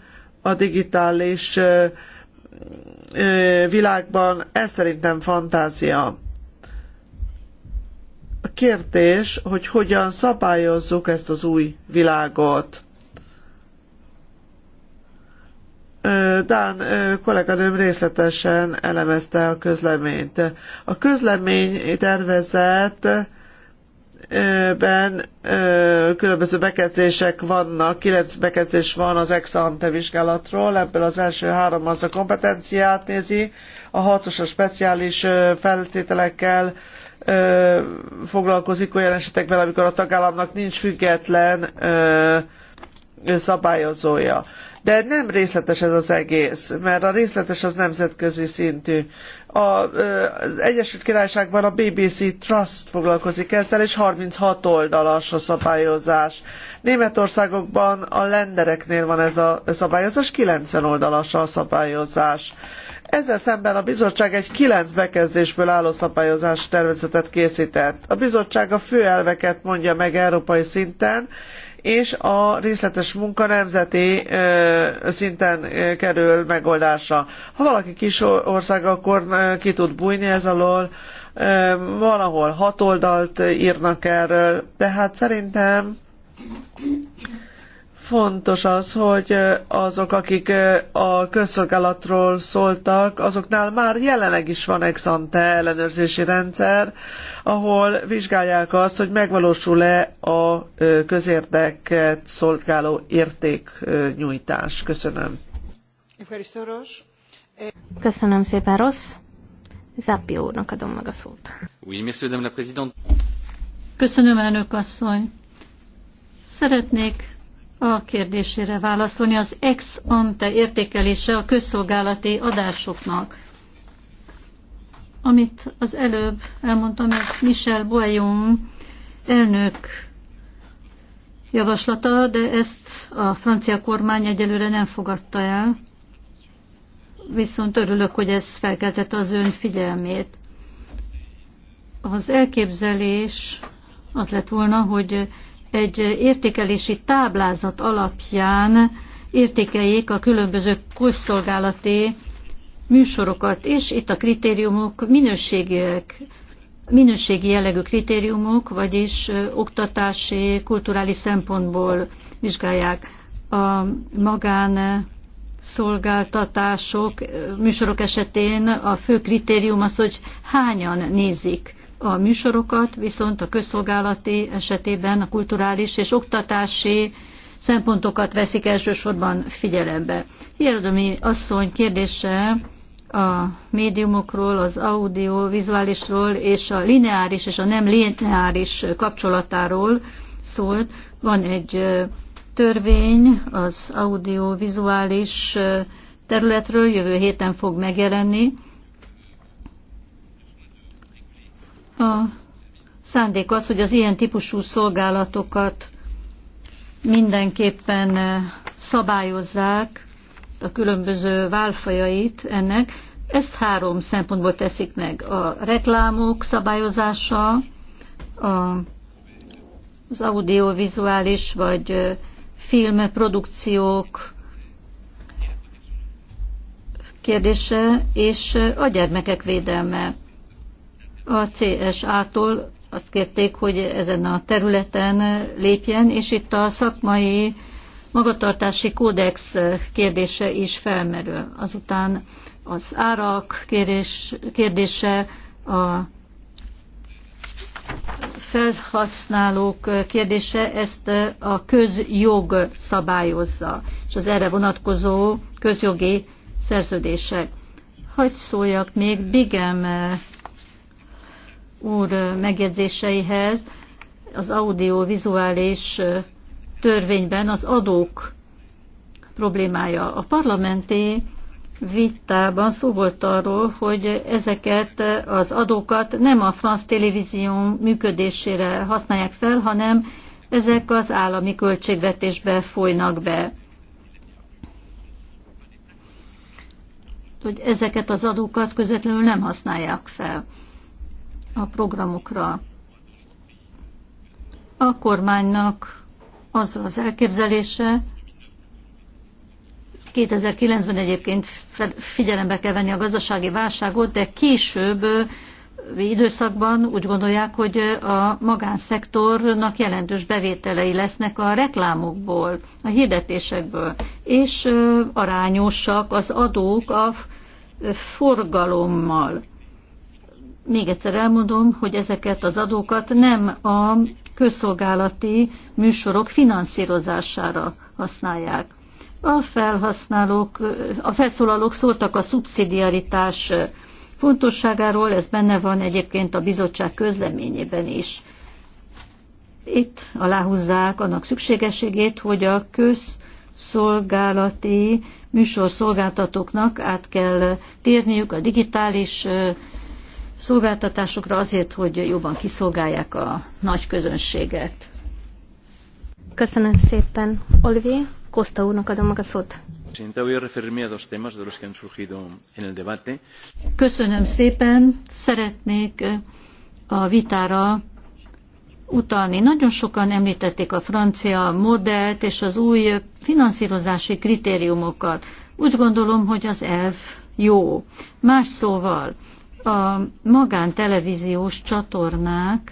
a digitális világban, ez szerintem fantázia. A kérdés, hogy hogyan szabályozzuk ezt az új világot. Dán kolléganőm részletesen elemezte a közleményt. A közlemény tervezett ben különböző bekezdések vannak, kilenc bekezdés van az ex ante vizsgálatról, ebből az első három az a kompetenciát nézi, a hatos a speciális feltételekkel foglalkozik olyan esetekben, amikor a tagállamnak nincs független szabályozója. De nem részletes ez az egész, mert a részletes az nemzetközi szintű. A, az Egyesült Királyságban a BBC Trust foglalkozik ezzel, és 36 oldalas a szabályozás. Németországokban a lendereknél van ez a szabályozás, 90 oldalas a szabályozás. Ezzel szemben a bizottság egy kilenc bekezdésből álló szabályozás tervezetet készített. A bizottság a fő elveket mondja meg európai szinten, és a részletes munka nemzeti szinten kerül megoldásra. Ha valaki kis ország, akkor ki tud bújni ez alól, valahol hat oldalt írnak erről, tehát szerintem fontos az, hogy azok, akik a közszolgálatról szóltak, azoknál már jelenleg is van exante ellenőrzési rendszer, ahol vizsgálják azt, hogy megvalósul-e a közérdeket szolgáló értéknyújtás. Köszönöm. Köszönöm szépen, Rossz. Záppi úrnak adom meg a szót. Köszönöm, elnök asszony. Szeretnék a kérdésére válaszolni. Az ex ante értékelése a közszolgálati adásoknak. Amit az előbb elmondtam, ez Michel Boyon elnök javaslata, de ezt a francia kormány egyelőre nem fogadta el. Viszont örülök, hogy ez felkeltette az ön figyelmét. Az elképzelés az lett volna, hogy egy értékelési táblázat alapján értékeljék a különböző közszolgálati műsorokat, és itt a kritériumok minőségiek, minőségi jellegű kritériumok, vagyis oktatási, kulturális szempontból vizsgálják a magán szolgáltatások, műsorok esetén a fő kritérium az, hogy hányan nézik a műsorokat, viszont a közszolgálati esetében a kulturális és oktatási szempontokat veszik elsősorban figyelembe. Hierodomi asszony kérdése a médiumokról, az audiovizuálisról és a lineáris és a nem lineáris kapcsolatáról szólt. Van egy törvény az audiovizuális területről, jövő héten fog megjelenni, A szándék az, hogy az ilyen típusú szolgálatokat mindenképpen eh, szabályozzák a különböző válfajait ennek. Ezt három szempontból teszik meg. A reklámok szabályozása, a, az audiovizuális vagy eh, filmprodukciók kérdése és eh, a gyermekek védelme. A CSA-tól azt kérték, hogy ezen a területen lépjen, és itt a szakmai magatartási kódex kérdése is felmerül. Azután az árak kérés, kérdése, a felhasználók kérdése ezt a közjog szabályozza, és az erre vonatkozó közjogi szerződések. Hogy szóljak még Bigem úr megjegyzéseihez az audiovizuális törvényben az adók problémája. A parlamenti vitában szó volt arról, hogy ezeket az adókat nem a franc televízió működésére használják fel, hanem ezek az állami költségvetésbe folynak be. Hogy ezeket az adókat közvetlenül nem használják fel a programokra. A kormánynak az az elképzelése, 2009-ben egyébként figyelembe kell venni a gazdasági válságot, de később időszakban úgy gondolják, hogy a magánszektornak jelentős bevételei lesznek a reklámokból, a hirdetésekből, és arányosak az adók a forgalommal. Még egyszer elmondom, hogy ezeket az adókat nem a közszolgálati műsorok finanszírozására használják. A felhasználók, a felszólalók szóltak a szubszidiaritás fontosságáról, ez benne van egyébként a bizottság közleményében is. Itt aláhúzzák annak szükségességét, hogy a közszolgálati műsorszolgáltatóknak át kell térniük a digitális szolgáltatásokra azért, hogy jobban kiszolgálják a nagy közönséget. Köszönöm szépen, Olivier. Costa úrnak adom meg a szót. Köszönöm szépen. Szeretnék eh, a vitára utalni. Nagyon sokan említették a francia modellt és az új finanszírozási kritériumokat. Úgy gondolom, hogy az elv jó. Más szóval, a magántelevíziós csatornák,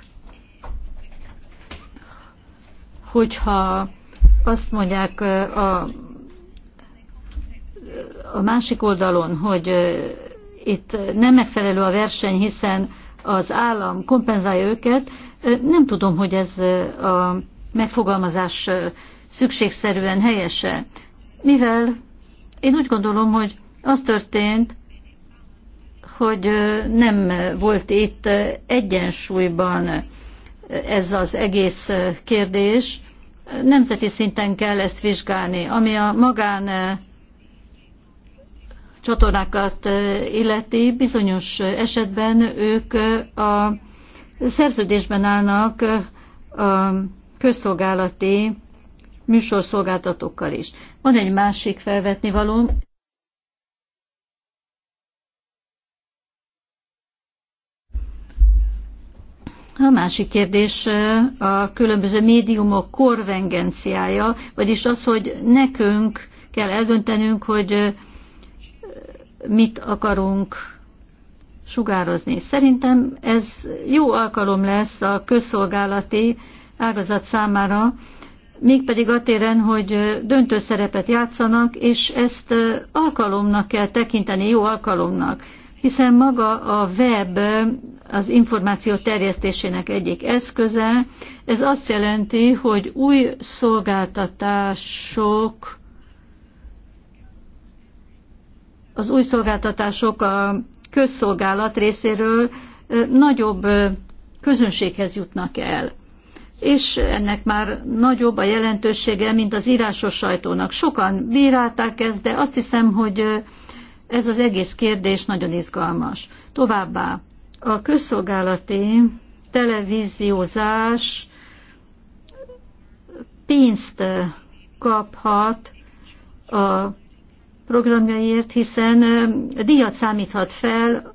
hogyha azt mondják a, a másik oldalon, hogy itt nem megfelelő a verseny, hiszen az állam kompenzálja őket, nem tudom, hogy ez a megfogalmazás szükségszerűen helyese, mivel én úgy gondolom, hogy az történt, hogy nem volt itt egyensúlyban ez az egész kérdés. Nemzeti szinten kell ezt vizsgálni. Ami a magán csatornákat illeti, bizonyos esetben ők a szerződésben állnak a közszolgálati műsorszolgáltatókkal is. Van egy másik felvetni való, A másik kérdés a különböző médiumok korvengenciája, vagyis az, hogy nekünk kell eldöntenünk, hogy mit akarunk sugározni. Szerintem ez jó alkalom lesz a közszolgálati ágazat számára, mégpedig a téren, hogy döntő szerepet játszanak, és ezt alkalomnak kell tekinteni, jó alkalomnak hiszen maga a web az információ terjesztésének egyik eszköze. Ez azt jelenti, hogy új szolgáltatások az új szolgáltatások a közszolgálat részéről nagyobb közönséghez jutnak el. És ennek már nagyobb a jelentősége, mint az írásos sajtónak. Sokan bírálták ezt, de azt hiszem, hogy ez az egész kérdés nagyon izgalmas. Továbbá a közszolgálati televíziózás pénzt eh, kaphat a programjaiért, hiszen eh, díjat számíthat fel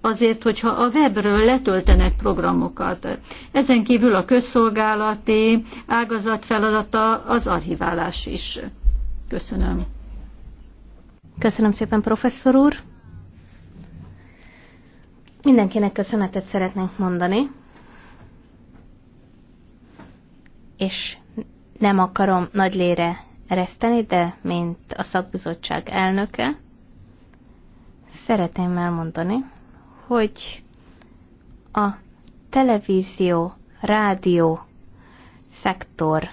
azért, hogyha a webről letöltenek programokat. Ezen kívül a közszolgálati ágazat feladata az archiválás is. Köszönöm. Köszönöm szépen, professzor úr. Mindenkinek köszönetet szeretnénk mondani, és nem akarom nagy lére ereszteni, de mint a szakbizottság elnöke, szeretném elmondani, hogy a televízió, rádió szektor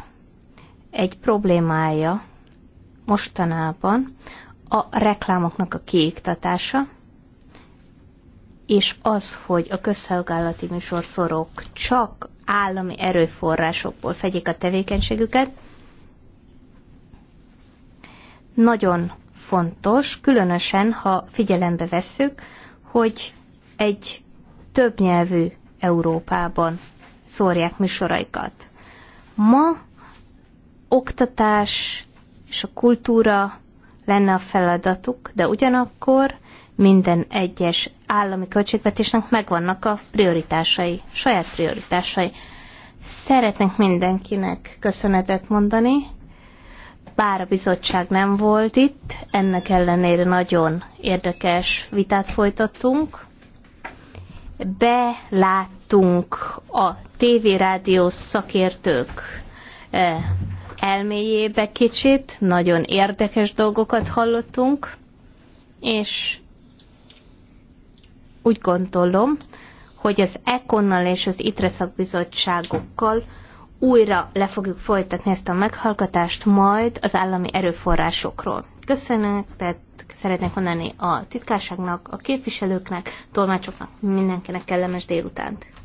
egy problémája mostanában a reklámoknak a kiiktatása, és az, hogy a közszolgálati műsorszorok csak állami erőforrásokból fegyék a tevékenységüket, nagyon fontos, különösen, ha figyelembe vesszük, hogy egy többnyelvű Európában szórják műsoraikat. Ma oktatás és a kultúra lenne a feladatuk, de ugyanakkor minden egyes állami költségvetésnek megvannak a prioritásai, saját prioritásai. Szeretnénk mindenkinek köszönetet mondani, bár a bizottság nem volt itt, ennek ellenére nagyon érdekes vitát folytattunk. Beláttunk a tévérádió szakértők eh, elméjébe kicsit, nagyon érdekes dolgokat hallottunk, és úgy gondolom, hogy az Ekonnal és az ITRE szakbizottságokkal újra le fogjuk folytatni ezt a meghallgatást majd az állami erőforrásokról. Köszönök, tehát szeretnék mondani a titkárságnak, a képviselőknek, tolmácsoknak, mindenkinek kellemes délutánt.